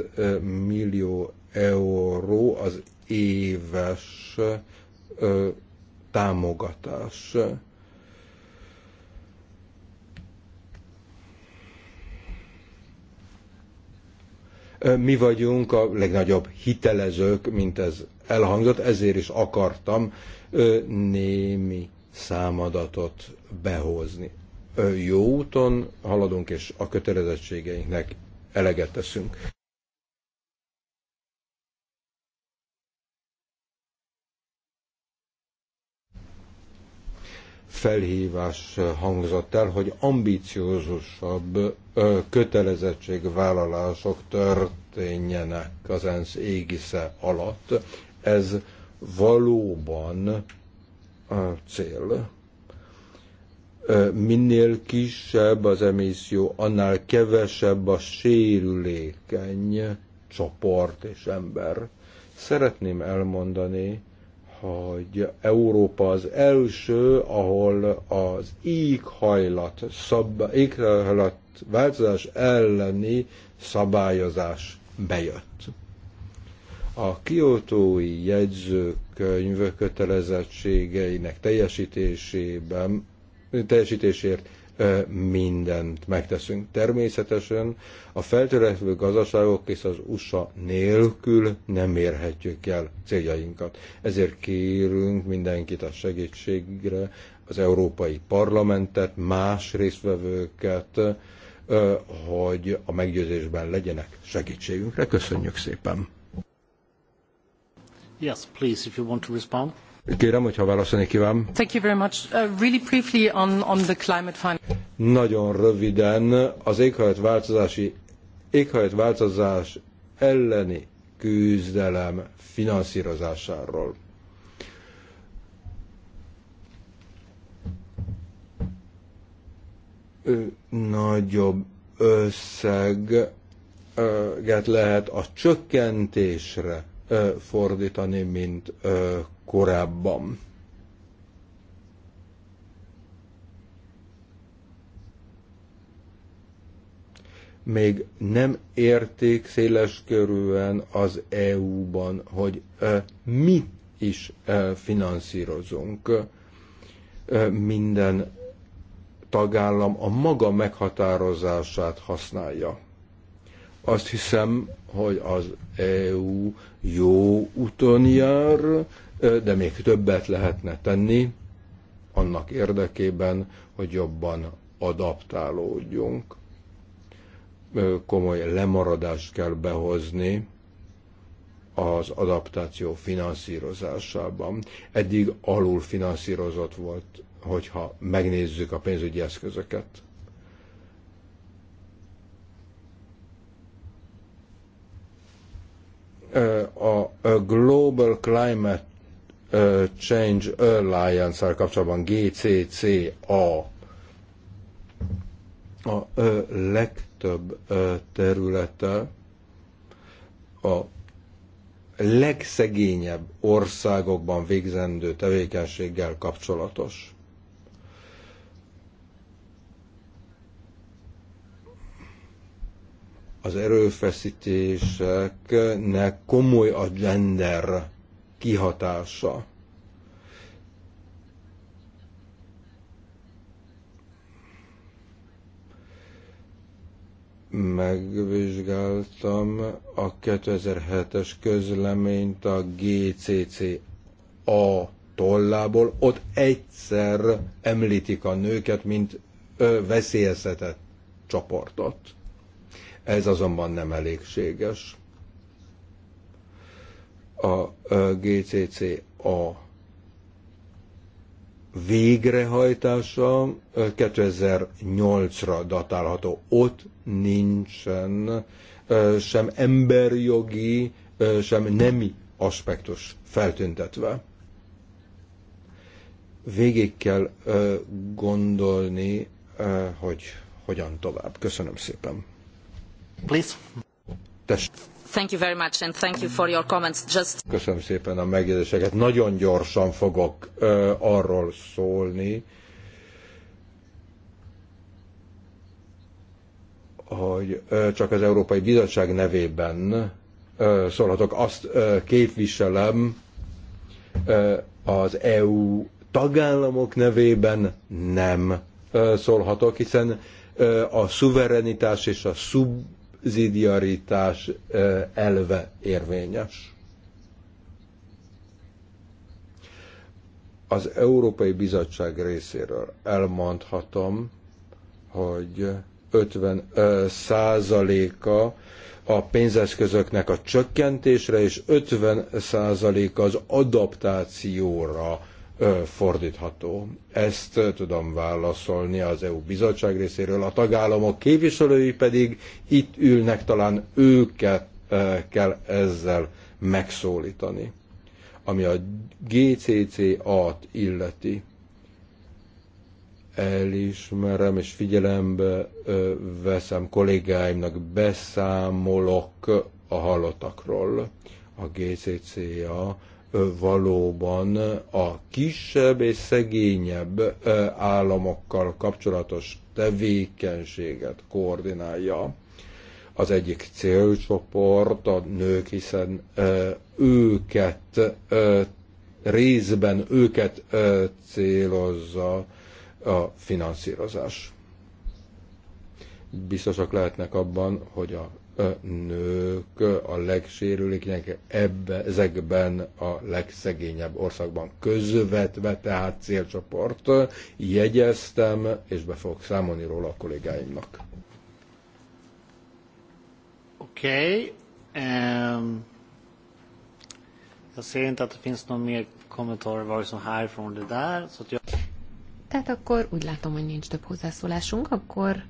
millió euró az éves támogatás Mi vagyunk a legnagyobb hitelezők, mint ez elhangzott, ezért is akartam némi számadatot behozni. Jó úton haladunk, és a kötelezettségeinknek eleget teszünk. felhívás hangzott el, hogy ambíciózusabb kötelezettségvállalások történjenek az ENSZ égisze alatt. Ez valóban a cél. Minél kisebb az emisszió, annál kevesebb a sérülékeny csoport és ember. Szeretném elmondani, hogy Európa az első, ahol az éghajlat, szabba, éghajlat változás elleni szabályozás bejött. A kiotói jegyzőkönyv kötelezettségeinek teljesítésében, teljesítésért mindent megteszünk. Természetesen a feltörekvő gazdaságok és az USA nélkül nem érhetjük el céljainkat. Ezért kérünk mindenkit a segítségre, az Európai Parlamentet, más résztvevőket, hogy a meggyőzésben legyenek segítségünkre. Köszönjük szépen! Yes, please, if you want to respond. Kérem, hogyha válaszolni kíván. Thank you very much. Uh, really briefly on, on the climate fund. Nagyon röviden az változási éghajlatváltozási éghajlatváltozás elleni küzdelem finanszírozásáról. nagyobb összeget lehet a csökkentésre fordítani, mint korábban. Még nem érték széles körülön az EU-ban, hogy mi is finanszírozunk. Minden tagállam a maga meghatározását használja. Azt hiszem, hogy az EU jó úton jár, de még többet lehetne tenni annak érdekében, hogy jobban adaptálódjunk. Komoly lemaradást kell behozni az adaptáció finanszírozásában. Eddig alul finanszírozott volt, hogyha megnézzük a pénzügyi eszközöket. a Global Climate Change Alliance-szal kapcsolatban GCCA a legtöbb területe a legszegényebb országokban végzendő tevékenységgel kapcsolatos. Az erőfeszítéseknek komoly a gender kihatása. Megvizsgáltam a 2007-es közleményt a GCC a tollából, ott egyszer említik a nőket, mint veszélyeztetett csoportot. Ez azonban nem elégséges a GCC a végrehajtása 2008-ra datálható. Ott nincsen sem emberjogi, sem nemi aspektus feltüntetve. Végig kell gondolni, hogy hogyan tovább. Köszönöm szépen. Please. Tessék. Köszönöm szépen a megjegyzéseket. Nagyon gyorsan fogok ö, arról szólni, hogy ö, csak az Európai Bizottság nevében ö, szólhatok. Azt ö, képviselem ö, az EU tagállamok nevében nem ö, szólhatok, hiszen ö, a szuverenitás és a szub szubszidiaritás elve érvényes. Az Európai Bizottság részéről elmondhatom, hogy 50 százaléka a pénzeszközöknek a csökkentésre és 50 százaléka az adaptációra fordítható. Ezt tudom válaszolni az EU bizottság részéről, a tagállamok képviselői pedig itt ülnek, talán őket kell ezzel megszólítani. Ami a GCC-at illeti, elismerem és figyelembe veszem kollégáimnak, beszámolok a halottakról. A GCC-a valóban a kisebb és szegényebb államokkal kapcsolatos tevékenységet koordinálja. Az egyik célcsoport a nők, hiszen őket részben őket célozza a finanszírozás. Biztosak lehetnek abban, hogy a nők a legsérülékenyek ebbe, ezekben a legszegényebb országban közvetve, tehát célcsoport. Jegyeztem, és be fogok számolni róla a kollégáimnak. Oké. Okay. Um, szerint, tehát inte att det finns någon mer kommentar vare sig härifrån det där. Tehát akkor úgy látom, hogy nincs több hozzászólásunk, akkor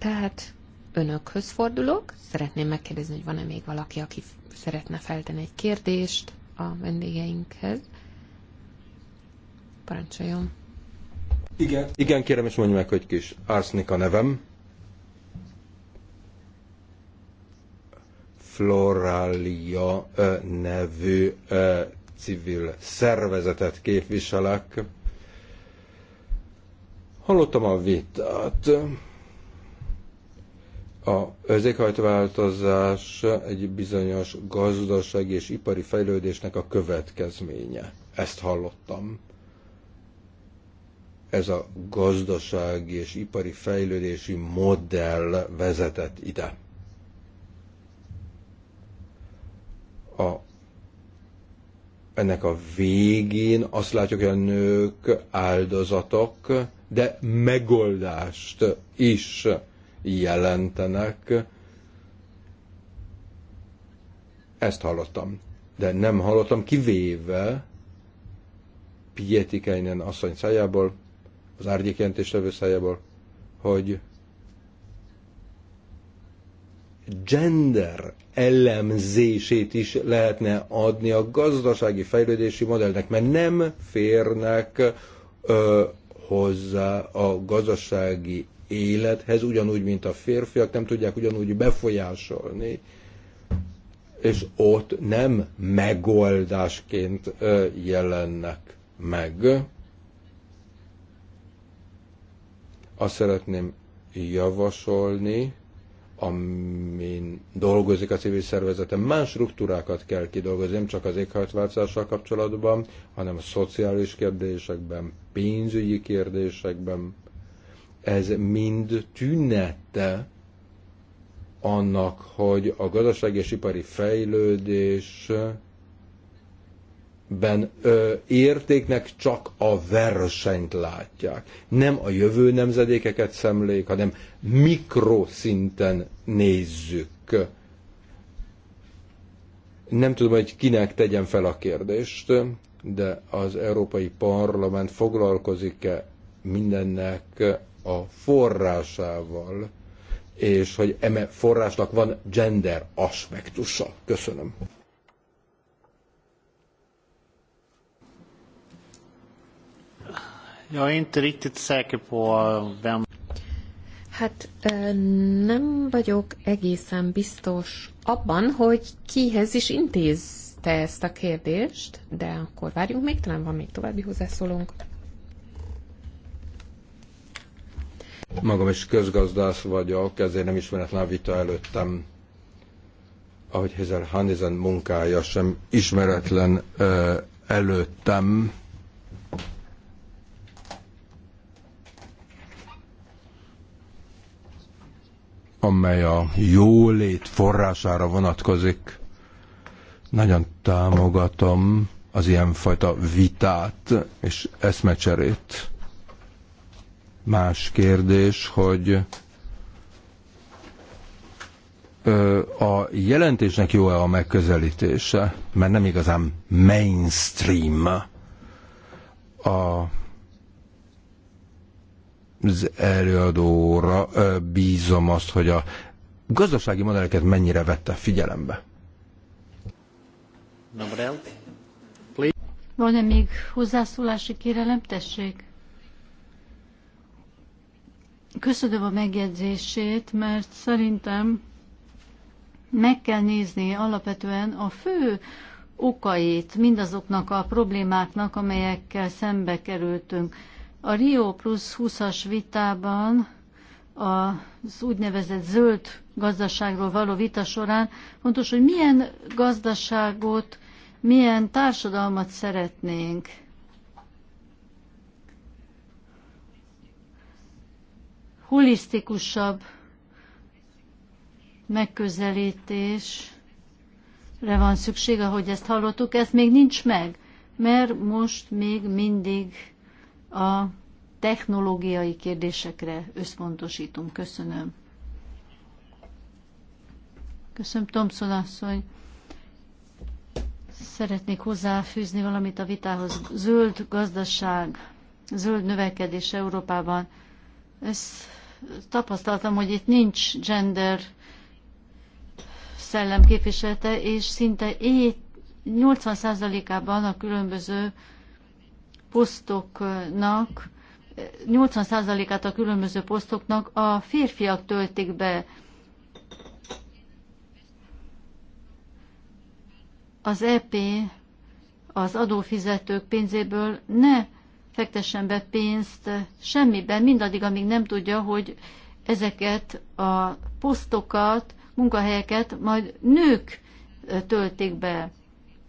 Tehát önökhöz fordulok, szeretném megkérdezni, hogy van-e még valaki, aki szeretne feltenni egy kérdést a vendégeinkhez. Parancsoljon. Igen, igen kérem, és mondj meg, hogy kis Arsznik a nevem. Floralia nevű civil szervezetet képviselek. Hallottam a vitát az éghajlatváltozás egy bizonyos gazdasági és ipari fejlődésnek a következménye. Ezt hallottam. Ez a gazdasági és ipari fejlődési modell vezetett ide. A, ennek a végén azt látjuk, hogy a nők áldozatok, de megoldást is jelentenek. Ezt hallottam. De nem hallottam, kivéve Pietikainen asszony szájából, az levő szájából, hogy gender elemzését is lehetne adni a gazdasági fejlődési modellnek, mert nem férnek ö, hozzá a gazdasági élethez, ugyanúgy, mint a férfiak, nem tudják ugyanúgy befolyásolni, és ott nem megoldásként jelennek meg. Azt szeretném javasolni, amin dolgozik a civil szervezetem. Más struktúrákat kell kidolgozni, nem csak az éghajtváltozással kapcsolatban, hanem a szociális kérdésekben, pénzügyi kérdésekben, ez mind tünete annak, hogy a gazdasági és ipari fejlődésben ö, értéknek csak a versenyt látják. Nem a jövő nemzedékeket szemlék, hanem mikroszinten nézzük. Nem tudom, hogy kinek tegyen fel a kérdést, de az Európai Parlament foglalkozik-e mindennek a forrásával, és hogy eme forrásnak van gender aspektusa. Köszönöm. Jag är inte riktigt säker på vem... Hát nem vagyok egészen biztos abban, hogy kihez is intézte ezt a kérdést, de akkor várjunk még, talán van még további hozzászólónk. Magam is közgazdász vagyok, ezért nem ismeretlen a vita előttem. Ahogy Hezer Hanizen munkája sem ismeretlen ö, előttem. amely a jólét forrására vonatkozik. Nagyon támogatom az ilyenfajta vitát és eszmecserét Más kérdés, hogy a jelentésnek jó-e a megközelítése, mert nem igazán mainstream a az előadóra bízom azt, hogy a gazdasági modelleket mennyire vette figyelembe. Van-e még hozzászólási kérelem? Tessék! Köszönöm a megjegyzését, mert szerintem meg kell nézni alapvetően a fő okait mindazoknak a problémáknak, amelyekkel szembe kerültünk. A Rio plusz 20-as vitában az úgynevezett zöld gazdaságról való vita során fontos, hogy milyen gazdaságot, milyen társadalmat szeretnénk. holisztikusabb megközelítésre van szükség, ahogy ezt hallottuk, ez még nincs meg, mert most még mindig a technológiai kérdésekre összpontosítunk. Köszönöm. Köszönöm, Thompson asszony. Szeretnék hozzáfűzni valamit a vitához. Zöld gazdaság, zöld növekedés Európában ezt tapasztaltam, hogy itt nincs gender szellem képviselete, és szinte 80%-ában a különböző posztoknak, 80%-át a különböző posztoknak a férfiak töltik be. Az EP az adófizetők pénzéből ne fektessen be pénzt semmiben, mindaddig, amíg nem tudja, hogy ezeket a posztokat, munkahelyeket majd nők töltik be,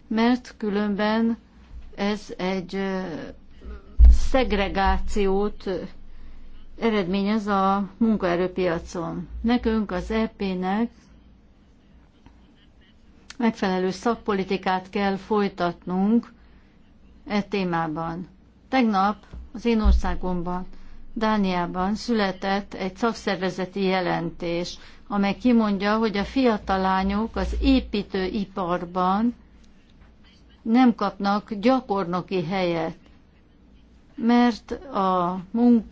mert különben ez egy szegregációt eredményez a munkaerőpiacon. Nekünk az EP-nek megfelelő szakpolitikát kell folytatnunk e témában. Tegnap az én országomban, Dániában született egy szakszervezeti jelentés, amely kimondja, hogy a fiatal lányok az építőiparban nem kapnak gyakornoki helyet, mert a munk,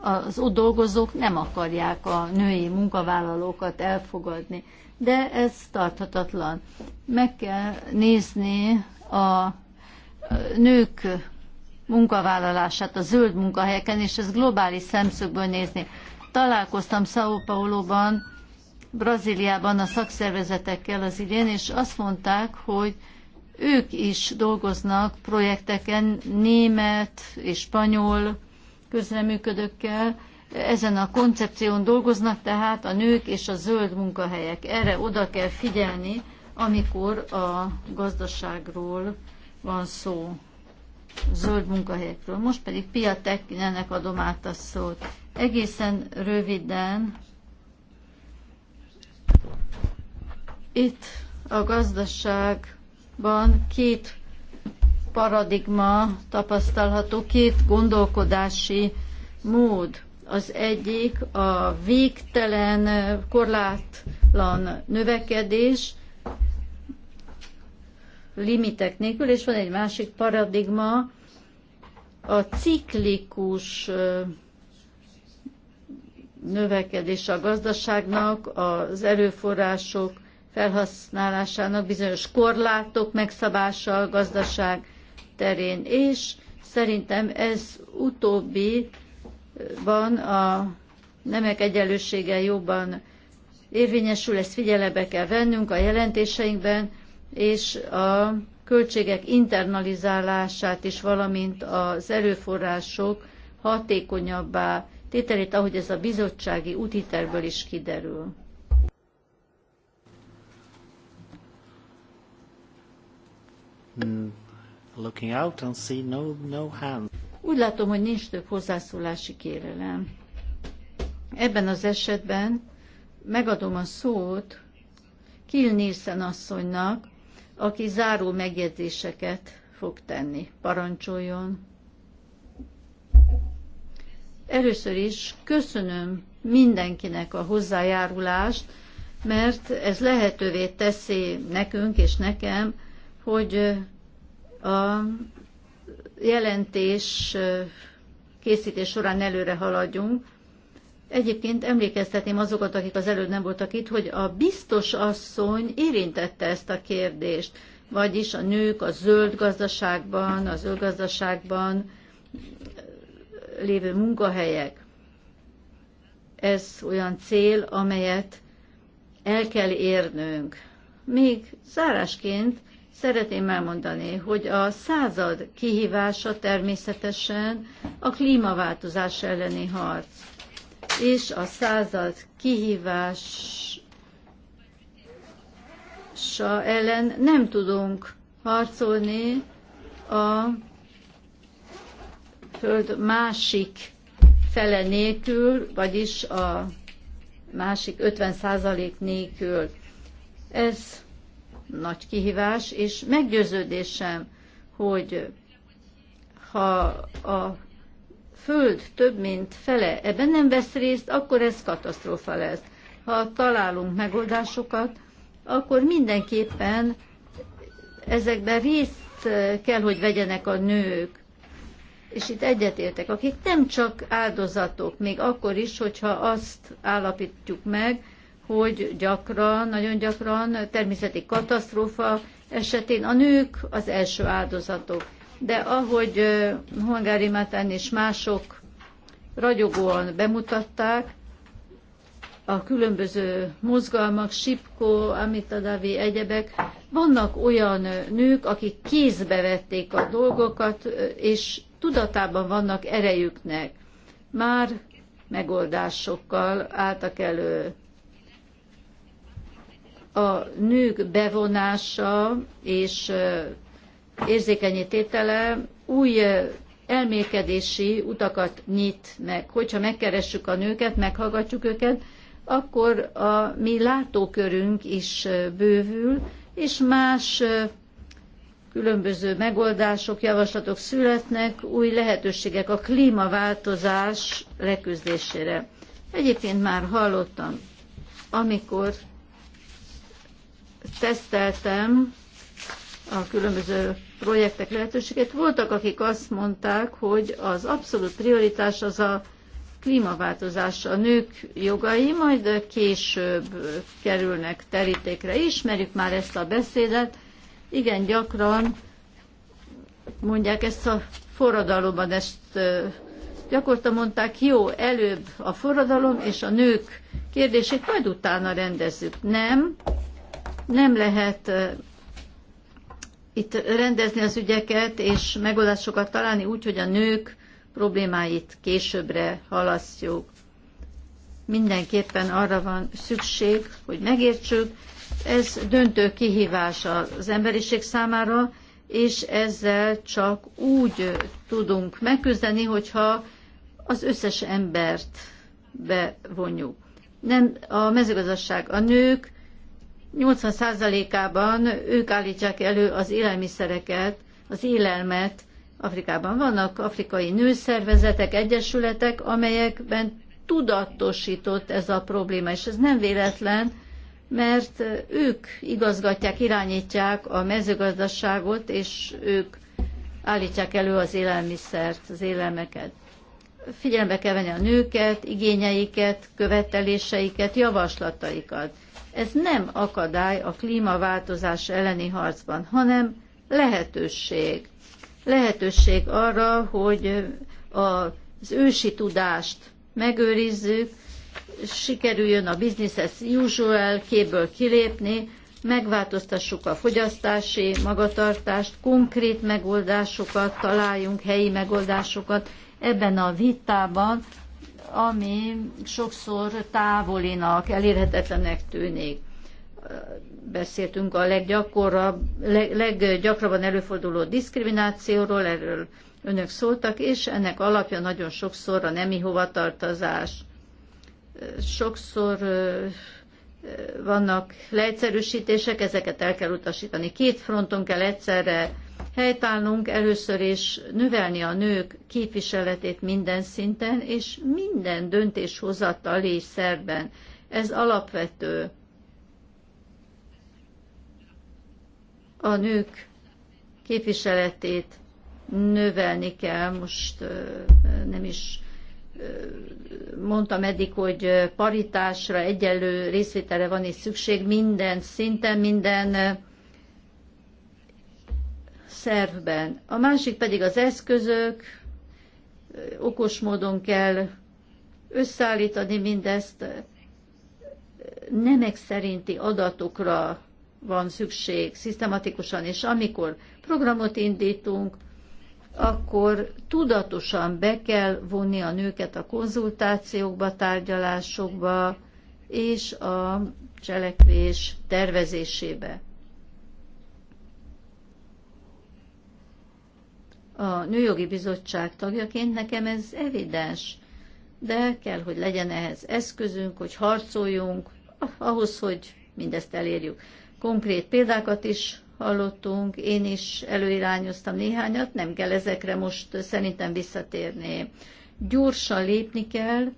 az ott dolgozók nem akarják a női munkavállalókat elfogadni. De ez tarthatatlan. Meg kell nézni a nők munkavállalását a zöld munkahelyeken, és ezt globális szemszögből nézni. Találkoztam São Paulo-ban, Brazíliában a szakszervezetekkel az idén, és azt mondták, hogy ők is dolgoznak projekteken német és spanyol közreműködőkkel, ezen a koncepción dolgoznak, tehát a nők és a zöld munkahelyek. Erre oda kell figyelni, amikor a gazdaságról van szó zöld munkahelyekről. Most pedig Pia Tekkinenek adom át a szót. Egészen röviden itt a gazdaságban két paradigma tapasztalható, két gondolkodási mód. Az egyik a végtelen, korlátlan növekedés, limitek nélkül, és van egy másik paradigma, a ciklikus növekedés a gazdaságnak, az erőforrások felhasználásának bizonyos korlátok megszabása a gazdaság terén, és szerintem ez utóbbi van a nemek egyenlősége jobban érvényesül, ezt figyelembe kell vennünk a jelentéseinkben, és a költségek internalizálását is, valamint az erőforrások hatékonyabbá tételét, ahogy ez a bizottsági útiterből is kiderül. Hmm. looking out and see no, no hand. Úgy látom, hogy nincs több hozzászólási kérelem. Ebben az esetben megadom a szót Kill Nielsen asszonynak, aki záró megjegyzéseket fog tenni. Parancsoljon! Először is köszönöm mindenkinek a hozzájárulást, mert ez lehetővé teszi nekünk és nekem, hogy a jelentés készítés során előre haladjunk, Egyébként emlékeztetném azokat, akik az előbb nem voltak itt, hogy a biztos asszony érintette ezt a kérdést, vagyis a nők a zöld gazdaságban, a zöld gazdaságban lévő munkahelyek. Ez olyan cél, amelyet el kell érnünk. Még zárásként szeretném elmondani, hogy a század kihívása természetesen a klímaváltozás elleni harc és a század kihívása ellen nem tudunk harcolni a föld másik fele nélkül, vagyis a másik 50% nélkül. Ez nagy kihívás, és meggyőződésem, hogy ha a Föld több mint fele ebben nem vesz részt, akkor ez katasztrófa lesz. Ha találunk megoldásokat, akkor mindenképpen ezekben részt kell, hogy vegyenek a nők. És itt egyetértek, akik nem csak áldozatok, még akkor is, hogyha azt állapítjuk meg, hogy gyakran, nagyon gyakran természeti katasztrófa esetén a nők az első áldozatok de ahogy Hongári Máten és mások ragyogóan bemutatták, a különböző mozgalmak, Sipko, Amitadavi, egyebek, vannak olyan nők, akik kézbe vették a dolgokat, és tudatában vannak erejüknek. Már megoldásokkal álltak elő. A nők bevonása és érzékenyé tétele új elmélkedési utakat nyit meg. Hogyha megkeressük a nőket, meghallgatjuk őket, akkor a mi látókörünk is bővül, és más különböző megoldások, javaslatok születnek, új lehetőségek a klímaváltozás leküzdésére. Egyébként már hallottam, amikor teszteltem a különböző projektek lehetőséget. Voltak, akik azt mondták, hogy az abszolút prioritás az a klímaváltozás, a nők jogai majd később kerülnek terítékre. Ismerjük már ezt a beszédet. Igen, gyakran mondják ezt a forradalomban, ezt gyakorta mondták, jó, előbb a forradalom és a nők kérdését majd utána rendezzük. Nem, nem lehet itt rendezni az ügyeket és megoldásokat találni úgy, hogy a nők problémáit későbbre halasztjuk. Mindenképpen arra van szükség, hogy megértsük, ez döntő kihívás az emberiség számára, és ezzel csak úgy tudunk megküzdeni, hogyha az összes embert bevonjuk. Nem a mezőgazdaság, a nők 80%-ában ők állítják elő az élelmiszereket, az élelmet Afrikában. Vannak afrikai nőszervezetek, egyesületek, amelyekben tudatosított ez a probléma, és ez nem véletlen, mert ők igazgatják, irányítják a mezőgazdaságot, és ők állítják elő az élelmiszert, az élelmeket. Figyelembe kell venni a nőket, igényeiket, követeléseiket, javaslataikat. Ez nem akadály a klímaváltozás elleni harcban, hanem lehetőség. Lehetőség arra, hogy az ősi tudást megőrizzük, sikerüljön a business as usual képből kilépni, megváltoztassuk a fogyasztási magatartást, konkrét megoldásokat találjunk, helyi megoldásokat ebben a vitában, ami sokszor távolinak, elérhetetlenek tűnik. Beszéltünk a leggyakorabb, leg, leggyakrabban előforduló diszkriminációról, erről önök szóltak, és ennek alapja nagyon sokszor a nemi hovatartozás. Sokszor vannak leegyszerűsítések, ezeket el kell utasítani. Két fronton kell egyszerre helytállnunk, először is növelni a nők képviseletét minden szinten, és minden döntéshozatali szerben. Ez alapvető. A nők képviseletét növelni kell, most nem is mondtam eddig, hogy paritásra, egyenlő részvétele van is szükség minden szinten, minden szervben. A másik pedig az eszközök, okos módon kell összeállítani mindezt, nemek szerinti adatokra van szükség szisztematikusan, és amikor programot indítunk, akkor tudatosan be kell vonni a nőket a konzultációkba, tárgyalásokba és a cselekvés tervezésébe. a Nőjogi Bizottság tagjaként nekem ez evidens, de kell, hogy legyen ehhez eszközünk, hogy harcoljunk, ahhoz, hogy mindezt elérjük. Konkrét példákat is hallottunk, én is előirányoztam néhányat, nem kell ezekre most szerintem visszatérni. Gyorsan lépni kell,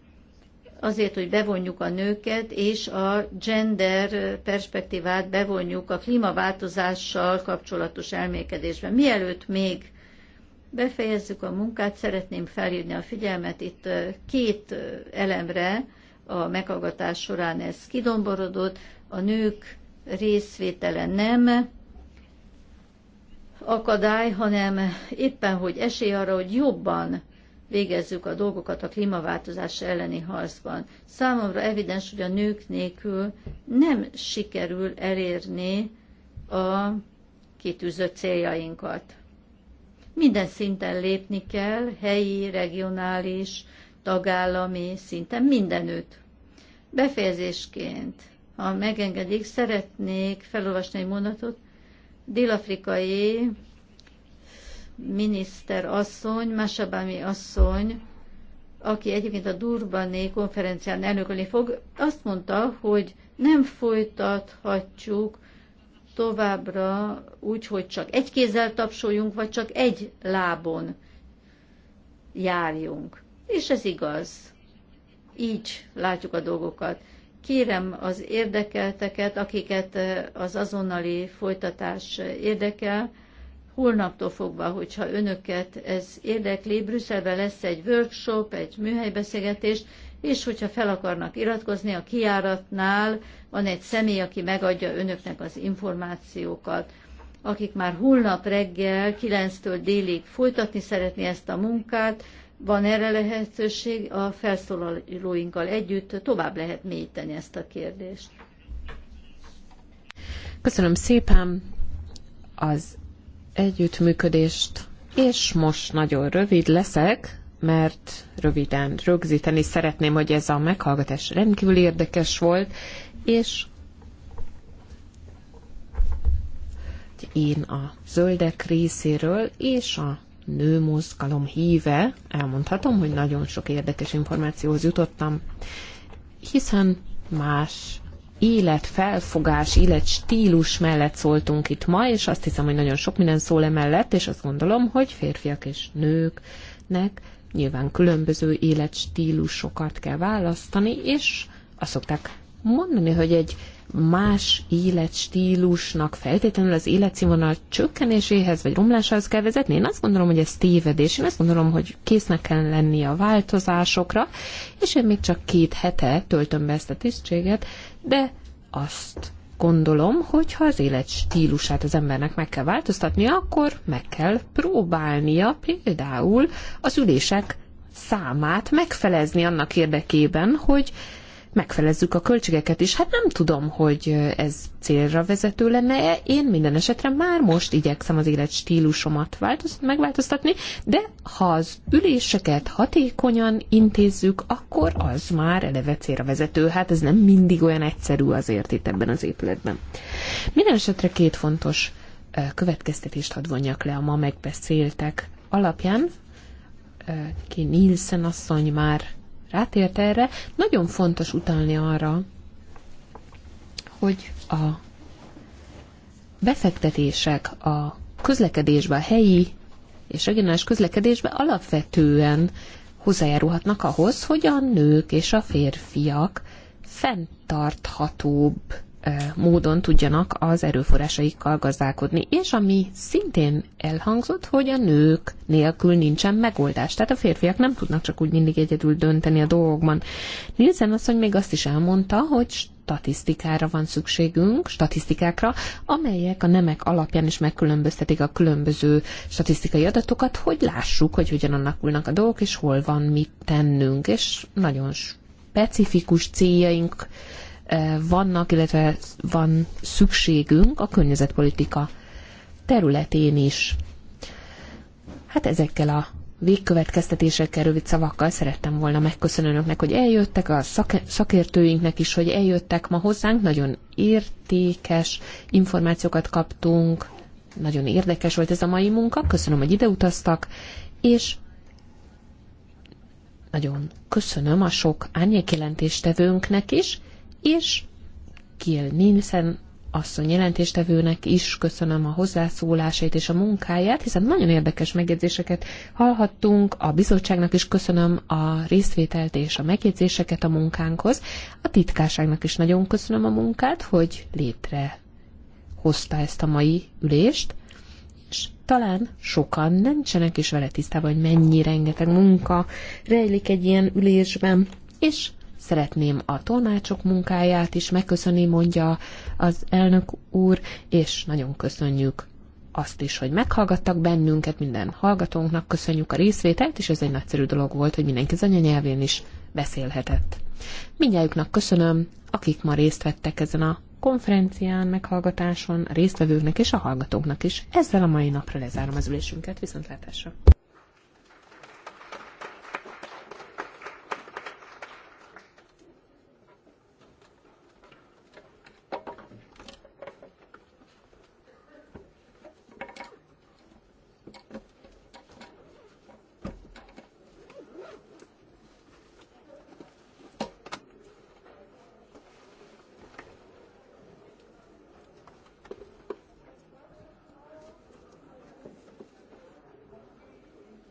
azért, hogy bevonjuk a nőket, és a gender perspektívát bevonjuk a klímaváltozással kapcsolatos elmékedésben. Mielőtt még befejezzük a munkát, szeretném felhívni a figyelmet itt két elemre, a meghallgatás során ez kidomborodott, a nők részvétele nem akadály, hanem éppen, hogy esély arra, hogy jobban végezzük a dolgokat a klímaváltozás elleni harcban. Számomra evidens, hogy a nők nélkül nem sikerül elérni a kitűzött céljainkat. Minden szinten lépni kell, helyi, regionális, tagállami szinten, mindenütt. Befejezésként, ha megengedik, szeretnék felolvasni egy mondatot. Dél-afrikai miniszter asszony, Masabami asszony, aki egyébként a Durbani konferencián elnökölni fog, azt mondta, hogy nem folytathatjuk továbbra úgy, hogy csak egy kézzel tapsoljunk, vagy csak egy lábon járjunk. És ez igaz. Így látjuk a dolgokat. Kérem az érdekelteket, akiket eh, az azonnali folytatás érdekel, holnaptól fogva, hogyha önöket ez érdekli, Brüsszelben lesz egy workshop, egy műhelybeszélgetés, és hogyha fel akarnak iratkozni a kiáratnál, van egy személy, aki megadja önöknek az információkat. Akik már holnap reggel 9-től délig folytatni szeretné ezt a munkát, van erre lehetőség, a felszólalóinkkal együtt tovább lehet mélyíteni ezt a kérdést. Köszönöm szépen az együttműködést, és most nagyon rövid leszek, mert röviden rögzíteni szeretném, hogy ez a meghallgatás rendkívül érdekes volt, és én a zöldek részéről és a nőmozgalom híve, elmondhatom, hogy nagyon sok érdekes információhoz jutottam, hiszen más életfelfogás, életstílus mellett szóltunk itt ma, és azt hiszem, hogy nagyon sok minden szól emellett, és azt gondolom, hogy férfiak és nőknek Nyilván különböző életstílusokat kell választani, és azt szokták mondani, hogy egy más életstílusnak feltétlenül az életszínvonal csökkenéséhez vagy romlásához kell vezetni? Én azt gondolom, hogy ez tévedés. Én azt gondolom, hogy késznek kell lenni a változásokra, és én még csak két hete töltöm be ezt a tisztséget, de azt gondolom, hogy ha az élet stílusát az embernek meg kell változtatnia, akkor meg kell próbálnia például az ülések számát megfelezni annak érdekében, hogy megfelezzük a költségeket is. Hát nem tudom, hogy ez célra vezető lenne. Én minden esetre már most igyekszem az életstílusomat stílusomat megváltoztatni, de ha az üléseket hatékonyan intézzük, akkor az már eleve célra vezető. Hát ez nem mindig olyan egyszerű azért itt ebben az épületben. Minden esetre két fontos következtetést hadd vonjak le a ma megbeszéltek alapján, ki Nielsen asszony már rátért erre, nagyon fontos utalni arra, hogy a befektetések a közlekedésbe, a helyi és regionális közlekedésbe alapvetően hozzájárulhatnak ahhoz, hogy a nők és a férfiak fenntarthatóbb módon tudjanak az erőforrásaikkal gazdálkodni. És ami szintén elhangzott, hogy a nők nélkül nincsen megoldás. Tehát a férfiak nem tudnak csak úgy mindig egyedül dönteni a dolgokban. Nielsen hogy még azt is elmondta, hogy statisztikára van szükségünk, statisztikákra, amelyek a nemek alapján is megkülönböztetik a különböző statisztikai adatokat, hogy lássuk, hogy hogyan alakulnak a dolgok, és hol van mit tennünk, és nagyon specifikus céljaink Eh, vannak, illetve van szükségünk a környezetpolitika területén is. Hát ezekkel a végkövetkeztetésekkel, rövid szavakkal szerettem volna megköszönni önöknek, hogy eljöttek, a szakértőinknek is, hogy eljöttek ma hozzánk. Nagyon értékes információkat kaptunk, nagyon érdekes volt ez a mai munka. Köszönöm, hogy ide utaztak, és nagyon köszönöm a sok árnyékjelentéstevőnknek is, és Kiel Nielsen asszony jelentéstevőnek is köszönöm a hozzászólásait és a munkáját, hiszen nagyon érdekes megjegyzéseket hallhattunk, a bizottságnak is köszönöm a részvételt és a megjegyzéseket a munkánkhoz, a titkárságnak is nagyon köszönöm a munkát, hogy létre hozta ezt a mai ülést, és talán sokan nincsenek is vele tisztában, hogy mennyi rengeteg munka rejlik egy ilyen ülésben, és Szeretném a tolmácsok munkáját is megköszönni, mondja az elnök úr, és nagyon köszönjük azt is, hogy meghallgattak bennünket, minden hallgatónknak köszönjük a részvételt, és ez egy nagyszerű dolog volt, hogy mindenki az anyanyelvén is beszélhetett. Mindjájuknak köszönöm, akik ma részt vettek ezen a konferencián, meghallgatáson, a résztvevőknek és a hallgatóknak is. Ezzel a mai napra lezárom az ülésünket, viszontlátásra!